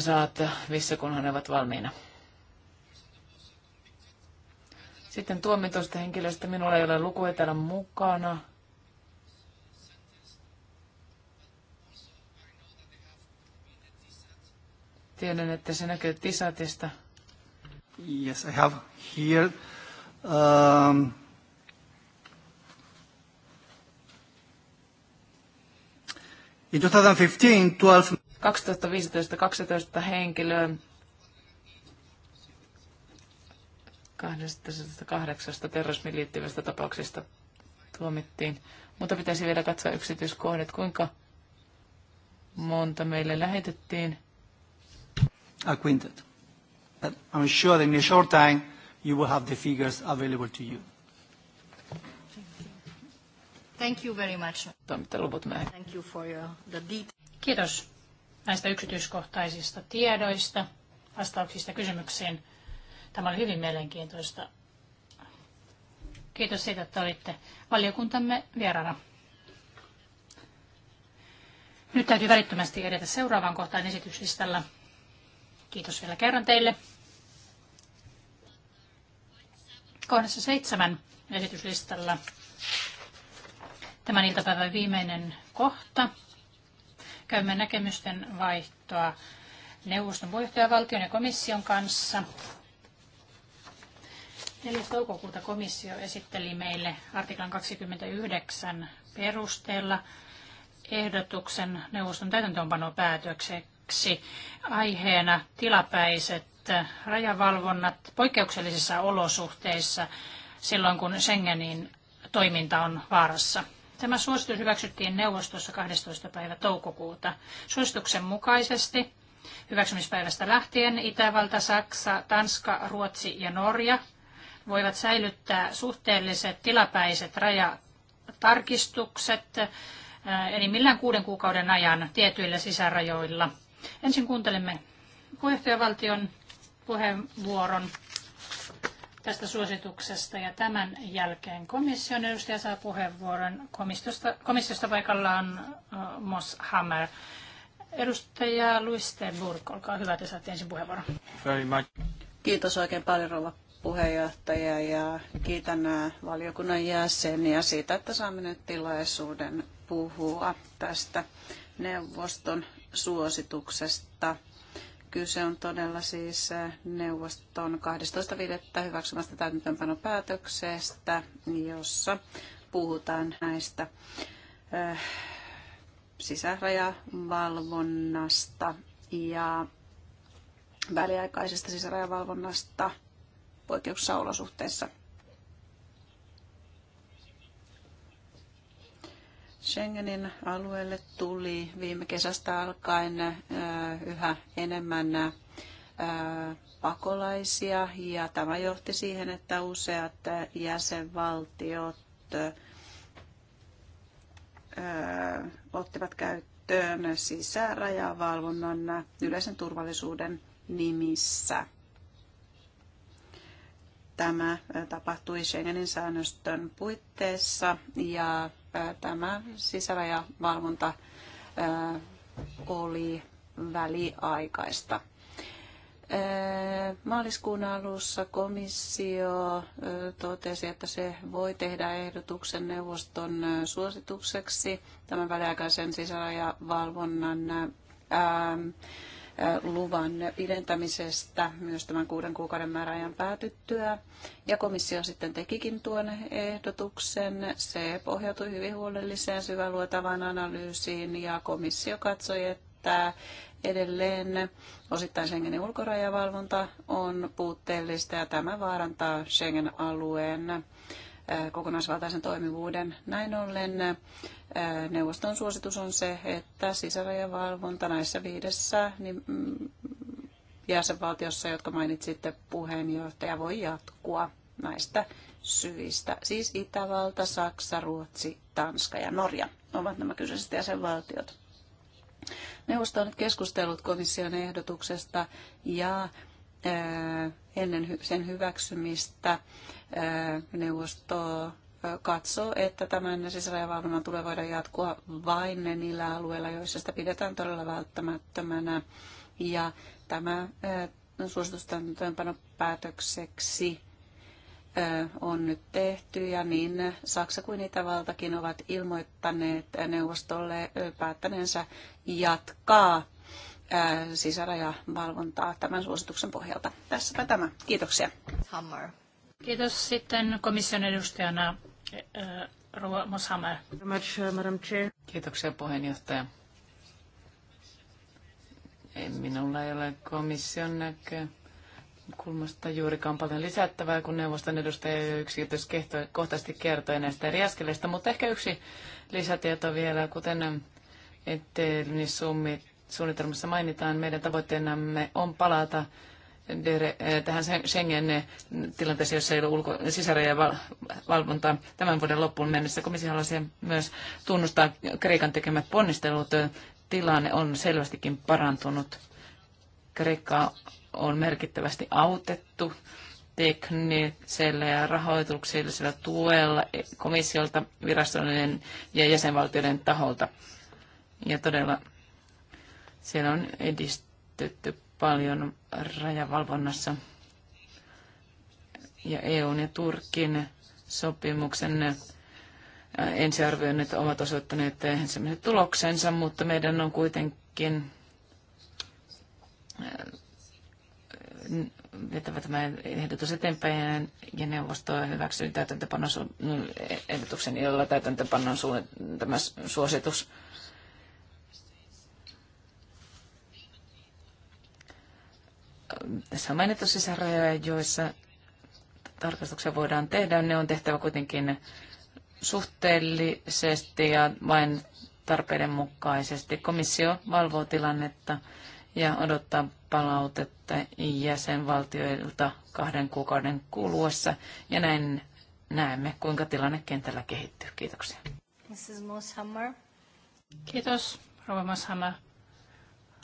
missä kunhan ne ovat valmiina. Sitten tuomitusta henkilöstä minulla ei ole lukuja täällä mukana. Tiedän, että se näkyy Tisatista. Yes, I have here. Um, in 2015, 12... 2015 12 henkilöä 208 terrorismiin liittyvästä tapauksista tuomittiin. Mutta pitäisi vielä katsoa yksityiskohdat, kuinka monta meille lähetettiin – acquainted. I'm sure that in a short time you will have the figures available to you. Thank you very much. Thank you for your, detail. Kiitos näistä yksityiskohtaisista tiedoista, vastauksista kysymyksiin. Tämä oli hyvin mielenkiintoista. Kiitos siitä, että olitte valiokuntamme vieraana. Nyt täytyy välittömästi edetä seuraavaan kohtaan esityslistalla. Kiitos vielä kerran teille. Kohdassa seitsemän esityslistalla tämän iltapäivän viimeinen kohta. Käymme näkemysten vaihtoa neuvoston puheenjohtajavaltion ja komission kanssa. 4. toukokuuta komissio esitteli meille artiklan 29 perusteella ehdotuksen neuvoston täytäntöönpanopäätökseksi kaksi aiheena tilapäiset rajavalvonnat poikkeuksellisissa olosuhteissa silloin, kun Schengenin toiminta on vaarassa. Tämä suositus hyväksyttiin neuvostossa 12. päivä toukokuuta. Suosituksen mukaisesti hyväksymispäivästä lähtien Itävalta, Saksa, Tanska, Ruotsi ja Norja voivat säilyttää suhteelliset tilapäiset rajatarkistukset enimmillään eh, kuuden kuukauden ajan tietyillä sisärajoilla – Ensin kuuntelemme puheenjohtajavaltion puheenvuoron tästä suosituksesta ja tämän jälkeen komission edustaja saa puheenvuoron. Komissiosta, komissiosta paikalla on uh, Moss Hammer. Edustaja Luis olkaa hyvä, te saatte ensin puheenvuoron. Very much. Kiitos oikein paljon rouva puheenjohtaja ja kiitän valiokunnan jäseniä siitä, että saamme nyt tilaisuuden puhua tästä neuvoston suosituksesta. Kyse on todella siis neuvoston 12.5. hyväksymästä täytäntöönpanopäätöksestä, jossa puhutaan näistä sisärajavalvonnasta ja väliaikaisesta sisärajavalvonnasta poikkeuksessa olosuhteissa. Schengenin alueelle tuli viime kesästä alkaen yhä enemmän pakolaisia ja tämä johti siihen, että useat jäsenvaltiot ottivat käyttöön sisärajavalvonnan yleisen turvallisuuden nimissä tämä tapahtui Schengenin säännöstön puitteissa ja tämä sisärajavalvonta oli väliaikaista. Maaliskuun alussa komissio totesi, että se voi tehdä ehdotuksen neuvoston suositukseksi tämän väliaikaisen sisärajavalvonnan luvan pidentämisestä myös tämän kuuden kuukauden määräajan päätyttyä. Ja komissio sitten tekikin tuon ehdotuksen. Se pohjautui hyvin huolelliseen syväluotavaan analyysiin ja komissio katsoi, että edelleen osittain Schengenin ulkorajavalvonta on puutteellista ja tämä vaarantaa Schengen-alueen kokonaisvaltaisen toimivuuden. Näin ollen neuvoston suositus on se, että sisärajavalvonta näissä viidessä niin mm, jäsenvaltiossa, jotka mainitsitte puheenjohtaja, voi jatkua näistä syistä. Siis Itävalta, Saksa, Ruotsi, Tanska ja Norja ovat nämä kyseiset jäsenvaltiot. Neuvosto on nyt keskustellut komission ehdotuksesta ja ennen sen hyväksymistä neuvosto katsoo, että tämän sisärajavalvonnan tulee voida jatkua vain niillä alueilla, joissa sitä pidetään todella välttämättömänä. Ja tämä suositustentoimenpanopäätökseksi on nyt tehty ja niin Saksa kuin Itävaltakin ovat ilmoittaneet neuvostolle päättäneensä jatkaa sisärajavalvontaa tämän suosituksen pohjalta. Tässäpä tämä. Kiitoksia. Hammer. Kiitos sitten komission edustajana Rova Moshammer. Kiitoksia puheenjohtaja. Minulla ei ole komission näköä kulmasta juurikaan paljon lisättävää, kun neuvoston edustaja jo yksityiskohtaisesti kertoi näistä eri askeleista, mutta ehkä yksi lisätieto vielä, kuten summit suunnitelmassa mainitaan, meidän tavoitteenamme on palata eh, tähän Schengen-tilanteeseen, jossa ei ole ulko- sisärajojen valvontaa tämän vuoden loppuun mennessä. Komissio haluaisi myös tunnustaa Kreikan tekemät ponnistelut. Tilanne on selvästikin parantunut. Kreikkaa on merkittävästi autettu teknisellä ja rahoituksellisella tuella komissiolta, virastojen ja jäsenvaltioiden taholta. Ja todella siellä on edistetty paljon rajavalvonnassa ja EUn ja Turkin sopimuksen äh, ensiarvioinnit ovat osoittaneet ensimmäiset tuloksensa, mutta meidän on kuitenkin äh, vetävä tämä ehdotus eteenpäin ja neuvosto hyväksyy täytäntöpanon ehdotuksen, jolla täytäntöpanon tämä suositus Tässä on mainittu sisärajoja, joissa tarkastuksia voidaan tehdä. Ne on tehtävä kuitenkin suhteellisesti ja vain tarpeiden mukaisesti. Komissio valvoo tilannetta ja odottaa palautetta jäsenvaltioilta kahden kuukauden kuluessa. Ja näin näemme, kuinka tilanne kentällä kehittyy. Kiitoksia. Mrs. Moshammer. Kiitos, Rova Moshammer.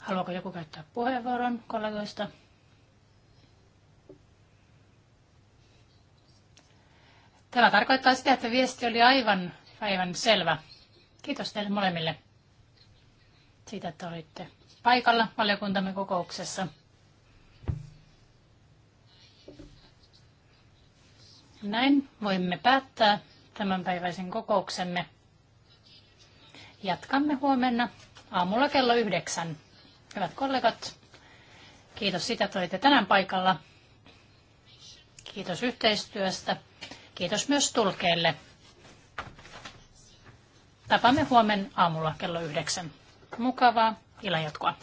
Haluaako joku käyttää puheenvuoron kollegoista? Tämä tarkoittaa sitä, että viesti oli aivan, aivan selvä. Kiitos teille molemmille siitä, että olitte paikalla valiokuntamme kokouksessa. Näin voimme päättää tämänpäiväisen kokouksemme. Jatkamme huomenna aamulla kello yhdeksän. Hyvät kollegat, kiitos sitä, että olitte tänään paikalla. Kiitos yhteistyöstä. Kiitos myös tulkeille. Tapaamme huomenna aamulla kello yhdeksän. Mukavaa ilanjatkoa.